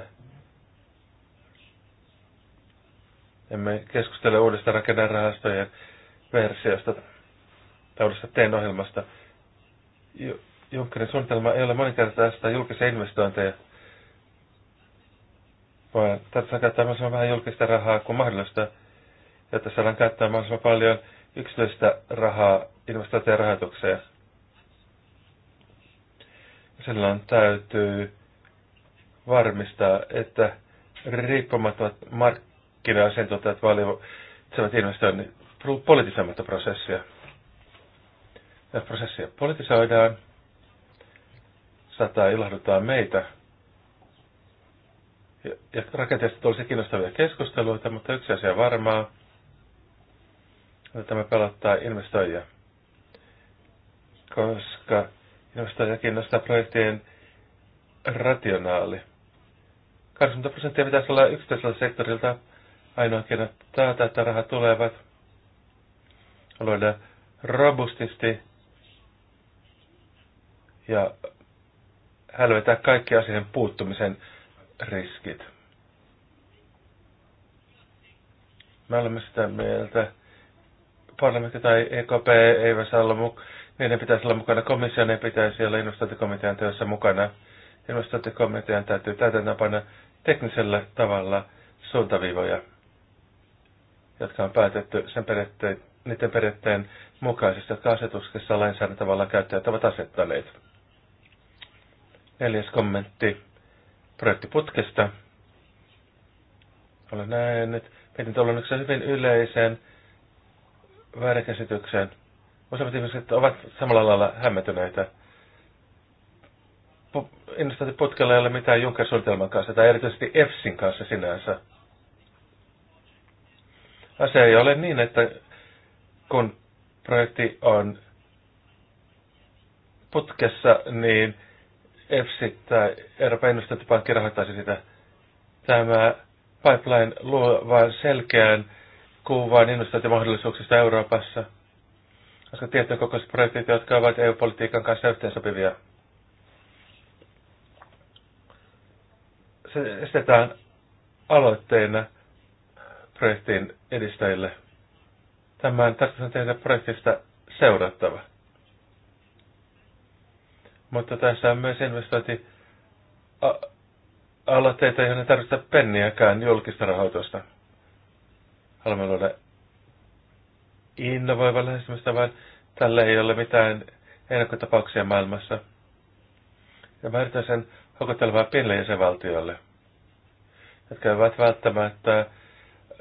emme keskustele uudesta rakennerahastojen versiosta tai uudesta teen ohjelmasta. Junckerin suunnitelma ei ole moninkertaista julkisia investointeja, vaan tarvitaan käyttää mahdollisimman vähän julkista rahaa kuin mahdollista, jotta saadaan käyttää mahdollisimman paljon yksilöistä rahaa investointien rahoitukseen. Silloin täytyy varmistaa, että riippumattomat markkina-asiantuntijat valitsevat investoinnin politisoimatta prosessia. Ja prosessia politisoidaan, saattaa ilahduttaa meitä. Ja, ja rakenteesta tulisi kiinnostavia keskusteluita, mutta yksi asia varmaa, että tämä pelottaa investoijia. Koska investoijia kiinnostaa projektien rationaali. 80 prosenttia pitäisi olla yksityisellä sektorilta ainoa keino taata, että rahat tulevat. Luoda robustisti ja hälvetää kaikki asian puuttumisen riskit. Me olemme sitä mieltä, parlamentti tai EKP ei saa olla mukana, niiden pitäisi olla mukana, komission ei pitäisi olla investointikomitean työssä mukana. Investointikomitean täytyy täytäntöönpanna teknisellä tavalla suuntaviivoja, jotka on päätetty sen periaatteen, niiden periaatteen mukaisesti, jotka asetuksessa lainsäädäntövallan käyttäjät ovat asettaneet. Neljäs kommentti projektiputkesta. Olen nähnyt, mietin tuolla hyvin yleisen väärinkäsityksen. Useimmat ihmiset ovat samalla lailla hämmentyneitä – investointiputkella ei ole mitään Junker-suunnitelman kanssa tai erityisesti EFSin kanssa sinänsä. Asia ei ole niin, että kun projekti on putkessa, niin EFSI tai Euroopan investointipankki rahoittaisi sitä. Tämä pipeline luo vain selkeän kuvan investointimahdollisuuksista Euroopassa, koska tietyn kokoiset projektit, jotka ovat EU-politiikan kanssa yhteensopivia. se estetään aloitteena projektin edistäjille. Tämän on tehdä projektista seurattava. Mutta tässä on myös investointi aloitteita, joihin ei tarvitse penniäkään julkista rahoitusta. Haluamme luoda innovoiva lähestymistä, vaan tälle ei ole mitään ennakkotapauksia maailmassa. Ja mä sen houkuttelemaan pienille jäsenvaltioille, jotka ovat välttämättä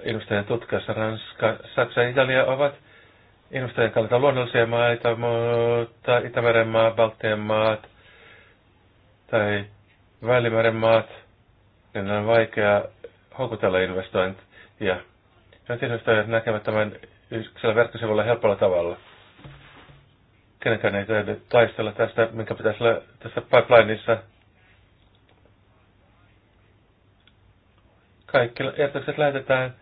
ilmastojen tutkassa. Ranska, Saksa ja Italia ovat ilmastojen kannalta luonnollisia maita, mutta Itämeren maa, Baltian maat tai Välimeren maat, niin on vaikea houkutella investointia. Nyt investoijat näkevät tämän yksillä verkkosivulla helpolla tavalla. Kenenkään ei taistella tästä, minkä pitäisi olla tässä pipelineissa – Kaikki jätökset lähetetään,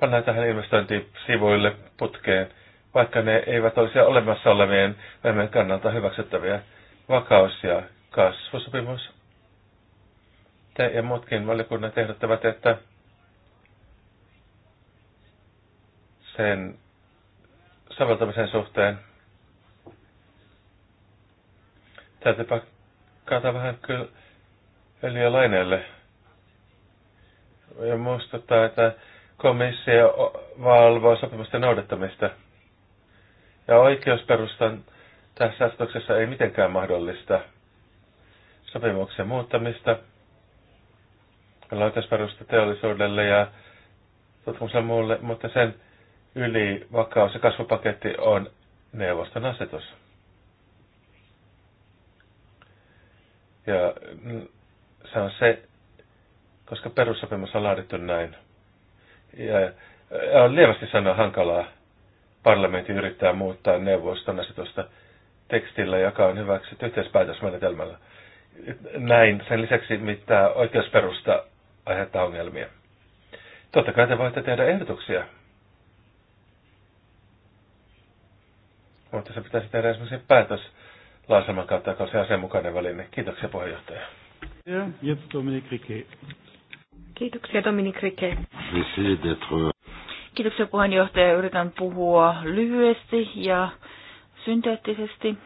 pannaan tähän investointisivuille putkeen, vaikka ne eivät olisi olemassa olevien meidän kannalta hyväksyttäviä. Vakaus- ja kasvusopimus. Te ja muutkin valiokunnat ehdottavat, että sen soveltamisen suhteen täytyypä kaataa vähän kyllä öljyä laineelle ja muistuttaa, että komissio valvoo sopimusten noudattamista. Ja oikeusperustan tässä asetuksessa ei mitenkään mahdollista sopimuksen muuttamista. Laitosperusta teollisuudelle ja tutkimuksen muulle, mutta sen yli vakaus- ja kasvupaketti on neuvoston asetus. Ja se on se koska perussopimus on laadittu näin. Ja, ja lievästi sanoa hankalaa. Parlamentti yrittää muuttaa neuvoston asetusta tekstillä, joka on hyväksytty yhteispäätösmenetelmällä. Näin sen lisäksi, mitä oikeusperusta aiheuttaa ongelmia. Totta kai te voitte tehdä ehdotuksia. Mutta se pitäisi tehdä esimerkiksi päätös lauselman kautta, joka on se asianmukainen väline. Kiitoksia puheenjohtaja. Ja, jetzt Dominik Riquet. Kiitoksia Dominik Rike. Kiitoksia puheenjohtaja. Yritän puhua lyhyesti ja synteettisesti.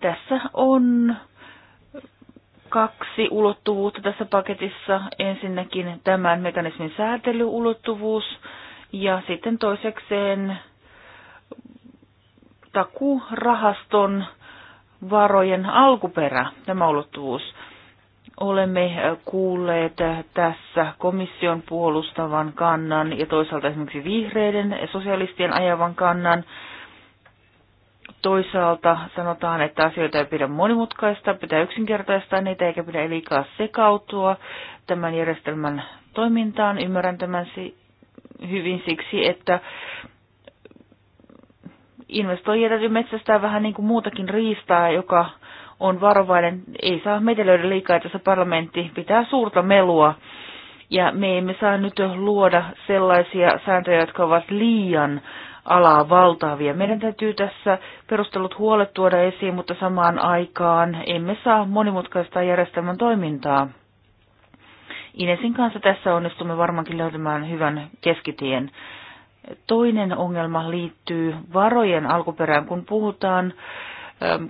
Tässä on kaksi ulottuvuutta tässä paketissa. Ensinnäkin tämän mekanismin säätelyulottuvuus ja sitten toisekseen takurahaston varojen alkuperä, tämä ulottuvuus olemme äh, kuulleet äh, tässä komission puolustavan kannan ja toisaalta esimerkiksi vihreiden ja sosialistien ajavan kannan. Toisaalta sanotaan, että asioita ei pidä monimutkaista, pitää yksinkertaistaa niitä eikä pidä liikaa sekautua tämän järjestelmän toimintaan. Ymmärrän tämän hyvin siksi, että investoijat täytyy metsästää vähän niin kuin muutakin riistaa, joka on varovainen. Ei saa metelöidä liikaa, että se parlamentti pitää suurta melua. Ja me emme saa nyt luoda sellaisia sääntöjä, jotka ovat liian alaa valtaavia. Meidän täytyy tässä perustelut huolet tuoda esiin, mutta samaan aikaan emme saa monimutkaista järjestelmän toimintaa. Inesin kanssa tässä onnistumme varmaankin löytämään hyvän keskitien. Toinen ongelma liittyy varojen alkuperään, kun puhutaan äh,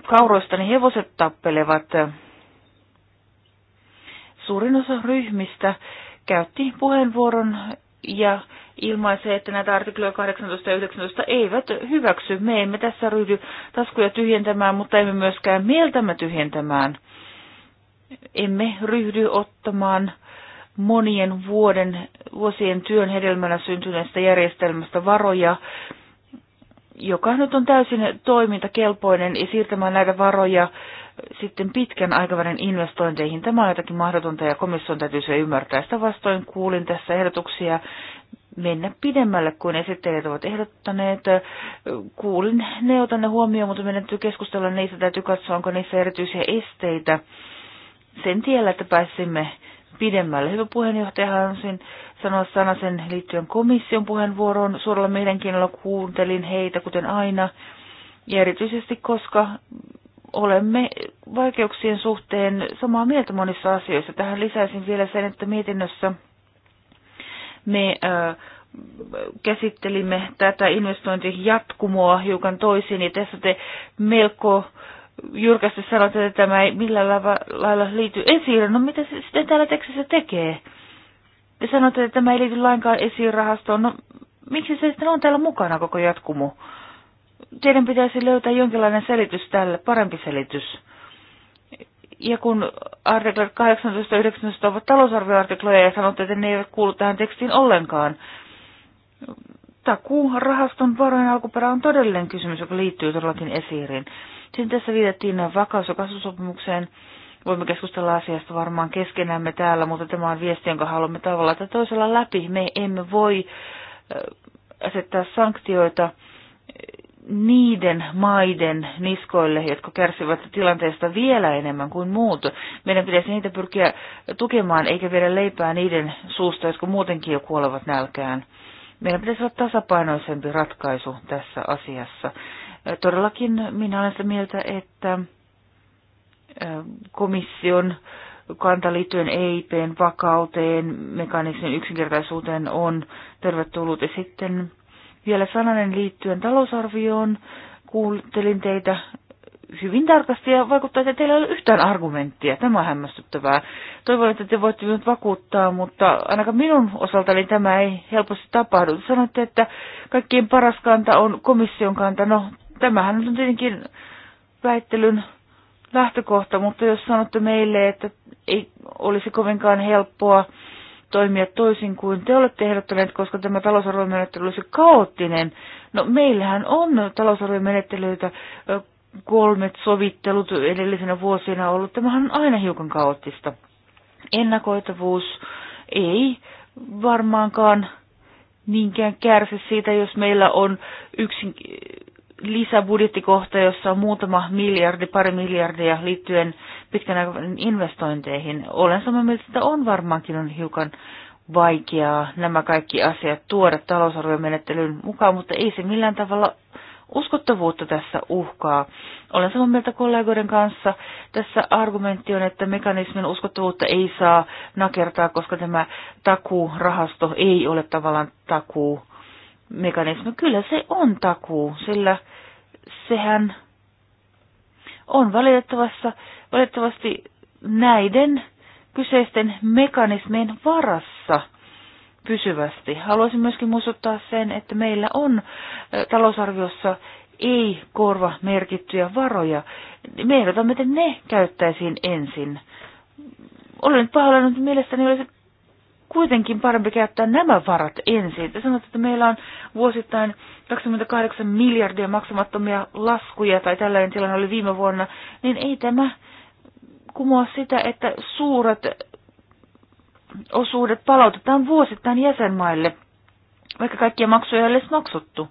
kauroista, niin hevoset tappelevat. Suurin osa ryhmistä käytti puheenvuoron ja ilmaisee, että näitä artikloja 18 ja 19 eivät hyväksy. Me emme tässä ryhdy taskuja tyhjentämään, mutta emme myöskään mieltämme tyhjentämään. Emme ryhdy ottamaan monien vuoden, vuosien työn hedelmänä syntyneestä järjestelmästä varoja joka nyt on täysin toimintakelpoinen ja siirtämään näitä varoja sitten pitkän aikavälin investointeihin. Tämä on jotakin mahdotonta ja komission täytyy se ymmärtää. Sitä vastoin kuulin tässä ehdotuksia mennä pidemmälle kuin esittelijät ovat ehdottaneet. Kuulin ne, otan ne huomioon, mutta meidän täytyy keskustella niistä, täytyy katsoa, onko niissä erityisiä esteitä sen tiellä, että pääsimme pidemmälle. Hyvä puheenjohtaja, haluaisin sanoa sanasen liittyen komission puheenvuoroon. Suurella mielenkiinnolla kuuntelin heitä, kuten aina, ja erityisesti koska olemme vaikeuksien suhteen samaa mieltä monissa asioissa. Tähän lisäisin vielä sen, että mietinnössä me äh, käsittelimme tätä investointijatkumoa hiukan toisin, ja tässä te melko äh, jyrkästi sanotaan, että tämä ei millään lailla liity esiin. No mitä se sitten täällä tekstissä tekee? Te sanotte, että tämä ei liity lainkaan esiin rahastoon. No miksi se sitten on täällä mukana koko jatkumo? Teidän pitäisi löytää jonkinlainen selitys tälle, parempi selitys. Ja kun artiklat 18 ja 19 ovat talousarvioartikloja ja sanotte, että ne eivät kuulu tähän tekstiin ollenkaan, rahaston varojen alkuperä on todellinen kysymys, joka liittyy todellakin esiiriin. Sitten tässä viitattiin vakaus- ja kasvusopimukseen. Voimme keskustella asiasta varmaan keskenämme täällä, mutta tämä on viesti, jonka haluamme tavalla että toisella läpi. Me emme voi äh, asettaa sanktioita äh, niiden maiden niskoille, jotka kärsivät tilanteesta vielä enemmän kuin muut. Meidän pitäisi niitä pyrkiä tukemaan eikä viedä leipää niiden suusta, jotka muutenkin jo kuolevat nälkään meillä pitäisi olla tasapainoisempi ratkaisu tässä asiassa. Todellakin minä olen sitä mieltä, että komission kanta liittyen EIPn vakauteen, mekanismin yksinkertaisuuteen on tervetullut. Ja sitten vielä sananen liittyen talousarvioon. Kuuntelin teitä hyvin tarkasti ja vaikuttaa, että teillä ei ole yhtään argumenttia. Tämä on hämmästyttävää. Toivon, että te voitte minut vakuuttaa, mutta ainakaan minun osaltani tämä ei helposti tapahdu. Sanoitte, että kaikkien paras kanta on komission kanta. No, tämähän on tietenkin väittelyn lähtökohta, mutta jos sanotte meille, että ei olisi kovinkaan helppoa toimia toisin kuin te olette ehdottaneet, koska tämä talousarvomenettely olisi kaoottinen. No meillähän on talousarvomenettelyitä kolmet sovittelut edellisenä vuosina ollut. Tämähän on aina hiukan kaoottista. Ennakoitavuus ei varmaankaan niinkään kärsi siitä, jos meillä on yksin lisäbudjettikohta, jossa on muutama miljardi, pari miljardia liittyen pitkän aikavälin investointeihin. Olen samaa mieltä, että on varmaankin on hiukan vaikeaa nämä kaikki asiat tuoda talousarviomenettelyyn mukaan, mutta ei se millään tavalla uskottavuutta tässä uhkaa. Olen samaa mieltä kollegoiden kanssa. Tässä argumentti on, että mekanismin uskottavuutta ei saa nakertaa, koska tämä takuurahasto ei ole tavallaan takuu mekanismi. Kyllä se on takuu, sillä sehän on valitettavassa, valitettavasti näiden kyseisten mekanismien varassa – pysyvästi. Haluaisin myöskin muistuttaa sen, että meillä on talousarviossa ei korva merkittyjä varoja. Me ehdotamme, että ne käyttäisiin ensin. Olen nyt pahoillani, mutta mielestäni olisi kuitenkin parempi käyttää nämä varat ensin. Te sanotte, että meillä on vuosittain 28 miljardia maksamattomia laskuja, tai tällainen tilanne oli viime vuonna, niin ei tämä kumoa sitä, että suuret osuudet palautetaan vuosittain jäsenmaille, vaikka kaikkia maksuja ei ole edes maksuttu.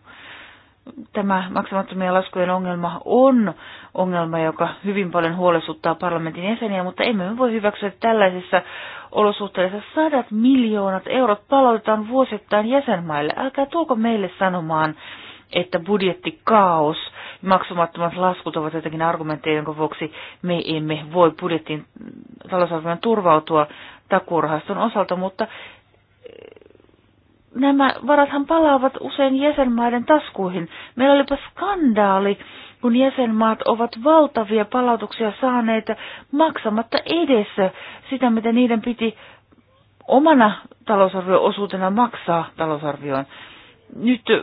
Tämä maksamattomien laskujen ongelma on ongelma, joka hyvin paljon huolestuttaa parlamentin jäseniä, mutta emme voi hyväksyä, että tällaisissa olosuhteissa sadat miljoonat eurot palautetaan vuosittain jäsenmaille. Älkää tuoko meille sanomaan, että budjettikaos ja maksamattomat laskut ovat jotenkin argumentteja, jonka vuoksi me emme voi budjettiin talousarvioon turvautua takurahaston osalta, mutta eh, nämä varathan palaavat usein jäsenmaiden taskuihin. Meillä olipa skandaali, kun jäsenmaat ovat valtavia palautuksia saaneita maksamatta edessä sitä, mitä niiden piti omana talousarvioosuutena maksaa talousarvioon. Nyt, eh,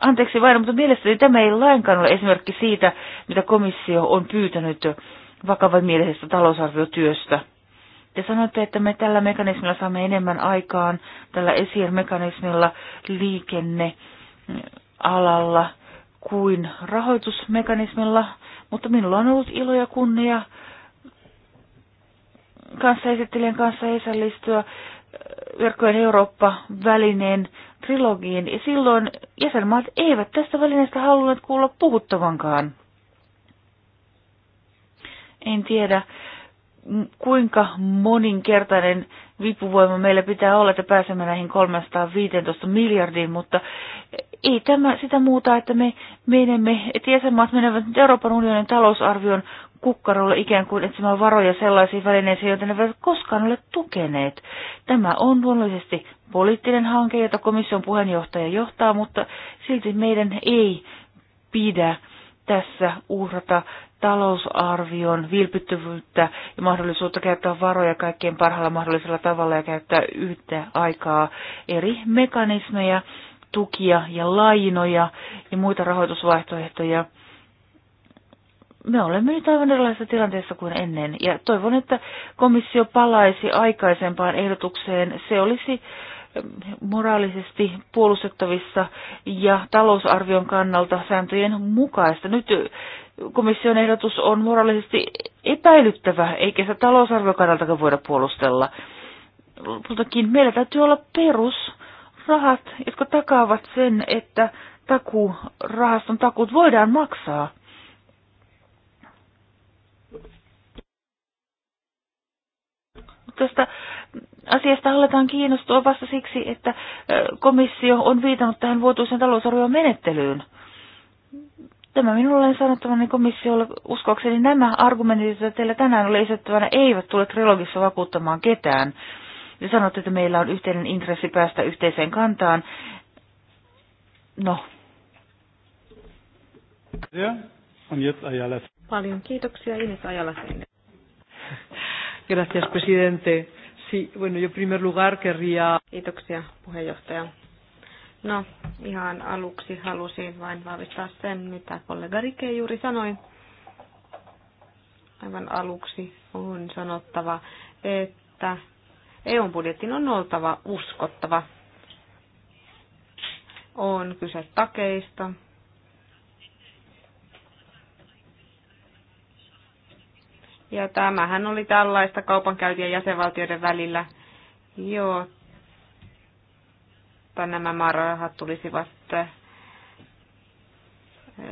anteeksi vain, mutta mielestäni tämä ei lainkaan ole esimerkki siitä, mitä komissio on pyytänyt vakavan mielisestä talousarviotyöstä. Te sanoitte, että me tällä mekanismilla saamme enemmän aikaan, tällä esiermekanismilla liikennealalla mm, kuin rahoitusmekanismilla, mutta minulla on ollut ilo ja kunnia kanssa esittelijän kanssa esällistyä äh, verkkojen Eurooppa-välineen trilogiin, ja silloin jäsenmaat eivät tästä välineestä halunneet kuulla puhuttavankaan. En tiedä, kuinka moninkertainen vipuvoima meillä pitää olla, että pääsemme näihin 315 miljardiin, mutta ei tämä sitä muuta, että me menemme, että jäsenmaat menevät Euroopan unionin talousarvion kukkarolle ikään kuin etsimään varoja sellaisiin välineisiin, joita ne eivät koskaan ole tukeneet. Tämä on luonnollisesti poliittinen hanke, jota komission puheenjohtaja johtaa, mutta silti meidän ei pidä tässä uhrata talousarvion vilpittyvyyttä ja mahdollisuutta käyttää varoja kaikkein parhaalla mahdollisella tavalla ja käyttää yhtä aikaa eri mekanismeja, tukia ja lainoja ja muita rahoitusvaihtoehtoja. Me olemme nyt aivan erilaisessa tilanteessa kuin ennen ja toivon, että komissio palaisi aikaisempaan ehdotukseen. Se olisi äh, moraalisesti puolustettavissa ja talousarvion kannalta sääntöjen mukaista. Nyt komission ehdotus on moraalisesti epäilyttävä, eikä se talousarvion kannaltakaan voida puolustella. Mutta meillä täytyy olla perusrahat, jotka takaavat sen, että taku, rahaston takuut voidaan maksaa. Tästä asiasta aletaan kiinnostua vasta siksi, että komissio on viitannut tähän vuotuisen talousarvion menettelyyn. Tämä minulle on niin komissiolle uskoakseni nämä argumentit, joita teillä tänään oli esittävänä, eivät tule trilogissa vakuuttamaan ketään. Ja sanotte, että meillä on yhteinen intressi päästä yhteiseen kantaan. No. Paljon kiitoksia Ines Ajala. Gracias, presidente. Sí, bueno, yo primer lugar querría... Kiitoksia, puheenjohtaja. No, ihan aluksi halusin vain vahvistaa sen, mitä kollega Rike juuri sanoi. Aivan aluksi on sanottava, että eu budjetin on oltava uskottava. On kyse takeista, Ja tämähän oli tällaista kaupankäyntiä jäsenvaltioiden välillä, Tai nämä maarahat tulisivat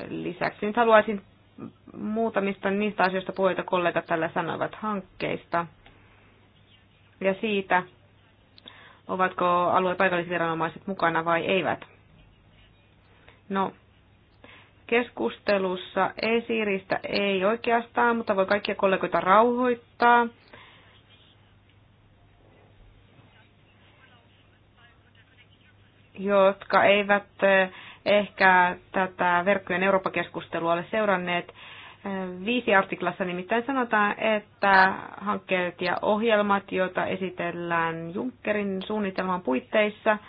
lisäksi. Nyt haluaisin muutamista niistä asioista puhua, kollegat tällä sanoivat hankkeista ja siitä, ovatko alueen paikallisviranomaiset mukana vai eivät. No, keskustelussa ei siiristä, ei oikeastaan, mutta voi kaikkia kollegoita rauhoittaa. jotka eivät eh, ehkä tätä verkkojen Eurooppa-keskustelua ole seuranneet. Eh, viisi artiklassa nimittäin sanotaan, että hankkeet ja ohjelmat, joita esitellään Junckerin suunnitelman puitteissa –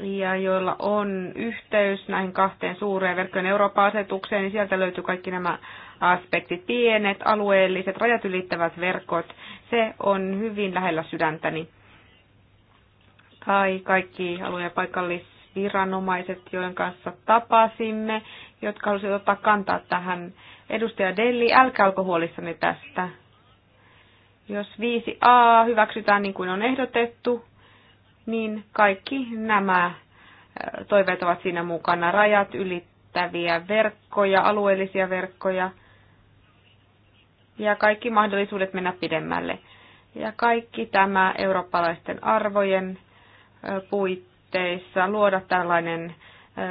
ja joilla on yhteys näihin kahteen suureen verkkojen Eurooppa-asetukseen, niin sieltä löytyy kaikki nämä aspektit, pienet, alueelliset, rajat ylittävät verkot. Se on hyvin lähellä sydäntäni. Tai kaikki alue- ja paikallisviranomaiset, joiden kanssa tapasimme, jotka halusivat ottaa kantaa tähän. Edustaja Delli, älkää olko huolissanne tästä. Jos 5a hyväksytään niin kuin on ehdotettu, niin kaikki nämä äh, toiveet ovat siinä mukana. Rajat ylittäviä verkkoja, alueellisia verkkoja ja kaikki mahdollisuudet mennä pidemmälle. Ja kaikki tämä eurooppalaisten arvojen äh, puitteissa luoda tällainen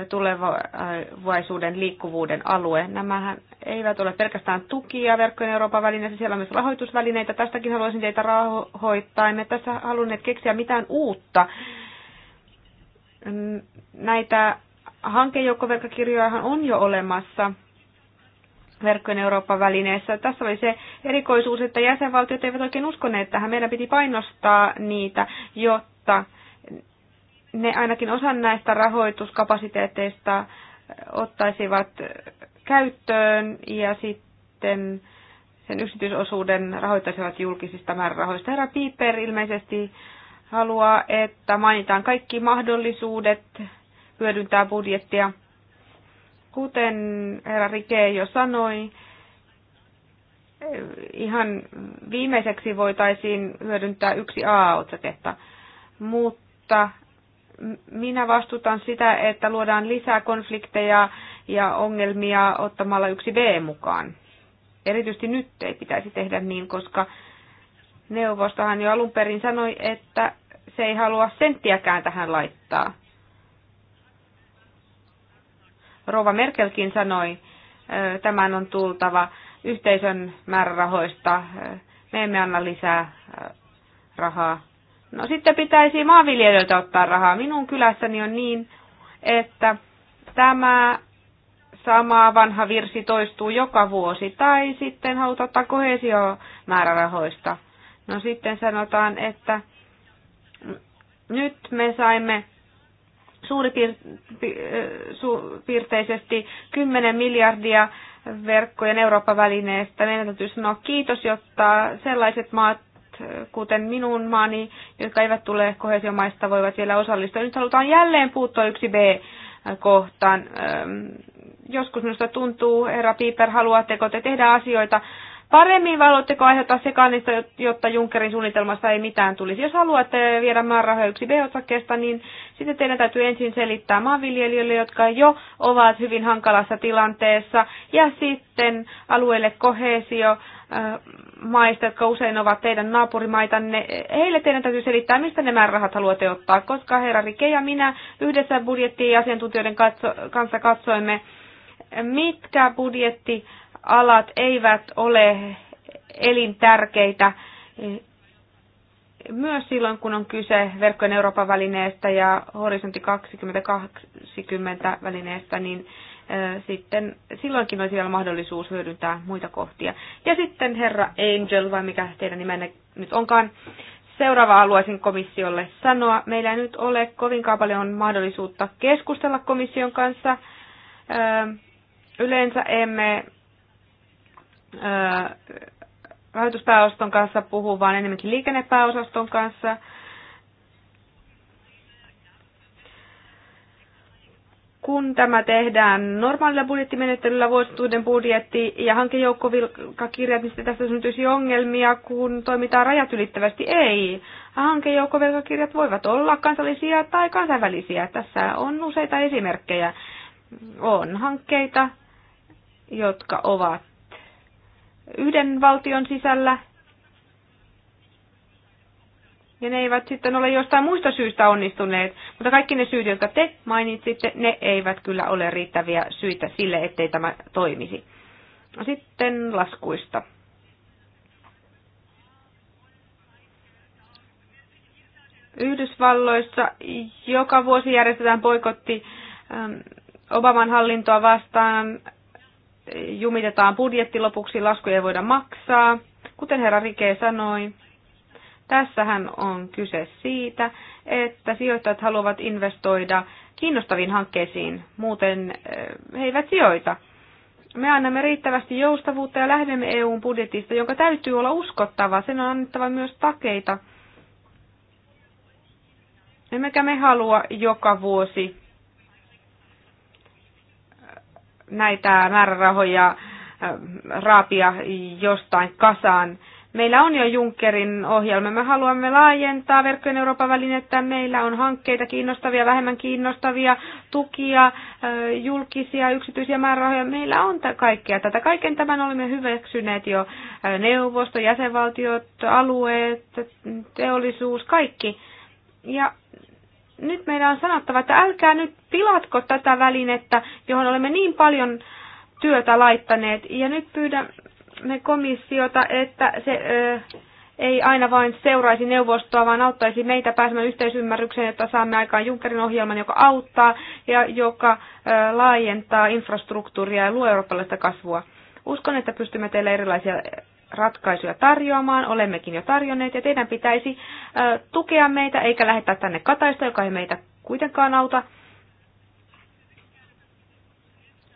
tulevaisuuden liikkuvuuden alue. Nämähän eivät ole pelkästään tukia verkkojen Euroopan välineissä, siellä on myös rahoitusvälineitä. Tästäkin haluaisin teitä rahoittaa. Emme tässä halunneet keksiä mitään uutta. Näitä hankejoukkoverkkokirjojahan on jo olemassa verkkojen Euroopan välineessä. Tässä oli se erikoisuus, että jäsenvaltiot eivät oikein uskoneet tähän. Meidän piti painostaa niitä, jotta ne ainakin osan näistä rahoituskapasiteeteista ottaisivat käyttöön ja sitten sen yksityisosuuden rahoittaisivat julkisista määrärahoista. Herra Piper ilmeisesti haluaa, että mainitaan kaikki mahdollisuudet hyödyntää budjettia. Kuten herra Rike jo sanoi, ihan viimeiseksi voitaisiin hyödyntää yksi A-otsaketta, mutta minä vastutan sitä, että luodaan lisää konflikteja ja ongelmia ottamalla yksi B mukaan. Erityisesti nyt ei pitäisi tehdä niin, koska neuvostohan jo alun perin sanoi, että se ei halua senttiäkään tähän laittaa. Rova Merkelkin sanoi, tämän on tultava yhteisön määrärahoista. Me emme anna lisää rahaa No sitten pitäisi maanviljelijöiltä ottaa rahaa. Minun kylässäni on niin, että tämä sama vanha virsi toistuu joka vuosi, tai sitten halutaan ottaa määrärahoista. No sitten sanotaan, että nyt me saimme suurpiirteisesti äh, 10 miljardia verkkojen Euroopan välineestä. Meidän täytyy sanoa kiitos, jotta sellaiset maat kuten minun maani, jotka eivät tule kohesiomaista, voivat vielä osallistua. Nyt halutaan jälleen puuttua yksi B-kohtaan. Joskus minusta tuntuu, herra Piper, haluatteko te tehdä asioita paremmin vai haluatteko aiheuttaa sekaannista, jotta Junckerin suunnitelmasta ei mitään tulisi? Jos haluatte viedä määrärahoja yksi B-otsakkeesta, niin sitten teidän täytyy ensin selittää maanviljelijöille, jotka jo ovat hyvin hankalassa tilanteessa, ja sitten alueelle kohesio, äh, maista, jotka usein ovat teidän naapurimaitanne, heille teidän täytyy selittää, mistä nämä rahat haluatte ottaa, koska herra Rike ja minä yhdessä budjettiasiantuntijoiden kanssa katsoimme, mitkä budjetti alat eivät ole elintärkeitä myös silloin, kun on kyse verkkojen Euroopan välineestä ja horisontti 2020 välineestä, niin sitten silloinkin olisi vielä mahdollisuus hyödyntää muita kohtia. Ja sitten herra Angel, vai mikä teidän nimenne nyt onkaan, seuraava haluaisin komissiolle sanoa. Meillä ei nyt ole kovinkaan paljon mahdollisuutta keskustella komission kanssa. Yleensä emme rahoituspääoston kanssa puhu, vaan enemmänkin liikennepääosaston kanssa. kun tämä tehdään normaalilla budjettimenettelyllä, vuosituuden budjetti ja hankejoukkovilkakirjat, niin tästä syntyisi ongelmia, kun toimitaan rajat ylittävästi. Ei. Hankejoukkovilkakirjat voivat olla kansallisia tai kansainvälisiä. Tässä on useita esimerkkejä. On hankkeita, jotka ovat yhden valtion sisällä. Ja ne eivät sitten ole jostain muista syystä onnistuneet, mutta kaikki ne syyt, jotka te mainitsitte, ne eivät kyllä ole riittäviä syitä sille, ettei tämä toimisi. No sitten laskuista. Yhdysvalloissa joka vuosi järjestetään poikotti Obaman hallintoa vastaan jumitetaan budjetti lopuksi, laskuja ei voida maksaa. Kuten herra Rike sanoi, tässähän on kyse siitä, että sijoittajat haluavat investoida kiinnostaviin hankkeisiin, muuten eh, he eivät sijoita. Me annamme riittävästi joustavuutta ja lähdemme EUn budjetista, jonka täytyy olla uskottava. Sen on annettava myös takeita. Emmekä me halua joka vuosi näitä määrärahoja äh, raapia jostain kasaan. Meillä on jo Junckerin ohjelma. Me haluamme laajentaa verkkojen Euroopan välinettä. Meillä on hankkeita kiinnostavia, vähemmän kiinnostavia, tukia, äh, julkisia, yksityisiä määrärahoja. Meillä on kaikkea tätä. Kaiken tämän olemme hyväksyneet jo äh, neuvosto, jäsenvaltiot, alueet, teollisuus, kaikki. Ja nyt meidän on sanottava, että älkää nyt pilatko tätä välinettä, johon olemme niin paljon työtä laittaneet. Ja nyt pyydämme komissiota, että se ö, ei aina vain seuraisi neuvostoa, vaan auttaisi meitä pääsemään yhteisymmärrykseen, että saamme aikaan Junckerin ohjelman, joka auttaa ja joka ö, laajentaa infrastruktuuria ja luo eurooppalaista kasvua. Uskon, että pystymme teille erilaisia ratkaisuja tarjoamaan, olemmekin jo tarjonneet, ja teidän pitäisi tukea meitä, eikä lähettää tänne Kataista, joka ei meitä kuitenkaan auta.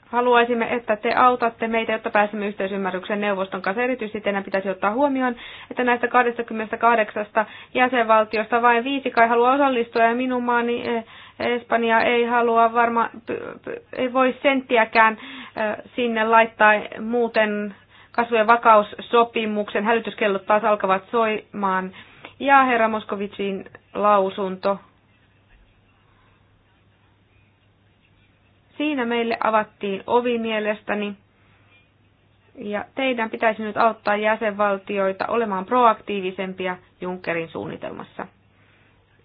Haluaisimme, että te autatte meitä, jotta pääsemme yhteisymmärryksen neuvoston kanssa. Erityisesti teidän pitäisi ottaa huomioon, että näistä 28 jäsenvaltiosta vain viisi kai haluaa osallistua ja minun maani e, Espanja ei halua varmaan ei voi senttiäkään e, sinne laittaa, muuten kasvu- ja vakaussopimuksen hälytyskellot taas alkavat soimaan. Ja herra Moskovitsin lausunto. Siinä meille avattiin ovi mielestäni. Ja teidän pitäisi nyt auttaa jäsenvaltioita olemaan proaktiivisempia Junckerin suunnitelmassa.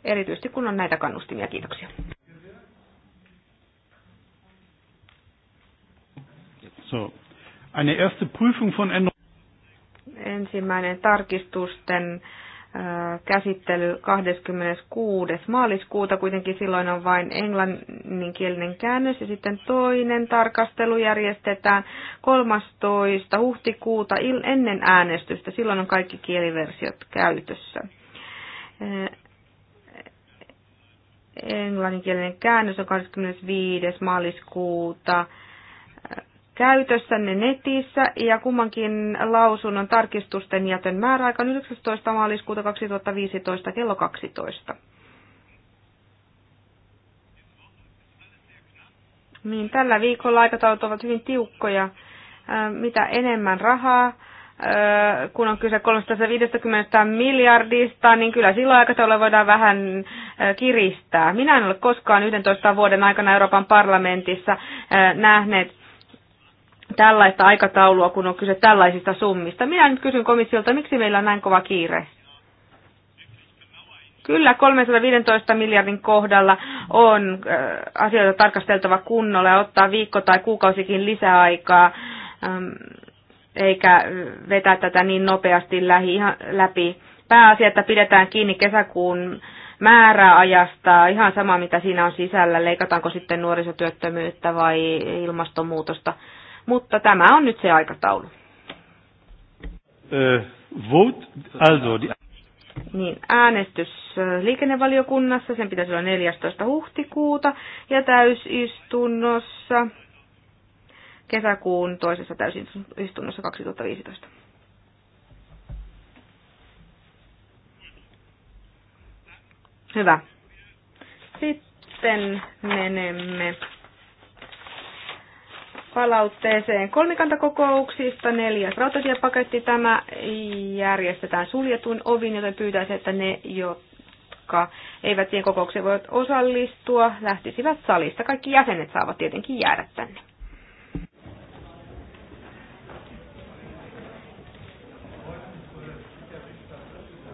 Erityisesti kun on näitä kannustimia. Kiitoksia. So, Eine erste Prüfung von Ensimmäinen tarkistusten äh, käsittely 26. maaliskuuta, kuitenkin silloin on vain englanninkielinen käännös, ja sitten toinen tarkastelu järjestetään 13. huhtikuuta ennen äänestystä, silloin on kaikki kieliversiot käytössä. Äh, englanninkielinen käännös on 25. maaliskuuta käytössänne netissä ja kummankin lausunnon tarkistusten jätön määräaika on 19. maaliskuuta 2015 kello 12. Niin, tällä viikolla aikataulut ovat hyvin tiukkoja. Äh, mitä enemmän rahaa, äh, kun on kyse 350 miljardista, niin kyllä silloin aikataululla voidaan vähän äh, kiristää. Minä en ole koskaan 11 vuoden aikana Euroopan parlamentissa nähnyt tällaista aikataulua, kun on kyse tällaisista summista. Minä nyt kysyn komissiolta, miksi meillä on näin kova kiire? Kyllä, 315 miljardin kohdalla on äh, asioita tarkasteltava kunnolla ja ottaa viikko tai kuukausikin lisäaikaa, ähm, eikä vetää tätä niin nopeasti lähi, ihan läpi. Pääasia, että pidetään kiinni kesäkuun määräajasta, ihan sama mitä siinä on sisällä, leikataanko sitten nuorisotyöttömyyttä vai ilmastonmuutosta. Mutta tämä on nyt se aikataulu. Äh, vote, also, die... Niin, äänestys liikennevaliokunnassa, sen pitäisi olla 14. huhtikuuta ja täysistunnossa kesäkuun toisessa täysistunnossa 2015. Hyvä. Sitten menemme palautteeseen kolmikantakokouksista. Neljäs rautatiepaketti tämä järjestetään suljetuin ovin, joten pyytäisin, että ne, jotka eivät siihen kokoukseen voi osallistua, lähtisivät salista. Kaikki jäsenet saavat tietenkin jäädä tänne.